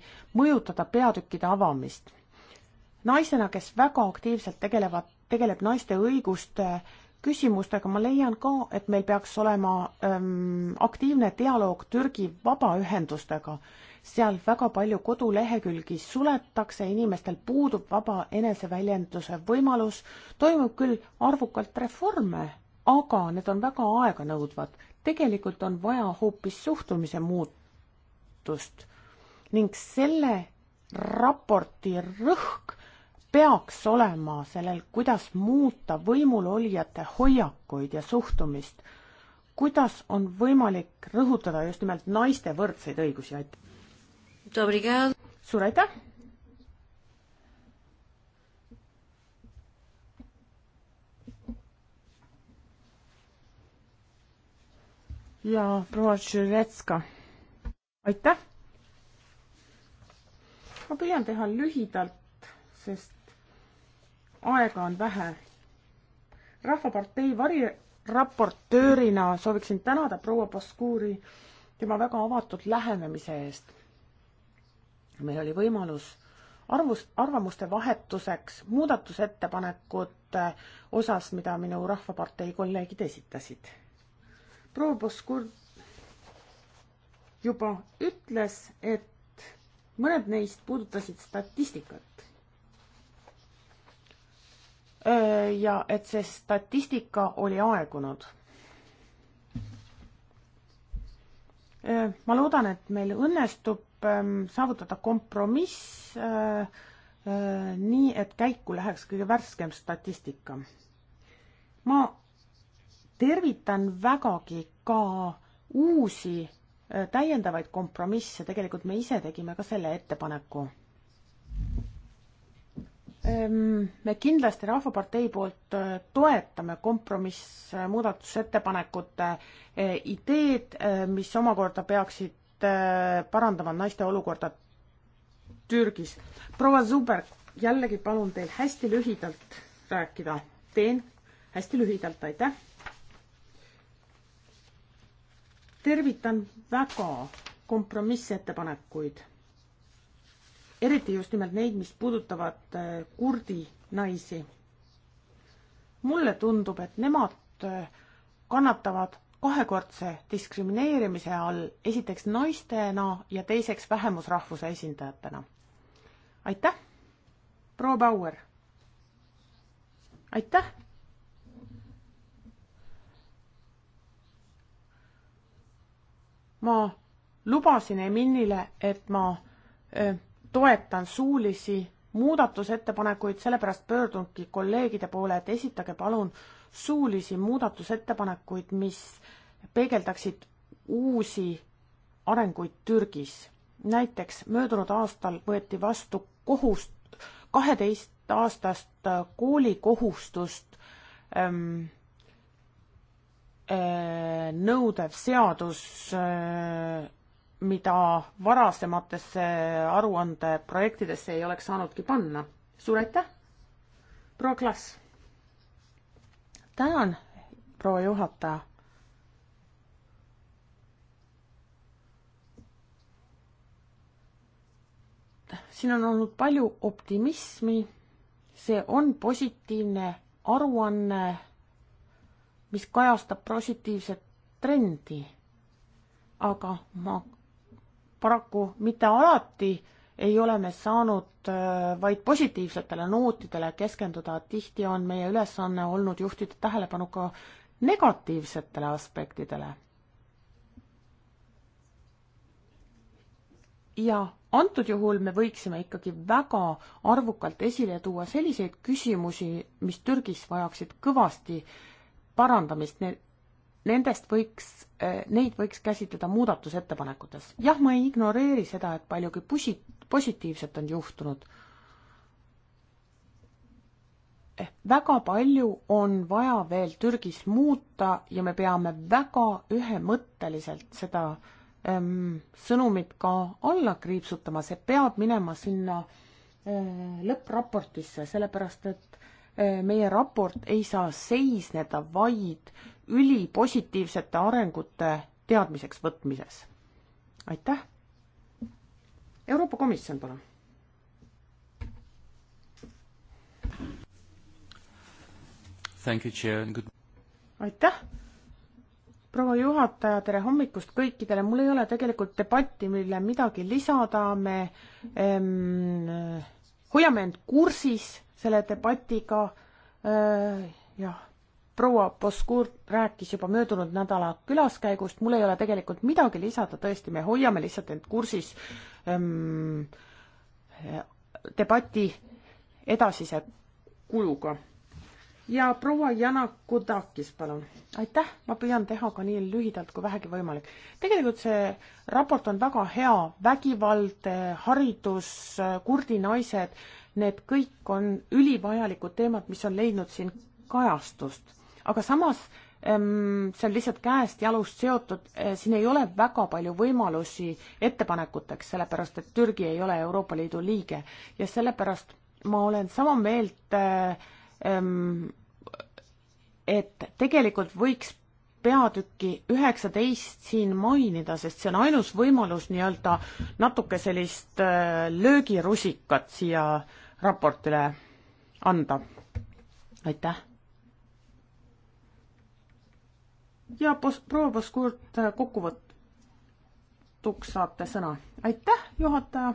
mõjutada peatükkide avamist. naisena, kes väga aktiivselt tegelevad, tegeleb naiste õiguste küsimustega, ma leian ka, et meil peaks olema ähm, aktiivne dialoog Türgi vabaühendustega. seal väga palju kodulehekülgi suletakse, inimestel puudub vaba eneseväljenduse võimalus, toimub küll arvukalt reforme aga need on väga aeganõudvad. tegelikult on vaja hoopis suhtumise muutust ning selle raporti rõhk peaks olema sellel, kuidas muuta võimulolijate hoiakuid ja suhtumist. kuidas on võimalik rõhutada just nimelt naiste võrdseid õigusi, aitäh! suur aitäh! ja proua Tšeretska. aitäh! ma püüan teha lühidalt, sest aega on vähe. rahvapartei variraportöörina sooviksin tänada proua Baskuuri tema väga avatud lähenemise eest. meil oli võimalus arvus, arvamuste vahetuseks muudatusettepanekute osas, mida minu Rahvapartei kolleegid esitasid proua Boskur juba ütles, et mõned neist puudutasid statistikat. ja et see statistika oli aegunud. ma loodan, et meil õnnestub saavutada kompromiss nii, et käiku läheks kõige värskem statistika. ma tervitan vägagi ka uusi äh, täiendavaid kompromisse, tegelikult me ise tegime ka selle ettepaneku. Ehm, me kindlasti Rahvapartei poolt äh, toetame kompromissmuudatusettepanekute äh, ideed, mis omakorda peaksid parandama naiste olukorda Türgis. proua Zuber, jällegi palun teil hästi lühidalt rääkida. teen hästi lühidalt, aitäh tervitan väga kompromissettepanekuid. eriti just nimelt neid, mis puudutavad äh, kurdi naisi. mulle tundub, et nemad äh, kannatavad kahekordse diskrimineerimise all, esiteks naistena ja teiseks vähemusrahvuse esindajatena. aitäh, proua Bauer! aitäh! ma lubasin Emilile, et ma öö, toetan suulisi muudatusettepanekuid, sellepärast pöördungi kolleegide poole, et esitage palun suulisi muudatusettepanekuid, mis peegeldaksid uusi arenguid Türgis. näiteks möödunud aastal võeti vastu kohust, kaheteist aastast äh, koolikohustust ähm, nõudev seadus, äh, mida varasematesse aruandeprojektidesse ei oleks saanudki panna. suur aitäh, proua Klas! tänan, proua juhataja! siin on olnud palju optimismi, see on positiivne aruanne mis kajastab positiivset trendi. aga ma paraku mitte alati ei ole me saanud äh, vaid positiivsetele nootidele keskenduda, tihti on meie ülesanne olnud juhtida tähelepanu ka negatiivsetele aspektidele. ja antud juhul me võiksime ikkagi väga arvukalt esile tuua selliseid küsimusi, mis Türgis vajaksid kõvasti äh, parandamist, nendest võiks, neid võiks käsitleda muudatusettepanekutes. jah, ma ei ignoreeri seda, et paljugi pusi-, positiivset on juhtunud. Eh, väga palju on vaja veel Türgis muuta ja me peame väga ühemõtteliselt seda ähm, sõnumit ka alla kriipsutama, see peab minema sinna äh, lõppraportisse, sellepärast et äh, Äh, meie raport ei saa seisneda vaid ülipositiivsete arengute teadmiseks võtmises. aitäh. Euroopa Komisjon, palun. aitäh, proua juhataja, tere hommikust kõikidele, mul ei ole tegelikult debatti, mille midagi lisada, me ähm, hoiame end kursis selle debatiga äh,. jah, proua Poskur rääkis juba möödunud nädala külaskäigust, mul ei ole tegelikult midagi lisada, tõesti, me hoiame lihtsalt end kursis ähm, debati edasise kuluga. ja proua Jana Kudakis, palun. aitäh, ma püüan teha ka nii lühidalt kui vähegi võimalik. tegelikult see raport on väga hea, vägivald, haridus, kurdi naised Need kõik on ülivajalikud teemad, mis on leidnud siin kajastust. aga samas ehm, see on lihtsalt käest jalust seotud, eh, siin ei ole väga palju võimalusi ettepanekuteks, sellepärast et Türgi ei ole Euroopa Liidu liige ja sellepärast ma olen sama meelt, eh, ehm, et tegelikult võiks peatüki üheksateist siin mainida, sest see on ainus võimalus nii-öelda natuke sellist eh, löögirusikat siia äh, raportile anda. aitäh. ja pos-, proua Poskurt kokkuvõtuks saate sõna. aitäh, juhataja.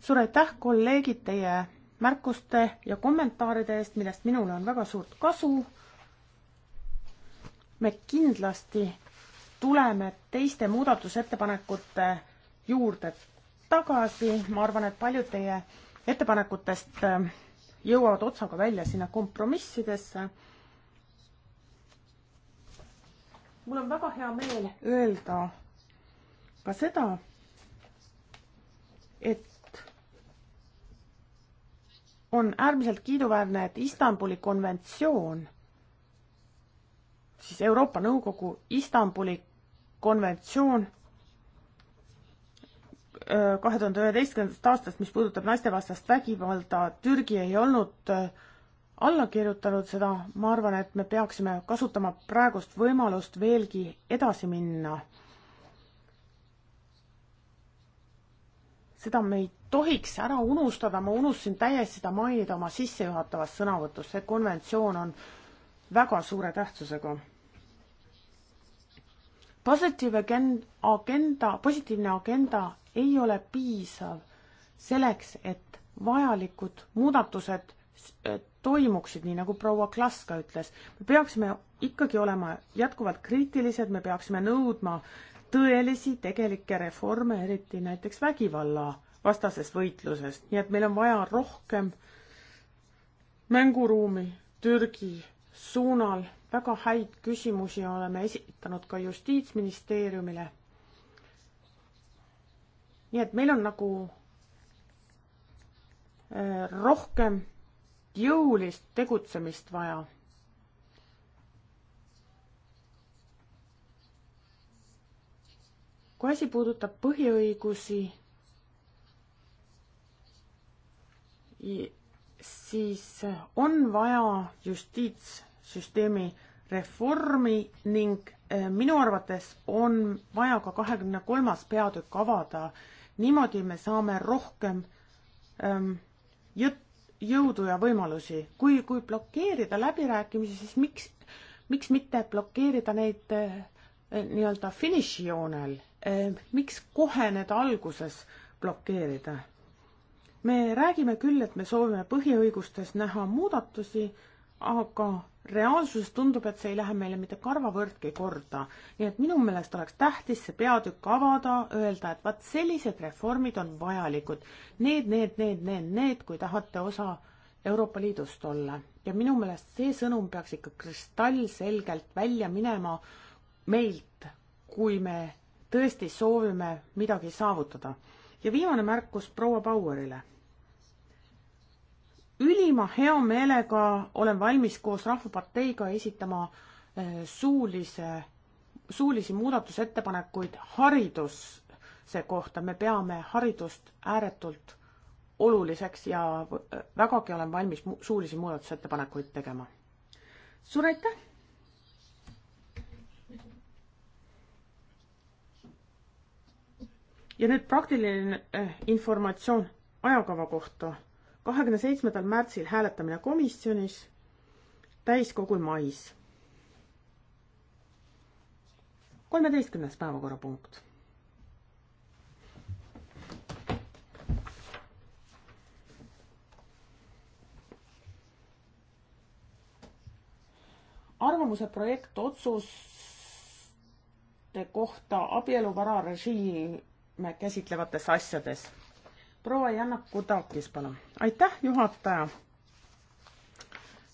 suur aitäh, kolleegid, teie märkuste ja kommentaaride eest, millest minule on väga suurt kasu. me kindlasti tuleme teiste muudatusettepanekute juurde tagasi, ma arvan, et paljud teie ettepanekutest äh, jõuavad otsaga välja sinna kompromissidesse. mul on väga hea meel öelda ka seda, et on äärmiselt kiiduväärne, et Istanbuli konventsioon, siis Euroopa Nõukogu Istanbuli konventsioon kahe tuhande üheteistkümnendast aastast, mis puudutab naistevastast vägivalda, Türgi ei olnud äh, alla kirjutanud seda, ma arvan, et me peaksime kasutama praegust võimalust veelgi edasi minna. seda me ei tohiks ära unustada, ma unustasin täiesti seda mainida oma sissejuhatavas sõnavõtus, see konventsioon on väga suure tähtsusega positiivne agenda, positiivne agenda ei ole piisav selleks, et vajalikud muudatused eh, toimuksid, nii nagu proua Klas ka ütles. me peaksime ikkagi olema jätkuvalt kriitilised, me peaksime nõudma tõelisi tegelikke reforme, eriti näiteks vägivalla vastasest võitlusest, nii et meil on vaja rohkem mänguruumi Türgi suunal väga häid küsimusi oleme esitanud ka Justiitsministeeriumile. nii et meil on nagu äh, rohkem jõulist tegutsemist vaja. kui asi puudutab põhiõigusi, siis on vaja justiits süsteemi reformi ning eh, minu arvates on vaja ka kahekümne kolmas peatükk avada. niimoodi me saame rohkem ähm, jõudu ja võimalusi. kui, kui blokeerida läbirääkimisi, siis miks, miks mitte blokeerida neid äh, nii-öelda finišijoonel äh,, ehm, miks kohe need alguses blokeerida? me räägime küll, et me soovime põhiõigustes näha muudatusi, aga reaalsuses tundub, et see ei lähe meile mitte karvavõrdki korda. nii et minu meelest oleks tähtis see peatükk avada, öelda, et vaat sellised reformid on vajalikud. Need, need, need, need, need, kui tahate osa Euroopa Liidust olla. ja minu meelest see sõnum peaks ikka kristallselgelt välja minema meilt, kui me tõesti soovime midagi saavutada. ja viimane märkus proua Bauerile ülima hea meelega olen valmis koos Rahvaparteiga esitama eh, suulise, suulisi muudatusettepanekuid hariduse kohta. me peame haridust ääretult oluliseks ja eh, vägagi olen valmis suulisi muudatusettepanekuid tegema. suur aitäh! ja nüüd praktiline eh, informatsioon ajakava kohta kahekümne seitsmendal märtsil hääletamine komisjonis, täiskogul mais. kolmeteistkümnes päevakorrapunkt. arvamuse projekt otsuste kohta abieluvara režiime käsitlevates asjades proua Janna Kudakis, palun. aitäh, juhataja.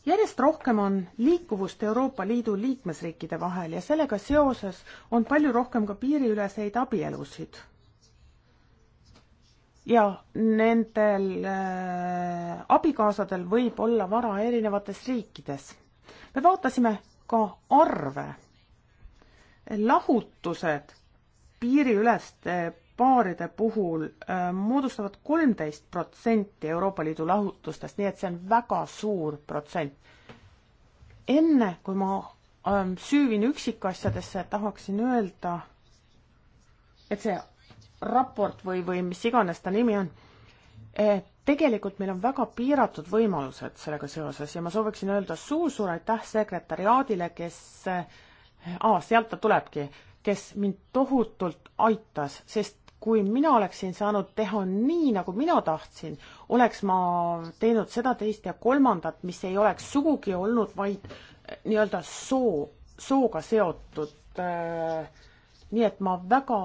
järjest rohkem on liikuvust Euroopa Liidu liikmesriikide vahel ja sellega seoses on palju rohkem ka piiriüleseid abielusid. ja nendel äh, abikaasadel võib olla vara erinevates riikides. me vaatasime ka arve, lahutused piiriüleste äh, paaride puhul äh, moodustavad kolmteist protsenti Euroopa Liidu lahutustest, nii et see on väga suur protsent. enne kui ma äh, süüvin üksikasjadesse, tahaksin öelda, et see raport või, või mis iganes ta nimi on, eh, tegelikult meil on väga piiratud võimalused sellega seoses ja ma sooviksin öelda suur-suur aitäh sekretäriaadile, kes ah,, sealt ta tulebki, kes mind tohutult aitas, sest kui mina oleksin saanud teha nii, nagu mina tahtsin, oleks ma teinud seda, teist ja kolmandat, mis ei oleks sugugi olnud vaid eh, nii-öelda soo, sooga seotud. Eh, nii et ma väga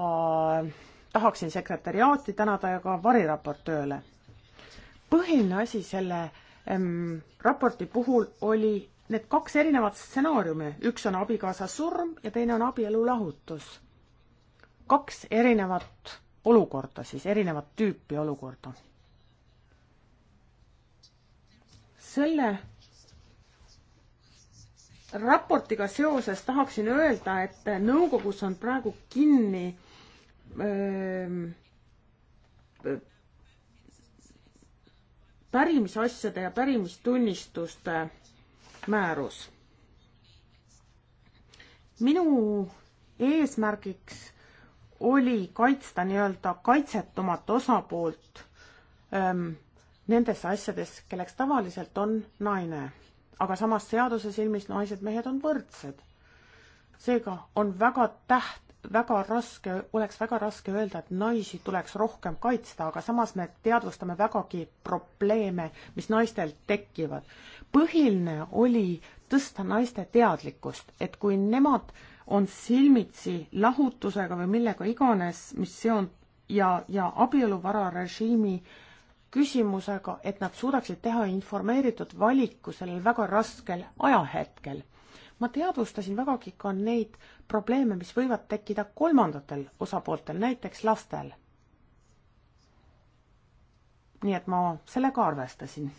tahaksin sekretäriaati tänada ja ka variraportööle. põhiline asi selle ähm, raporti puhul oli need kaks erinevat stsenaariumi, üks on abikaasa surm ja teine on abielu lahutus kaks erinevat olukorda siis, erinevat tüüpi olukorda. selle raportiga seoses tahaksin öelda, et nõukogus on praegu kinni öö, ähm, pärimisasjade ja pärimistunnistuste määrus. minu eesmärgiks oli kaitsta nii-öelda kaitsetumat osapoolt ähm, nendes asjades, kelleks tavaliselt on naine. aga samas seaduse silmis naised-mehed on võrdsed. seega on väga täht-, väga raske, oleks väga raske öelda, et naisi tuleks rohkem kaitsta, aga samas me teadvustame vägagi probleeme, mis naistel tekivad. põhiline oli tõsta naiste teadlikkust, et kui nemad äh, on silmitsi lahutusega või millega iganes, mis seon- ja, ja abieluvararežiimi küsimusega, et nad suudaksid teha informeeritud valiku sellel väga raskel ajahetkel. ma teadvustasin vägagi ka neid probleeme, mis võivad tekkida kolmandatel osapooltel, näiteks lastel. nii et ma sellega arvestasin.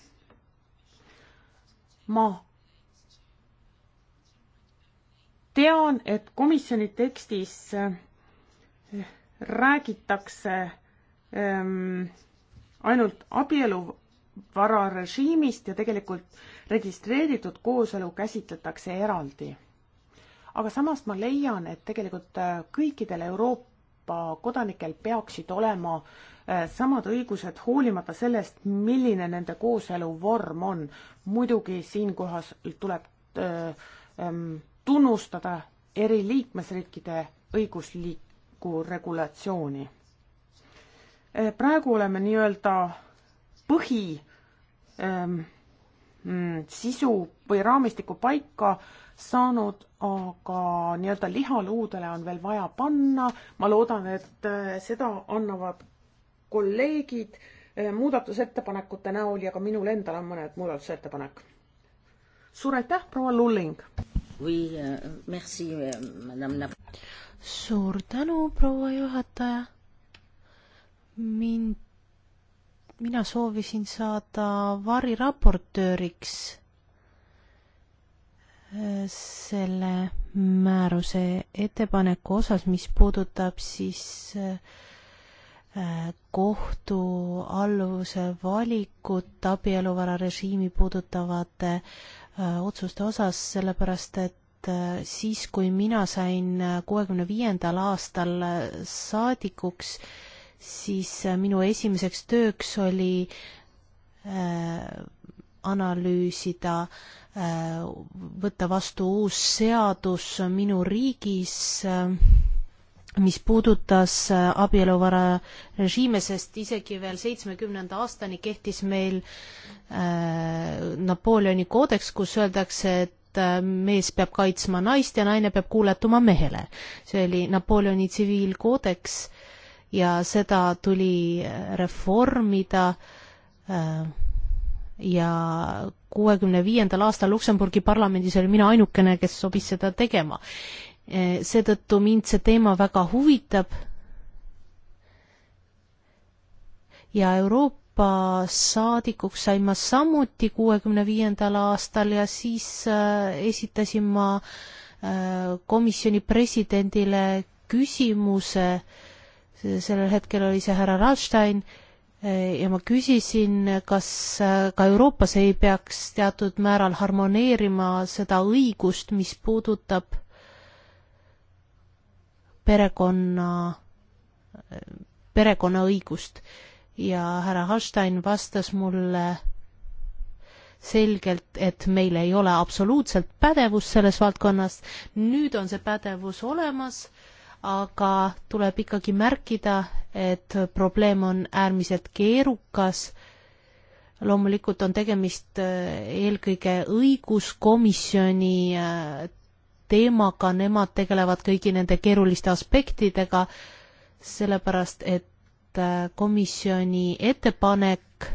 ma tean, et komisjoni tekstis eh, räägitakse ähm, ainult abieluvararežiimist ja tegelikult registreeritud kooselu käsitletakse eraldi. aga samas ma leian, et tegelikult eh, kõikidel Euroopa kodanikel peaksid olema äh, samad õigused, hoolimata sellest, milline nende kooselu vorm on. muidugi siinkohas tuleb öö, äh, öö, ähm, tunnustada eri liikmesriikide õiguslikku regulatsiooni. Eh, praegu oleme nii-öelda põhi ähm, sisu või raamistiku paika saanud, aga nii-öelda lihaluudele on veel vaja panna. ma loodan, et eh, seda annavad kolleegid eh, muudatusettepanekute näol ja ka minul endal on mõned muudatusettepanek. suur aitäh, proua Lulling! Oui, euh, merci, euh, madame. suur tänu, proua juhataja. mind, mina soovisin saada variraportööriks äh, selle määruse ettepaneku osas, mis puudutab siis äh, äh, kohtualluvuse valikut abieluvararežiimi puudutavate äh, Äh, otsuste osas, sellepärast et äh, siis, kui mina sain äh, kuuekümne viiendal aastal saadikuks, siis minu esimeseks tööks oli analüüsida, võtta vastu uus seadus minu riigis mis puudutas äh, abieluvara režiime, sest isegi veel seitsmekümnenda aastani kehtis meil äh, Napoleoni koodeks, kus öeldakse, et äh, mees peab kaitsma naist ja naine peab kuuletuma mehele. see oli Napoleoni tsiviilkoodeks ja seda tuli äh, reformida äh, ja kuuekümne viiendal aastal Luksemburgi parlamendis olin mina ainukene, kes sobis seda tegema. Eh, seetõttu mind see teema väga huvitab. ja Euroopa saadikuks sain ma samuti kuuekümne viiendal aastal ja siis äh, esitasin ma äh, komisjoni presidendile küsimuse, sellel hetkel oli see härra Rammstein, äh, ja ma küsisin, kas ka Euroopas ei peaks teatud määral harmoneerima seda õigust, mis puudutab perekonna, perekonnaõigust ja härra Hallstein vastas mulle selgelt, et meil ei ole absoluutselt pädevust selles valdkonnas, nüüd on see pädevus olemas, aga tuleb ikkagi märkida, et probleem on äärmiselt keerukas loomulikult on tegemist äh, eelkõige õiguskomisjoni äh, teemaga, nemad tegelevad kõigi nende keeruliste aspektidega, sellepärast et äh, komisjoni ettepanek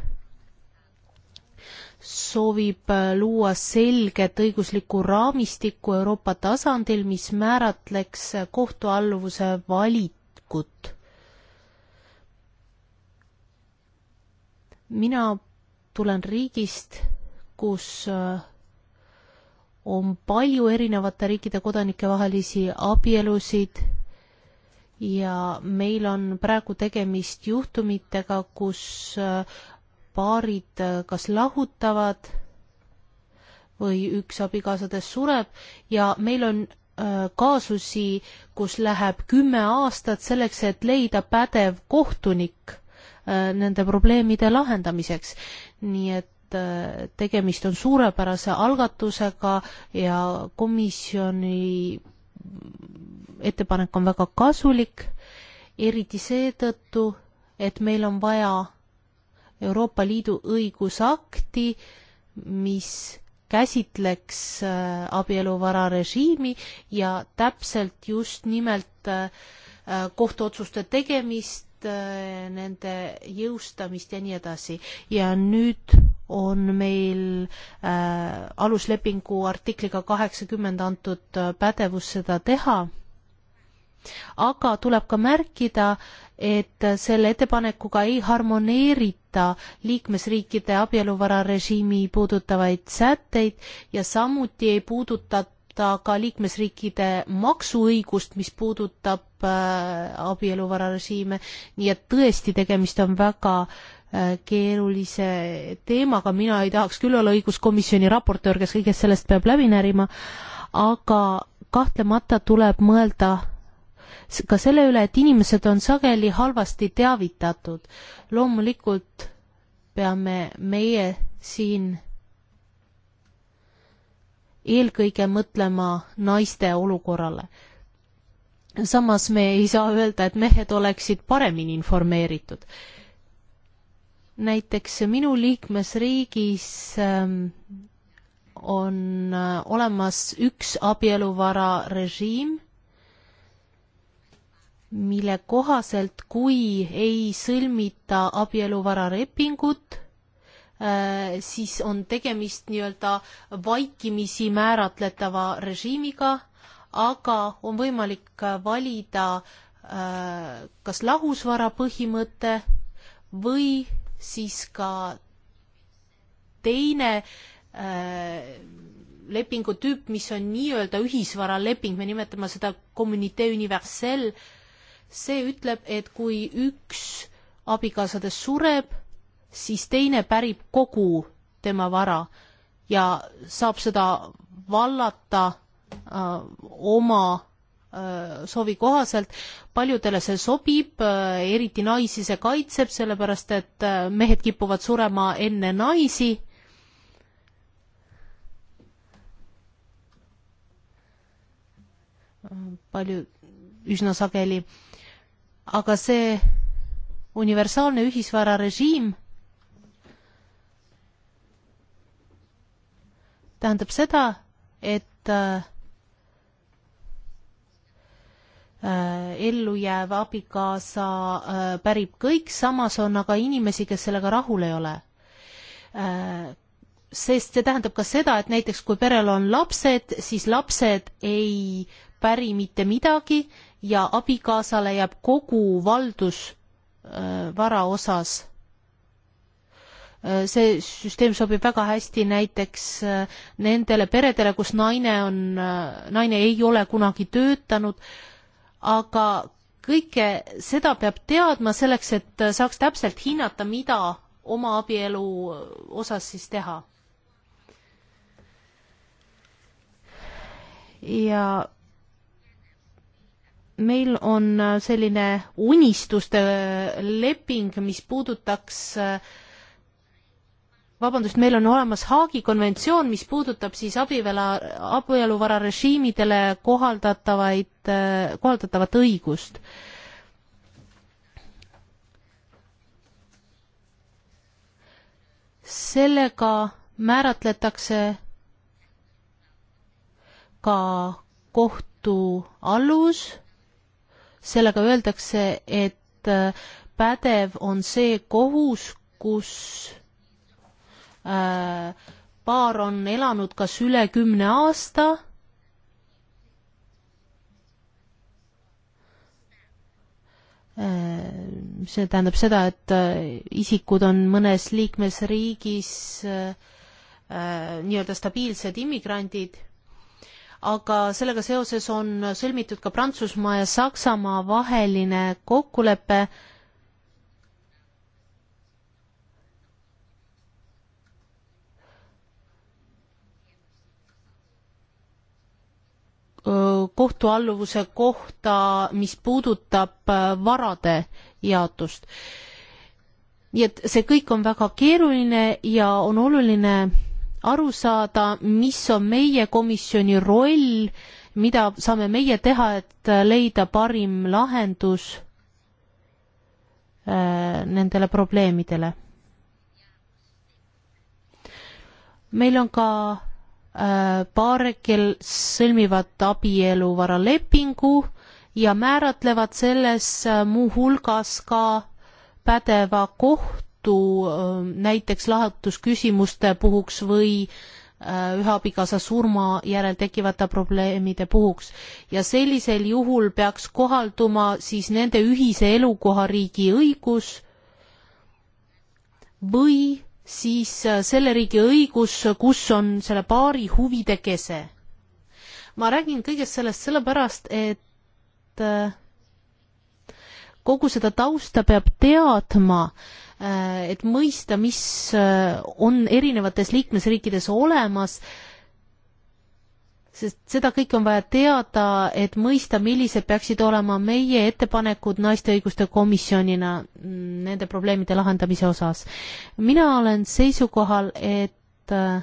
soovib äh, luua selget õiguslikku raamistikku Euroopa tasandil, mis määratleks äh, kohtualluvuse valikut. mina tulen riigist, kus on palju erinevate riikide kodanike vahelisi abielusid ja meil on praegu tegemist juhtumitega, kus äh, paarid äh, kas lahutavad või üks abikaasadest sureb ja meil on äh, kaasusi, kus läheb kümme aastat selleks, et leida pädev kohtunik nende probleemide lahendamiseks. nii et et äh, tegemist on suurepärase algatusega ja komisjoni ettepanek on väga kasulik, eriti seetõttu, et meil on vaja Euroopa Liidu õigusakti, mis käsitleks äh, abieluvararežiimi ja täpselt just nimelt äh, kohtuotsuste tegemist, nende jõustamist ja nii edasi. ja nüüd on meil äh, aluslepingu artikliga kaheksakümmend antud äh, pädevus seda teha. aga tuleb ka märkida, et selle ettepanekuga ei harmoneerita liikmesriikide abieluvararežiimi puudutavaid sätteid ja samuti ei puudutata ka liikmesriikide maksuõigust, mis puudutab äh, abieluvararežiime, nii et tõesti tegemist on väga äh, Äh, keerulise teemaga, mina ei tahaks küll olla õiguskomisjoni raportöör, kes kõigest sellest peab läbi närima, aga kahtlemata tuleb mõelda ka selle üle, et inimesed on sageli halvasti teavitatud. loomulikult peame meie siin eelkõige mõtlema naiste olukorrale. samas me ei saa öelda, et mehed oleksid paremini informeeritud näiteks minu liikmesriigis ähm, on äh, olemas üks abieluvara režiim, mille kohaselt, kui ei sõlmita abieluvaralepingut, äh, siis on tegemist nii-öelda vaikimisi määratletava režiimiga, aga on võimalik äh, valida kas lahusvara põhimõte või siis ka teine äh, lepingutüüp, mis on nii-öelda ühisvaraleping, me nimetame seda communité universel, see ütleb, et kui üks abikaasadest sureb, siis teine pärib kogu tema vara ja saab seda vallata äh, oma Äh, soovi kohaselt, paljudele see sobib, äh, eriti naisi see kaitseb, sellepärast et äh, mehed kipuvad surema enne naisi palju, üsna sageli. aga see universaalne ühisvararežiim tähendab seda, et äh, Äh, ellujääv abikaasa äh, pärib kõik, samas on aga inimesi, kes sellega rahul ei ole. Äh, sest see tähendab ka seda, et näiteks kui perel on lapsed, siis lapsed ei päri mitte midagi ja abikaasale jääb kogu valdusvara osas see süsteem sobib väga hästi näiteks nendele peredele, kus naine on, naine ei ole kunagi töötanud aga kõike seda peab teadma selleks, et saaks täpselt hinnata, mida oma abielu osas siis teha. ja meil on selline unistuste leping, mis puudutaks äh, vabandust, meil on olemas Haagi konventsioon, mis puudutab siis abivela, abieluvararežiimidele kohaldatavaid, kohaldatavat õigust. sellega määratletakse ka kohtu alus, sellega öeldakse, et pädev on see kohus, kus Äh, paar on elanud kas üle kümne aasta äh, see tähendab seda, et äh, isikud on mõnes liikmesriigis nii-öelda stabiilsed immigrandid, aga sellega seoses on sõlmitud ka Prantsusmaa ja Saksamaa vaheline kokkulepe äh, kohtualluvuse kohta, mis puudutab varade jaotust. nii et see kõik on väga keeruline ja on oluline aru saada, mis on meie komisjoni roll, mida saame meie teha, et leida parim lahendus nendele probleemidele. meil on ka Äh, paarikel sõlmivad abieluvaralepingu ja määratlevad selles äh, muuhulgas ka pädeva kohtu äh, näiteks lahutusküsimuste puhuks või ühe abikaasa surma järel tekivate probleemide puhuks ja sellisel juhul peaks kohalduma siis nende ühise elukohariigi õigus või siis äh, selle riigi õigus, kus on selle paari huvide kese. ma räägin kõigest sellest sellepärast, et äh, kogu seda tausta peab teadma, äh, et mõista, mis on erinevates liikmesriikides olemas sest seda kõike on vaja teada, et mõista, millised peaksid olema meie ettepanekud naiste õiguste komisjonina nende probleemide lahendamise osas. mina olen seisukohal, et äh,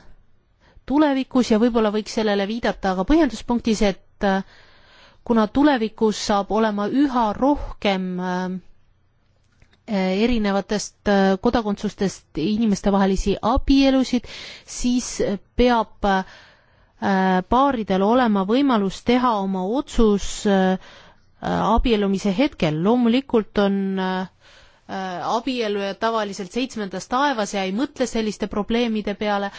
tulevikus ja võib-olla võiks sellele viidata ka põhjenduspunktis, et äh, kuna tulevikus saab olema üha rohkem äh, erinevatest kodakondsustest inimestevahelisi abielusid, siis peab äh, Äh, paaridel olema võimalus teha oma otsus äh, äh, abiellumise hetkel, loomulikult on abiellujad tavaliselt seitsmendas taevas ja ei mõtle selliste probleemide peale,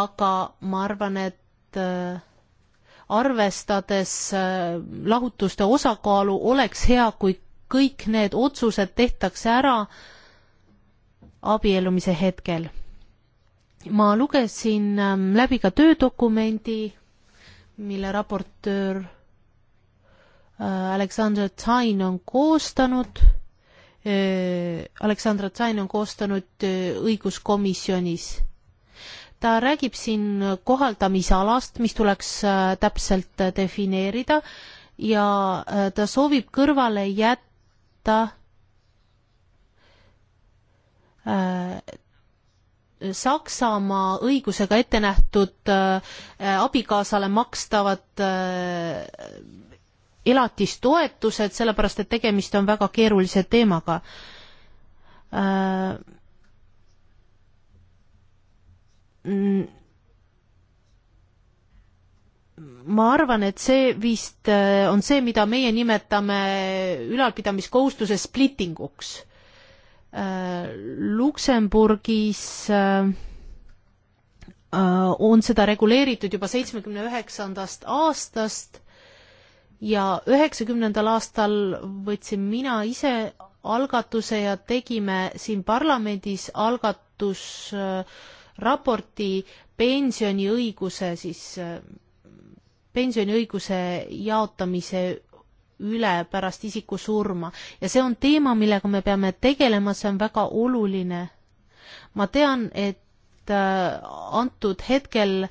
aga ma arvan, et arvestades lahutuste osakaalu, oleks hea, kui kõik need otsused tehtakse ära abiellumise hetkel ma lugesin ähm, läbi ka töödokumendi, mille raportöör äh, Aleksandr Tsain on koostanud. Äh, Aleksandr Tsain on koostanud äh, õiguskomisjonis. ta räägib siin kohaldamisalast, mis tuleks täpselt defineerida ja ta soovib kõrvale jätta Saksamaa õigusega ette nähtud äh, äh, abikaasale makstavad äh, elatistoetused, sellepärast et tegemist on väga keerulise teemaga. ma arvan, et see vist on see, mida meie nimetame ülalpidamiskohustuse splittinguks Äh, Luksemburgis äh, äh, on seda reguleeritud juba seitsmekümne üheksandast aastast ja üheksakümnendal aastal võtsin mina ise algatuse ja tegime siin parlamendis algatusraporti pensioniõiguse siis pensioniõiguse jaotamise üle pärast isiku surma ja see on teema, millega me peame tegelema, see on väga oluline. ma tean, et äh, antud hetkel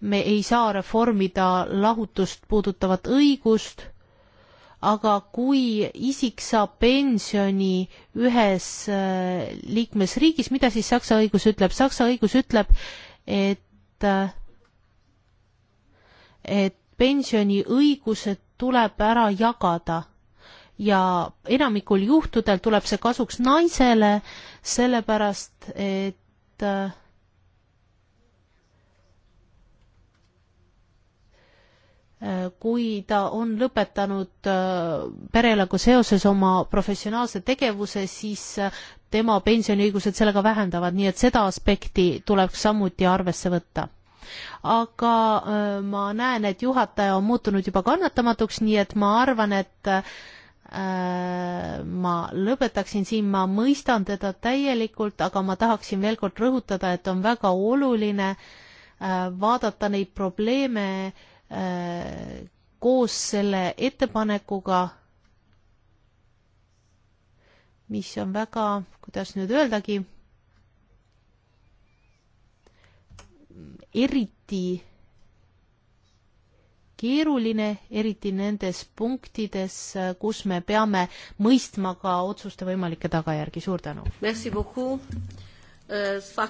me ei saa reformida lahutust puudutavat õigust, aga kui isik saab pensioni ühes äh, liikmesriigis, mida siis Saksa õigus ütleb? Saksa õigus ütleb, et, äh, et pensioniõigused tuleb ära jagada ja enamikul juhtudel tuleb see kasuks naisele, sellepärast et äh, kui ta on lõpetanud äh, pereelagu seoses oma professionaalse tegevuse, siis äh, tema pensioniõigused sellega vähendavad, nii et seda aspekti tuleks samuti arvesse võtta aga äh, ma näen, et juhataja on muutunud juba kannatamatuks, nii et ma arvan, et äh, ma lõpetaksin siin, ma mõistan teda täielikult, aga ma tahaksin veel kord rõhutada, et on väga oluline äh, vaadata neid probleeme koos selle ettepanekuga, mis on väga, kuidas nüüd öeldagi, eriti keeruline, eriti nendes punktides, kus me peame mõistma ka otsuste võimalikke tagajärgi. suur tänu! Euh,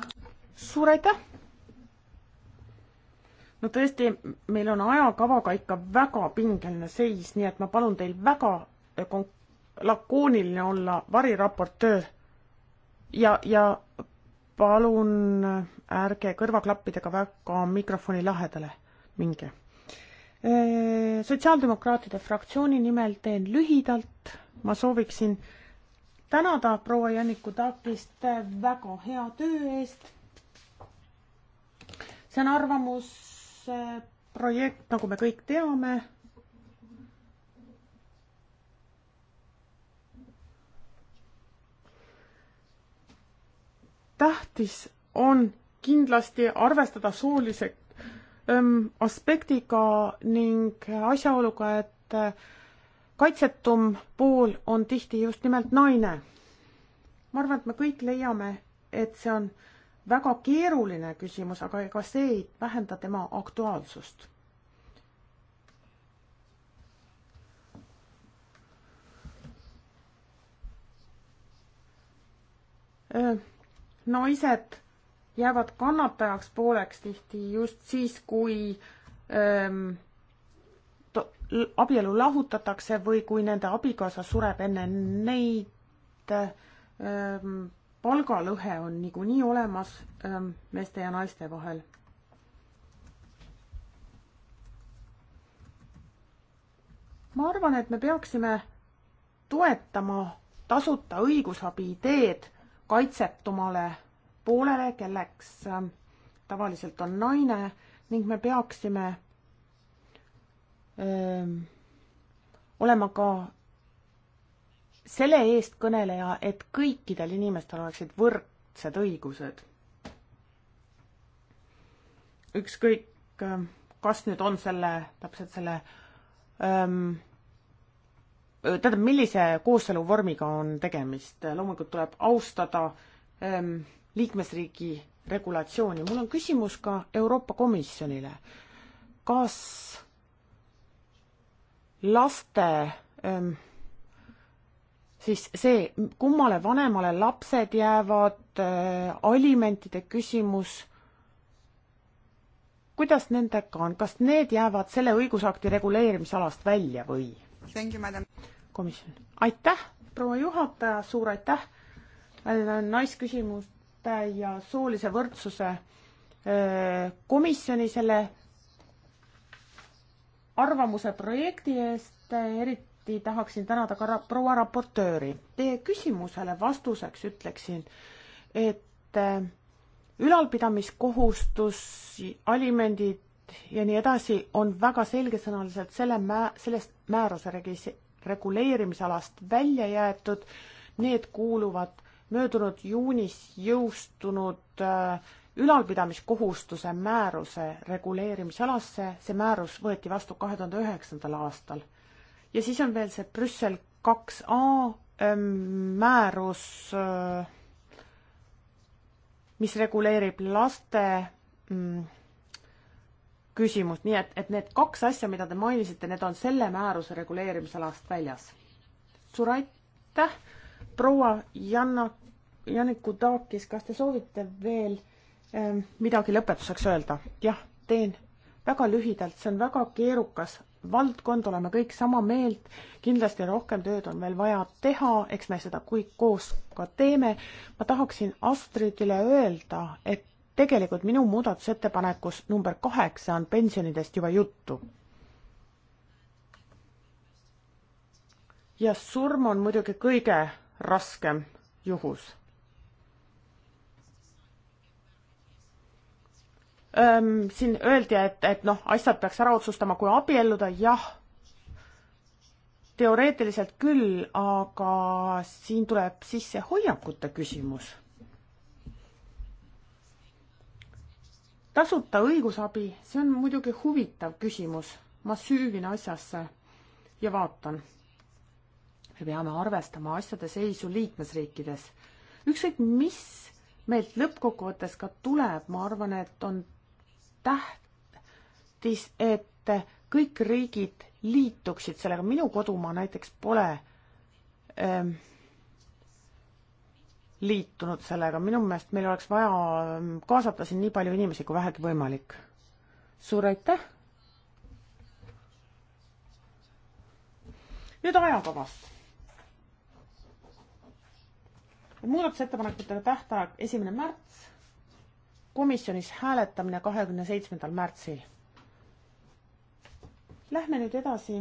suur aitäh! no tõesti, meil on ajakavaga ikka väga pingeline seis, nii et ma palun teil väga eh, lakooniline olla, variraportöör ja, ja palun ärge kõrvaklappidega väga mikrofoni lahedale minge. Sotsiaaldemokraatide fraktsiooni nimel teen lühidalt, ma sooviksin tänada proua Janniku Takist väga hea töö eest. see on arvamusprojekt, eh, nagu me kõik teame tähtis on kindlasti arvestada soolise öm, ähm, aspektiga ning asjaoluga, et äh, kaitsetum pool on tihti just nimelt naine. ma arvan, et me kõik leiame, et see on väga keeruline küsimus, aga ega see ei vähenda tema aktuaalsust. Äh, naised jäävad kannatajaks pooleks tihti just siis, kui ähm, to, abielu lahutatakse või kui nende abikaasa sureb enne neid ähm,, palgalõhe on niikuinii olemas ähm, meeste ja naiste vahel. ma arvan, et me peaksime toetama tasuta õigusabi ideed kaitsetumale poolele, kelleks äh, tavaliselt on naine ning me peaksime öö, ähm, olema ka selle eestkõneleja, et kõikidel inimestel oleksid võrdsed õigused. ükskõik, äh, kas nüüd on selle, täpselt selle öö, ähm, tähendab, millise kooseluvormiga on tegemist, loomulikult tuleb austada ähm, liikmesriigi regulatsiooni. mul on küsimus ka Euroopa Komisjonile. kas laste ähm, siis see, kummale vanemale lapsed jäävad äh,, alimentide küsimus, kuidas nendega on, kas need jäävad selle õigusakti reguleerimisalast välja või? komisjon, aitäh, proua juhataja, suur aitäh naisküsimuste ja soolise võrdsuse komisjoni selle arvamuse projekti eest, eriti tahaksin tänada ka proua raportööri. Teie küsimusele vastuseks ütleksin, et ülalpidamiskohustus, alimendid, ja nii edasi on väga selgesõnaliselt selle mä-, sellest määruse regis-, reguleerimisalast välja jäetud, need kuuluvad möödunud juunis jõustunud äh, ülalpidamiskohustuse määruse reguleerimisalasse, see määrus võeti vastu kahe tuhande üheksandal aastal. ja siis on veel see Brüssel kaks A ähm, määrus, äh, mis reguleerib laste mm, küsimust, nii et, et need kaks asja, mida te mainisite, need on selle määruse reguleerimisalast väljas. suur aitäh, proua Janna, Janiku Taakis, kas te soovite veel ähm, midagi lõpetuseks öelda? jah, teen väga lühidalt, see on väga keerukas valdkond, oleme kõik sama meelt, kindlasti rohkem tööd on veel vaja teha, eks me seda kõik koos ka teeme. ma tahaksin Astridile öelda, et tegelikult minu muudatusettepanekus number kaheksa on pensionidest juba juttu. ja surm on muidugi kõige raskem juhus ähm,. siin öeldi, et, et noh, asjad peaks ära otsustama, kui abielluda, jah, teoreetiliselt küll, aga siin tuleb sisse hoiakute küsimus tasuta õigusabi, see on muidugi huvitav küsimus, ma süüvin asjasse ja vaatan. me peame arvestama asjade seisu liikmesriikides. ükskõik, mis meilt lõppkokkuvõttes ka tuleb, ma arvan, et on tähtis, et kõik riigid liituksid sellega, minu kodumaa näiteks pole ähm, liitunud sellega, minu meelest meil oleks vaja mm, kaasata siin nii palju inimesi kui vähegi võimalik. suur aitäh! nüüd ajakavast. muudatusettepanekutega tähtaeg esimene märts, komisjonis hääletamine kahekümne seitsmendal märtsil. Lähme nüüd edasi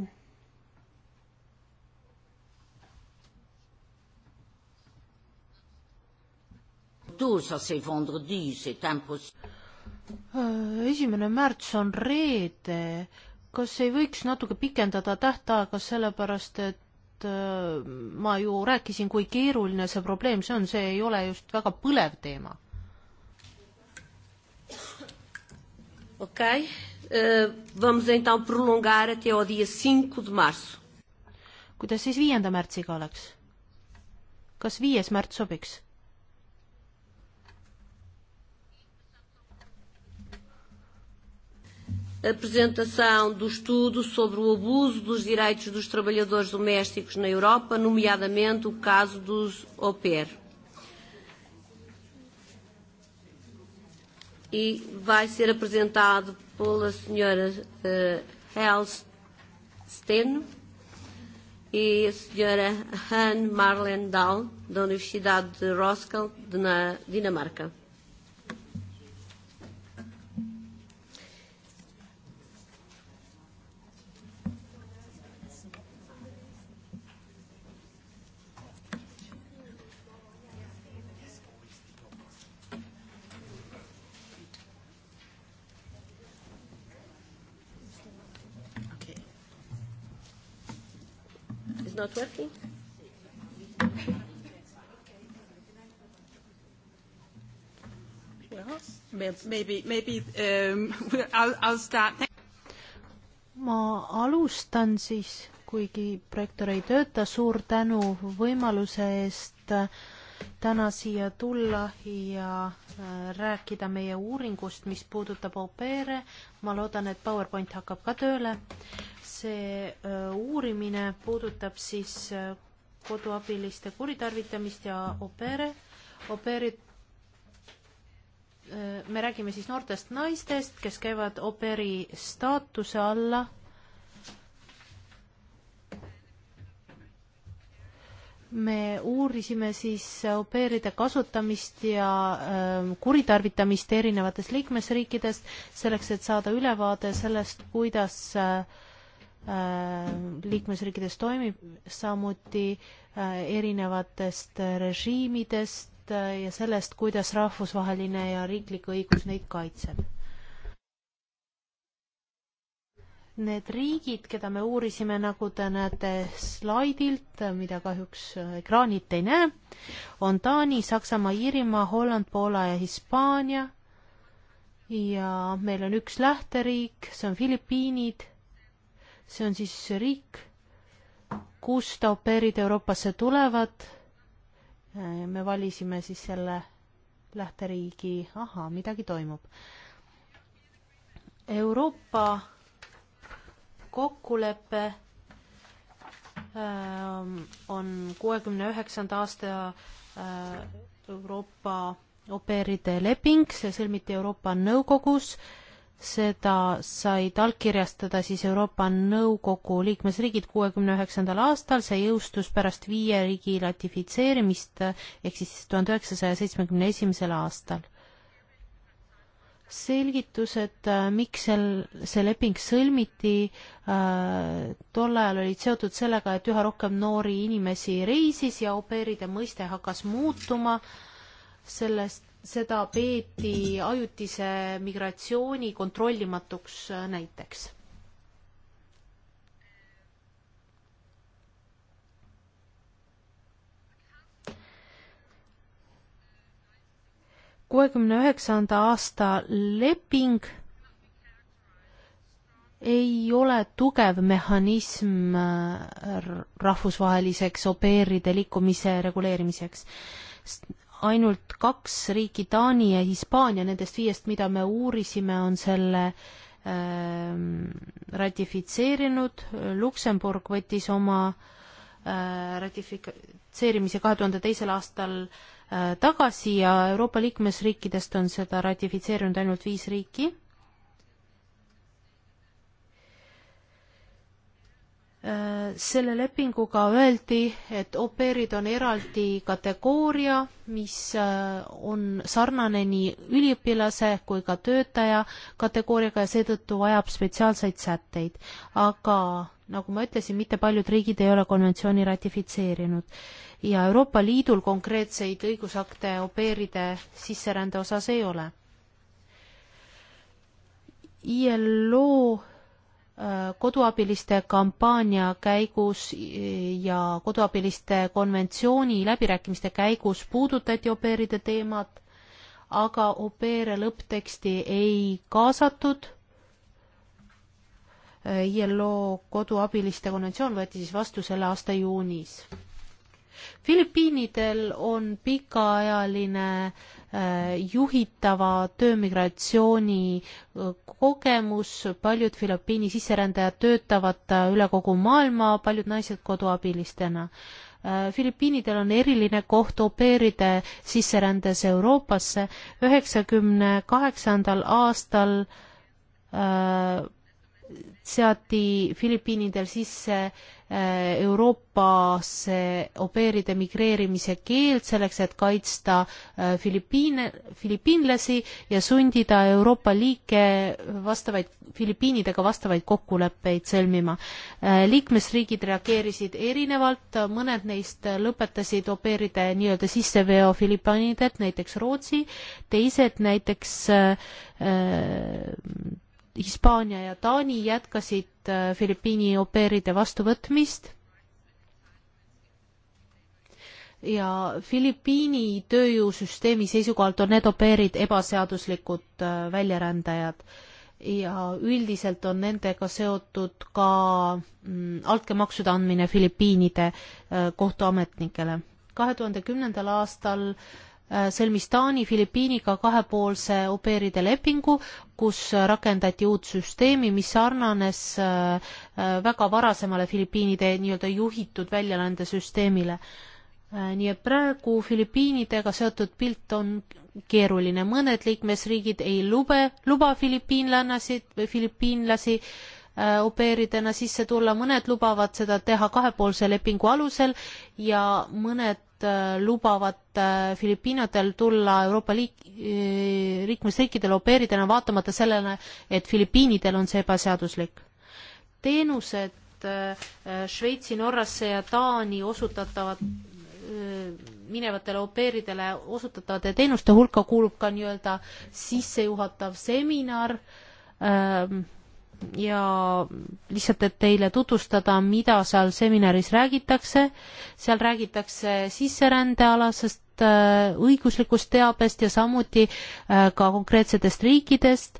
Äh, esimene märts on reede. kas ei võiks natuke pikendada tähtaega, sellepärast et äh, ma ju rääkisin, kui keeruline see probleem see on, see ei ole just väga põlev teema. okei okay. uh,, vamos então prolongar até o dia cinco de março. kuidas siis viienda märtsiga oleks? kas viies märts sobiks? apresentação do estudo sobre o abuso dos direitos dos trabalhadores domésticos na Europa, nomeadamente o caso dos au pair. E vai ser apresentado pela senhora uh, eh, Helsten e a senhora Han Marlendal, da Universidade de Roskilde, na Dinamarca. not working? Well, maybe, maybe um, I'll, I'll start. ma alustan siis, kuigi projektoor ei tööta, suur tänu võimaluse eest äh, täna siia tulla ja äh, rääkida meie uuringust, mis puudutab au pair'e. ma loodan, et PowerPoint hakkab ka tööle see uurimine puudutab siis koduabiliste kuritarvitamist ja au pair'e. au pair'id, me räägime siis noortest naistest, kes käivad au pair'i staatuse alla. me uurisime siis au pair'ide kasutamist ja kuritarvitamist erinevates liikmesriikides selleks, et saada ülevaade sellest, kuidas äh, Äh, liikmesriikides toimib, samuti äh, erinevatest režiimidest äh, ja sellest, kuidas rahvusvaheline ja riiklik õigus neid kaitseb. Need riigid, keda me uurisime, nagu te näete slaidilt, mida kahjuks ekraanilt ei näe, on Taani, Saksamaa, Iirimaa, Holland, Poola ja Hispaania. ja meil on üks lähteriik, see on Filipiinid see on siis riik, kust au pair'id Euroopasse tulevad. Äh, me valisime siis selle lähteriigi, ahaa, midagi toimub. Euroopa kokkulepe ähm, on kuuekümne üheksanda aasta äh, Euroopa au pair'ide leping, see sõlmiti Euroopa Nõukogus seda said allkirjastada siis Euroopa Nõukogu liikmesriigid kuuekümne üheksandal aastal, see jõustus pärast viie riigi ratifitseerimist ehk siis tuhande üheksasaja seitsmekümne esimesel aastal. selgitused, äh, miks sel, see leping sõlmiti äh,, tol ajal olid seotud sellega, et üha rohkem noori inimesi reisis ja au pair'ide mõiste hakkas muutuma sellest seda peeti ajutise migratsiooni kontrollimatuks äh, näiteks. kuuekümne üheksanda aasta leping ei ole tugev mehhanism äh, rahvusvaheliseks opeeride liikumise reguleerimiseks ainult kaks riiki, Taani ja Hispaania, nendest viiest, mida me uurisime, on selle äh, ratifitseerinud, Luksemburg võttis oma äh, ratifitseerimise kahe tuhande teisel aastal äh, tagasi ja Euroopa liikmesriikidest on seda ratifitseerinud ainult viis riiki Äh, selle lepinguga öeldi, et au pair'id on eraldi kategooria, mis äh, on sarnane nii üliõpilase kui ka töötaja kategooriaga ja seetõttu vajab spetsiaalseid sätteid. aga nagu ma ütlesin, mitte paljud riigid ei ole konventsiooni ratifitseerinud ja Euroopa Liidul konkreetseid õigusakte au pair'ide sisserände osas ei ole. ILO koduabiliste kampaania käigus ja koduabiliste konventsiooni läbirääkimiste käigus puudutati opeeride teemat, aga opeere lõppteksti ei kaasatud. ILO koduabiliste konventsioon võeti siis vastu selle aasta juunis. Filipiinidel on pikaajaline Äh, juhitava töömigratsiooni äh, kogemus, paljud Filipiini sisserändajad töötavad äh, üle kogu maailma, paljud naised koduabilistena. Filipiinidel on eriline koht au pair'ide sisserändes Euroopasse. üheksakümne kaheksandal aastal äh, seati Filipiinidel sisse äh, Äh, Euroopasse opeeride migreerimise keeld selleks, et kaitsta äh, Filipiine, filipiinlasi ja sundida Euroopa liike vastavaid, Filipiinidega vastavaid kokkuleppeid sõlmima. Äh, liikmesriigid reageerisid erinevalt, mõned neist lõpetasid opeeride nii-öelda sisseveo Filipiinidelt, näiteks Rootsi, teised näiteks äh, Hispaania ja Taani jätkasid Filipiini äh, opeeride vastuvõtmist ja Filipiini tööjõusüsteemi seisukohalt on need opeerid ebaseaduslikud äh, väljarändajad ja üldiselt on nendega seotud ka mm, altkäemaksude andmine Filipiinide äh, kohtuametnikele. kahe tuhande kümnendal aastal äh, Äh, sõlmis Taani Filipiiniga kahepoolse opeeride lepingu, kus rakendati uut süsteemi, mis sarnanes äh, äh, väga varasemale Filipiinide nii-öelda juhitud väljaande süsteemile. nii et praegu Filipiinidega seotud pilt on keeruline, mõned liikmesriigid ei lube, luba filipiinlannasid või filipiinlasi opeeridena sisse tulla, mõned lubavad seda teha kahepoolse lepingu alusel ja mõned Äh, lubavad äh, Filipiinadel tulla Euroopa liik-, äh, liikmesriikidel opeeridena, vaatamata sellele, et Filipiinidel on see ebaseaduslik. teenused Šveitsi, Norrasse ja Taani osutatavad, minevatele opeeridele osutatavate teenuste hulka kuulub ka nii-öelda sissejuhatav seminar, ähm, ja lihtsalt, et teile tutvustada, mida seal seminaris räägitakse, seal räägitakse sisserändealasest äh, õiguslikust teabest ja samuti äh, ka konkreetsetest riikidest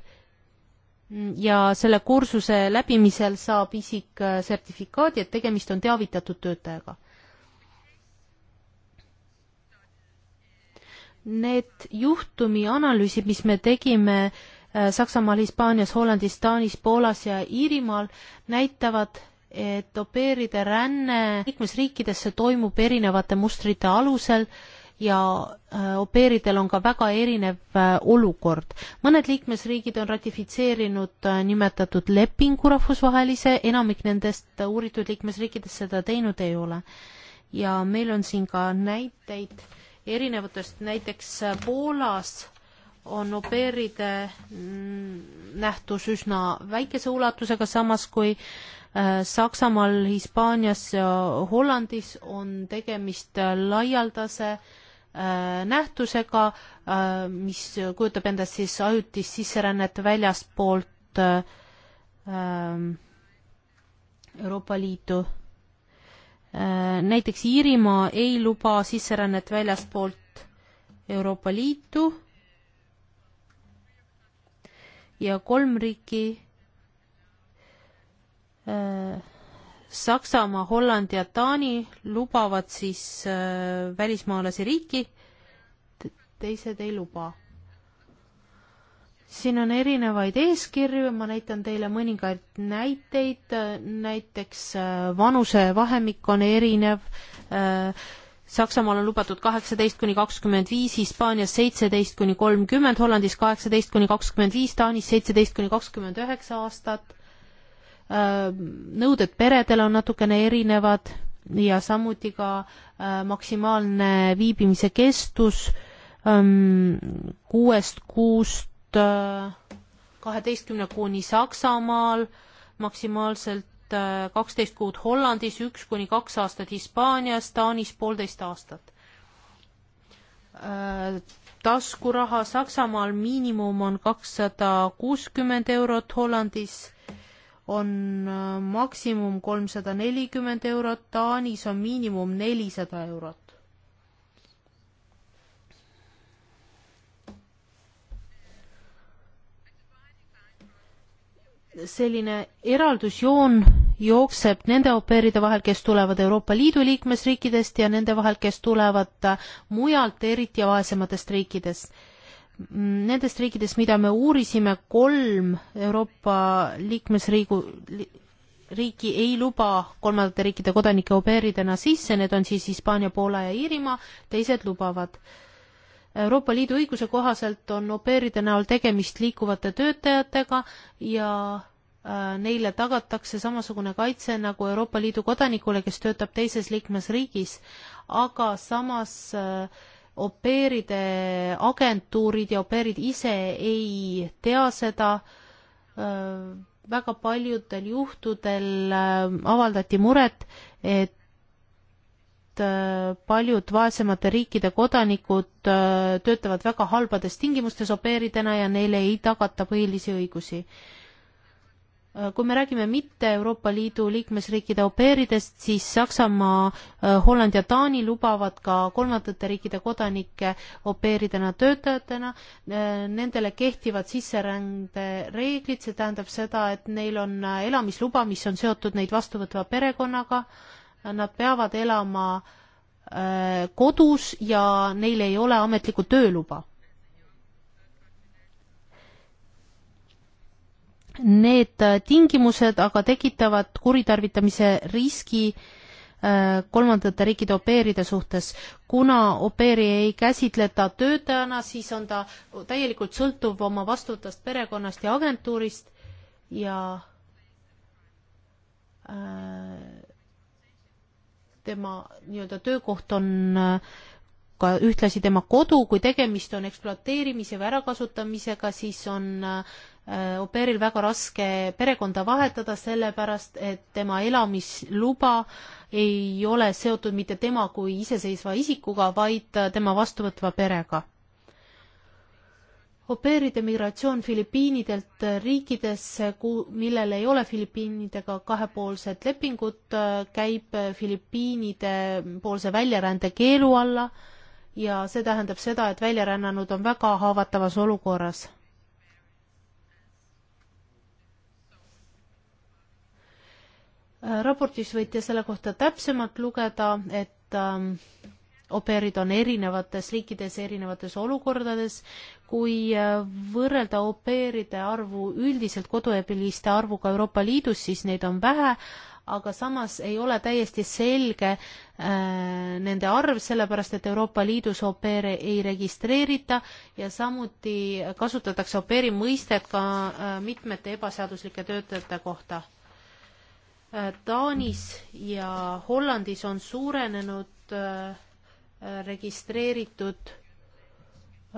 ja selle kursuse läbimisel saab isik äh, sertifikaadi, et tegemist on teavitatud töötajaga. Need juhtumi analüüsid, mis me tegime äh, Äh, Saksamaal, Hispaanias, Hollandis, Taanis, Poolas ja Iirimaal näitavad, et opeeride ränne liikmesriikidesse toimub erinevate mustrite alusel ja äh, opeeridel on ka väga erinev äh, olukord. mõned liikmesriigid on ratifitseerinud nimetatud lepingu rahvusvahelise, enamik nendest uuritud liikmesriikidest seda teinud ei ole. ja meil on siin ka näiteid erinevatest, näiteks Poolas on opeeride nähtus üsna väikese ulatusega, samas kui äh, Saksamaal, Hispaanias ja Hollandis on tegemist laialdase äh, nähtusega, äh, mis kujutab endast siis ajutist sisserännet väljaspoolt ähm, Euroopa Liitu. näiteks Iirimaa ei luba sisserännet väljaspoolt Euroopa Liitu ja kolm riiki äh, Saksamaa, Holland ja Taani lubavad siis äh, välismaalasi riiki Te, teised ei luba. siin on erinevaid eeskirju, ma näitan teile mõningaid näiteid, näiteks äh, vanusevahemik on erinev äh,, Saksamaal on lubatud kaheksateist kuni kakskümmend viis, Hispaanias seitseteist kuni kolmkümmend, Hollandis kaheksateist kuni kakskümmend viis, Taanis seitseteist kuni kakskümmend üheksa aastat. Äh, nõuded peredele on natukene erinevad ja samuti ka äh, maksimaalne viibimise kestus ähm, kuuest kuust äh, kaheteistkümne kuuni Saksamaal maksimaalselt aastat, äh, kaksteist kuud Hollandis, üks kuni kaks aastat Hispaanias, Taanis poolteist aastat. Äh, taskuraha Saksamaal miinimum on kakssada kuuskümmend eurot, Hollandis on äh, maksimum kolmsada nelikümmend eurot, Taanis on miinimum nelisada eurot. selline eraldusjoon jookseb nende opeeride vahel, kes tulevad Euroopa Liidu liikmesriikidest ja nende vahel, kes tulevad äh, mujalt, eriti vaesematest riikidest. Mm, nendest riikidest, mida me uurisime, kolm Euroopa liikmesriigu li,, riiki ei luba kolmandate riikide kodanike opeeridena sisse, need on siis Hispaania, Poola ja Iirimaa, teised lubavad. Euroopa Liidu õiguse kohaselt on opeeride näol tegemist liikuvate töötajatega ja Äh, neile tagatakse samasugune kaitse nagu Euroopa Liidu kodanikule, kes töötab teises liikmesriigis, aga samas au äh, pair'ide agentuurid ja au pair'id ise ei tea seda. Äh, väga paljudel juhtudel avaldati muret, et paljud vaesemate riikide kodanikud töötavad väga halbades tingimustes au pair'idena ja neile ei tagata põhilisi õigusi Äh, kui me räägime mitte Euroopa Liidu liikmesriikide au pairidest, siis Saksamaa, äh, Holland ja Taani lubavad ka kolmandate riikide kodanikke au pairidena töötajatena. Äh, nendele kehtivad sisserändereeglid, see tähendab seda, et neil on elamisluba, mis on seotud neid vastuvõtva perekonnaga. Nad peavad elama kodus ja neil ei ole ametlikku tööluba need äh, tingimused aga tekitavad kuritarvitamise riski äh, kolmandate riikide opeeride suhtes. kuna opeeri ei käsitleta töötajana, siis on ta täielikult sõltuv oma vastutast perekonnast ja agentuurist ja äh, tema nii-öelda töökoht on ka ühtlasi tema kodu, kui tegemist on ekspluateerimise või ärakasutamisega, siis on Äh, au pair'il väga raske perekonda vahetada, sellepärast et tema elamisluba ei ole seotud mitte tema kui iseseisva isikuga, vaid tema vastuvõtva perega. au pair'ide migratsioon Filipiinidelt riikidesse, millel ei ole Filipiinidega kahepoolset lepingut, käib Filipiinide poolse väljarände keelu alla ja see tähendab seda, et väljarännanud on väga haavatavas olukorras Äh, raportis võite selle kohta täpsemalt lugeda, et ähm, operid on erinevates riikides, erinevates olukordades. kui äh, võrrelda operide arvu üldiselt koduabiliste arvuga Euroopa Liidus, siis neid on vähe, aga samas ei ole täiesti selge äh, nende arv, sellepärast et Euroopa Liidus opere ei registreerita ja samuti kasutatakse operi mõistet ka äh, mitmete ebaseaduslike töötajate kohta Äh, Taanis ja Hollandis on suurenenud äh, registreeritud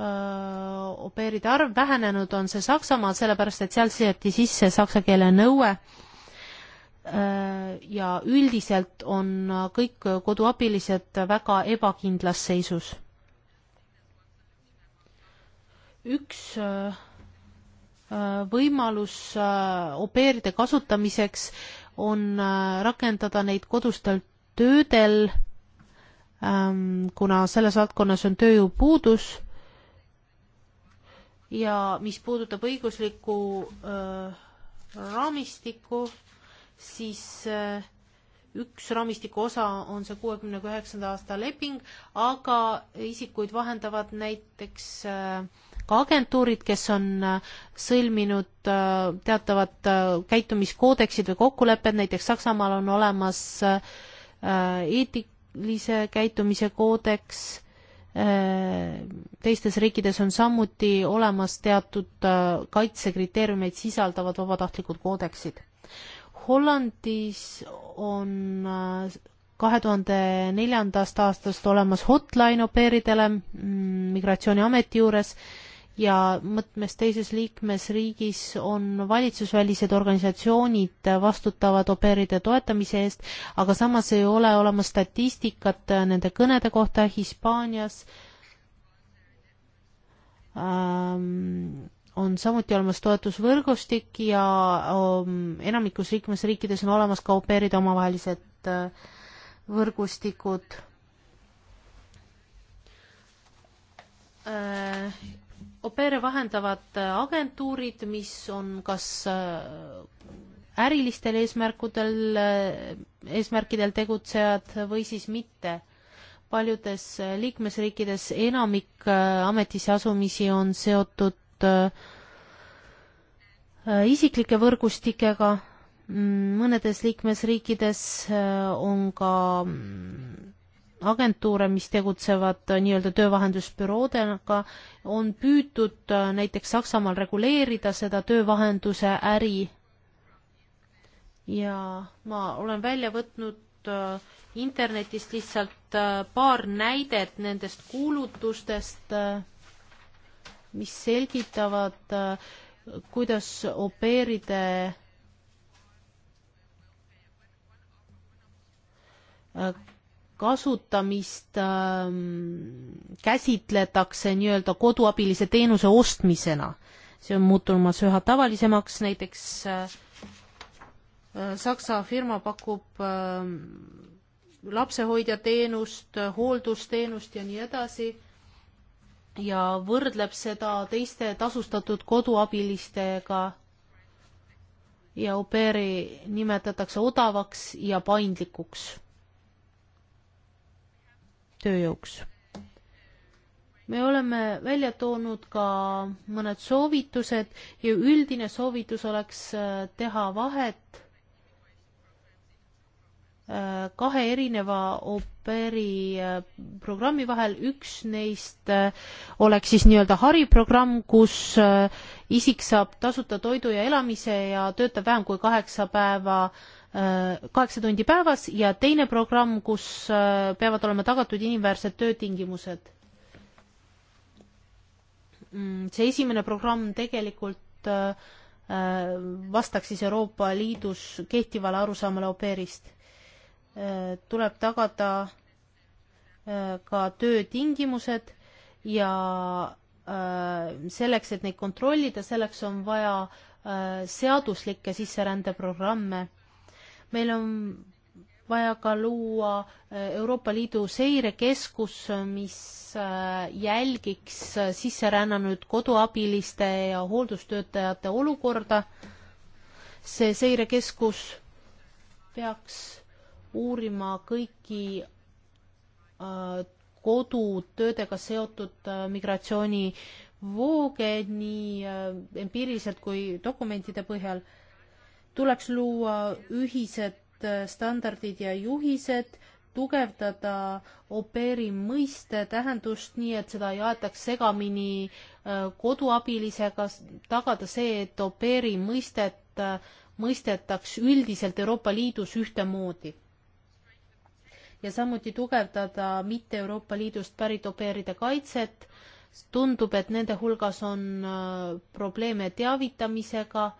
au äh, pair'ide arv, vähenenud on see Saksamaal, sellepärast et seal seati sisse saksa keele nõue ja üldiselt on kõik koduabilised väga ebakindlas seisus. üks võimalus au pair'ide kasutamiseks on äh, rakendada neid kodustel töödel, ähm, kuna selles valdkonnas on tööjõupuudus ja mis puudutab õiguslikku äh, raamistikku, siis äh, üks raamistiku osa on see kuuekümne üheksanda aasta leping, aga isikuid vahendavad näiteks äh, ka agentuurid, kes on äh, sõlminud äh, teatavad äh, käitumiskoodeksid või kokkulepped, näiteks Saksamaal on olemas eetilise käitumise koodeks, teistes riikides on samuti olemas teatud kaitsekriteeriumeid sisaldavad vabatahtlikud koodeksid. Hollandis on kahe tuhande neljandast aastast olemas hotline au pairidele mm, Migratsiooniameti juures ja mõtmes teises liikmesriigis on valitsusvälised organisatsioonid vastutavad opeeride toetamise eest, aga samas ei ole olemas statistikat nende kõnede kohta Hispaanias ähm, on samuti olemas toetusvõrgustik ja um, enamikus liikmesriikides on olemas ka opeeride omavahelised äh, võrgustikud äh, au pair'e vahendavad äh, agentuurid, mis on kas äh, ärilistel eesmärkudel, äh, eesmärkidel tegutsejad või siis mitte. paljudes liikmesriikides enamik ametisse asumisi on seotud isiklike võrgustikega, mm, mõnedes liikmesriikides on ka mm, agentuure, mis tegutsevad äh, nii-öelda töövahendusbüroodega, on püütud äh, näiteks Saksamaal reguleerida seda töövahenduse äri. ja ma olen välja võtnud äh, internetist lihtsalt paar näidet nendest kuulutustest, mis selgitavad, kuidas opeeride kasutamist äh, käsitletakse nii-öelda koduabilise teenuse ostmisena. see on muutumas üha tavalisemaks, näiteks äh, äh Saksa firma pakub ähm, äh, lapsehoidjateenust, hooldusteenust ja nii edasi ja võrdleb seda teiste tasustatud koduabilistega ja au pair'i nimetatakse odavaks ja paindlikuks tööjõuks. me oleme välja toonud ka mõned soovitused ja üldine soovitus oleks äh, teha vahet äh, kahe erineva operi äh, programmi vahel, üks neist oleks siis nii-öelda hariprogramm, kus isik saab tasuta toidu ja elamise ja töötab vähem kui kaheksa päeva kaheksa tundi päevas ja teine programm, kus äh, peavad olema tagatud inimväärsed töötingimused. Mm, see esimene programm tegelikult äh, äh, vastaks siis Euroopa Liidus kehtivale arusaamale au pair'ist. tuleb tagada ka töötingimused ja selleks, et neid kontrollida, selleks on vaja seaduslikke sisserändeprogramme meil on vaja ka luua äh, Euroopa Liidu seirekeskus, äh, mis äh, jälgiks sisserännanud koduabiliste ja hooldustöötajate olukorda. see seirekeskus peaks uurima kõiki kodutöödega seotud migratsioonivooge nii empiiriliselt kui dokumentide põhjal tuleks luua ühised äh, standardid ja juhised, tugevdada au pair'i mõiste tähendust nii, et seda ei aetaks segamini äh, koduabilisega, tagada see, et au pair'i mõistet äh, mõistetaks üldiselt Euroopa Liidus ühtemoodi. ja samuti tugevdada mitte Euroopa Liidust pärit au pair'ide kaitset, tundub, et nende hulgas on probleeme teavitamisega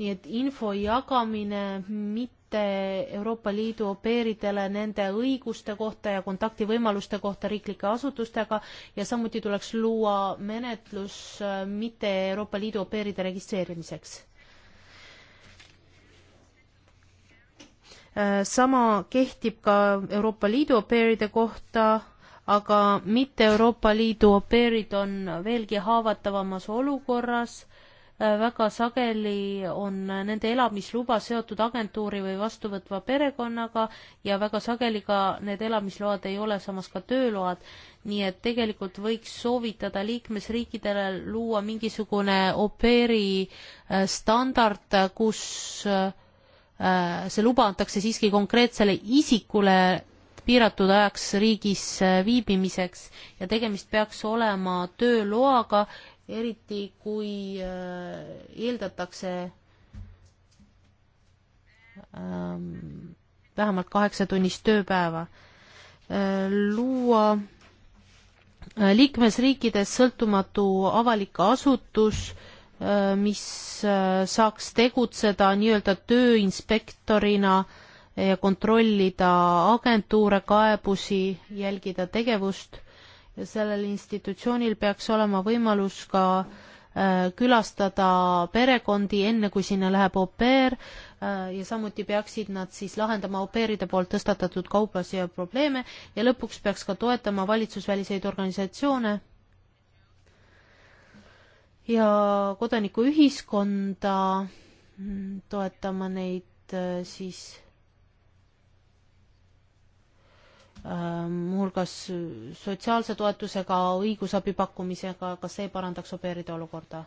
nii et info jagamine mitte Euroopa Liidu opeeridele nende õiguste kohta ja kontaktivõimaluste kohta riiklike asutustega ja samuti tuleks luua menetlus äh, mitte Euroopa Liidu opeeride registreerimiseks. Äh, sama kehtib ka Euroopa Liidu opeeride kohta, aga mitte Euroopa Liidu opeerid on veelgi haavatavamas olukorras äh, väga sageli on nende elamisluba seotud agentuuri või vastuvõtva perekonnaga ja väga sageli ka need elamisload ei ole samas ka tööload. nii et tegelikult võiks soovitada liikmesriikidele luua mingisugune au pair'i äh, standard, kus äh, see luba antakse siiski konkreetsele isikule piiratud ajaks riigis äh, viibimiseks ja tegemist peaks olema tööloaga eriti kui äh, eeldatakse ähm, vähemalt kaheksatunnist tööpäeva. Äh, luua äh, liikmesriikides sõltumatu avalik asutus, mis saaks tegutseda nii-öelda tööinspektorina ja kontrollida agentuure, kaebusi, jälgida tegevust sellel institutsioonil peaks olema võimalus ka äh, külastada perekondi, enne kui sinna läheb au pair äh, ja samuti peaksid nad siis lahendama au pair'ide poolt tõstatatud kauplusi ja probleeme ja lõpuks peaks ka toetama valitsusväliseid organisatsioone ja kodanikuühiskonda, toetama neid äh, siis Ähm, muuhulgas sotsiaalse toetusega, õigusabi pakkumisega, kas see parandaks opereerida olukorda?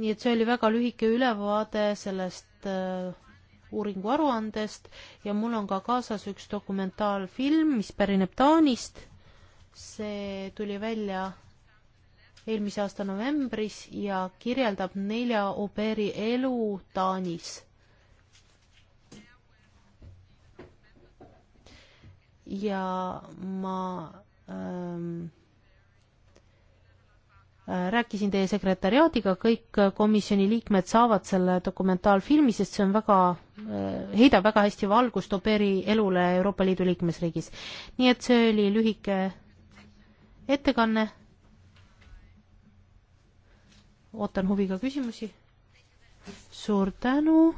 nii et see oli väga lühike ülevaade sellest äh, uuringu aruandest ja mul on ka kaasas üks dokumentaalfilm, mis pärineb Taanist. see tuli välja eelmise aasta novembris ja kirjeldab nelja au pair'i elu Taanis ja ma ähm, äh, rääkisin teie sekretäriaadiga, kõik komisjoni liikmed saavad selle dokumentaalfilmi, sest see on väga, äh, heidab väga hästi valgust au pair'i elule Euroopa Liidu liikmesriigis. nii et see oli lühike ettekanne. ootan huviga küsimusi. suur tänu.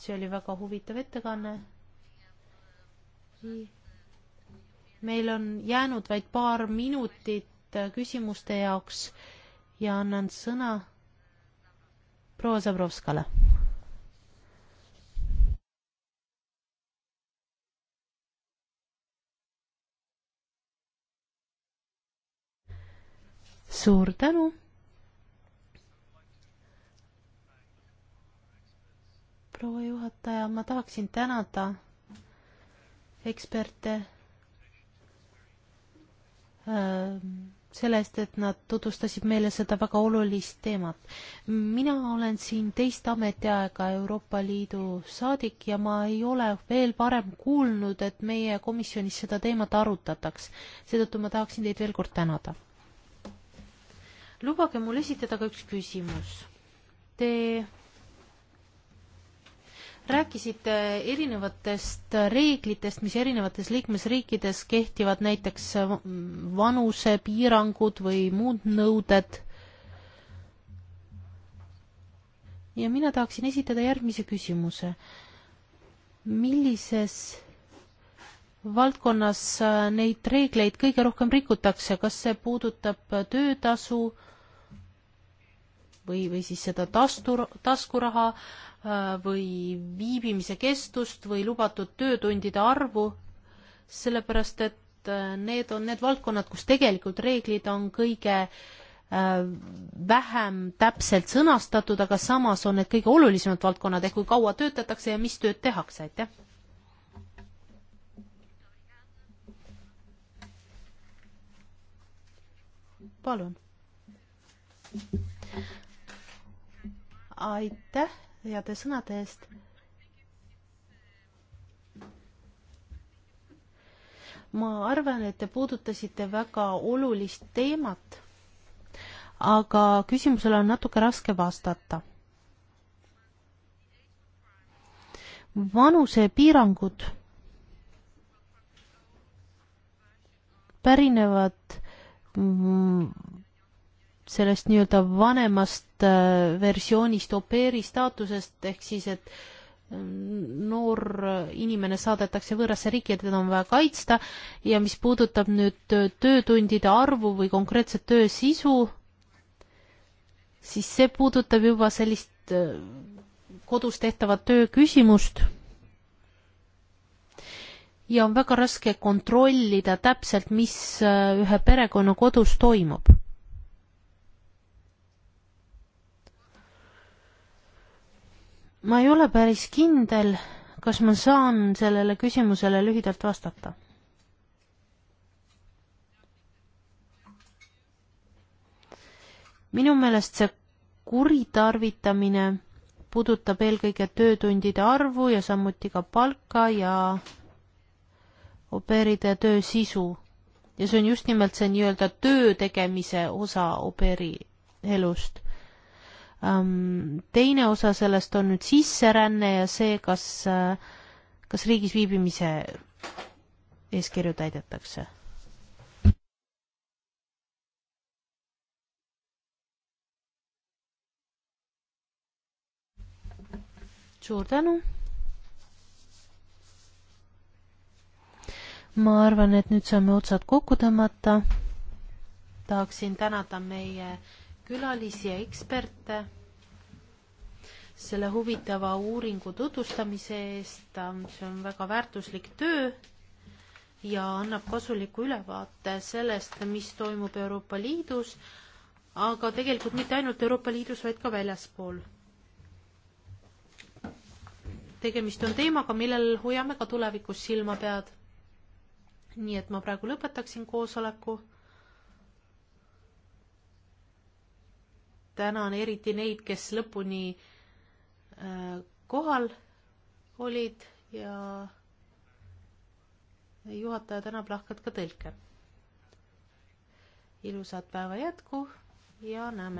see oli väga huvitav ettekanne meil on jäänud vaid paar minutit äh, küsimuste jaoks ja annan sõna proua Zabrovskale. suur tänu. proua juhataja, ma tahaksin tänada eksperte ähm, selle eest, et nad tutvustasid meile seda väga olulist teemat. mina olen siin teist ametiaega Euroopa Liidu saadik ja ma ei ole veel varem kuulnud, et meie komisjonis seda teemat arutataks. seetõttu ma tahaksin teid veel kord tänada. lubage mul esitada ka üks küsimus. Te rääkisite erinevatest reeglitest, mis erinevates liikmesriikides kehtivad, näiteks vanusepiirangud või muud nõuded. ja mina tahaksin esitada järgmise küsimuse. millises valdkonnas neid reegleid kõige rohkem rikutakse, kas see puudutab töötasu või, või siis seda tastu, taskuraha Äh, või viibimise kestust või lubatud töötundide arvu, sellepärast et äh, need on need valdkonnad, kus tegelikult reeglid on kõige äh, vähem täpselt sõnastatud, aga samas on need kõige olulisemad valdkonnad, ehk kui kaua töötatakse ja mis tööd tehakse, aitäh. palun. aitäh heade sõnade eest. ma arvan, et te puudutasite väga olulist teemat, aga küsimusele on natuke raske vastata. vanusepiirangud pärinevad sellest nii-öelda vanemast äh, versioonist, au pair'i staatusest, ehk siis, et äh, noor inimene saadetakse võõrasse riiki ja teda on vaja kaitsta ja mis puudutab nüüd äh, töötundide arvu või konkreetset töö sisu, siis see puudutab juba sellist kodus tehtavat töö küsimust. ja on väga raske kontrollida täpselt, mis ühe perekonna kodus toimub ma ei ole päris kindel, kas ma saan sellele küsimusele lühidalt vastata. minu meelest see kuritarvitamine puudutab eelkõige töötundide arvu ja samuti ka palka ja opeeride töö sisu. ja see on just nimelt see nii-öelda töö tegemise osa operi elust Ähm, teine osa sellest on nüüd sisseränne ja see, kas, äh, kas riigis viibimise eeskirju täidetakse suur tänu. ma arvan, et nüüd saame otsad kokku tõmmata. tahaksin tänada meie külalisi ja eksperte selle huvitava uuringu tutvustamise eest, see on väga väärtuslik töö ja annab kasuliku ülevaate sellest, mis toimub Euroopa Liidus, aga tegelikult mitte ainult Euroopa Liidus, vaid ka väljaspool. tegemist on teemaga, millel hoiame ka tulevikus silma pead. nii et ma praegu lõpetaksin koosoleku tänan eriti neid, kes lõpuni äh, kohal olid ja juhataja tänab lahkelt ka tõlke. ilusat päeva jätku ja näeme.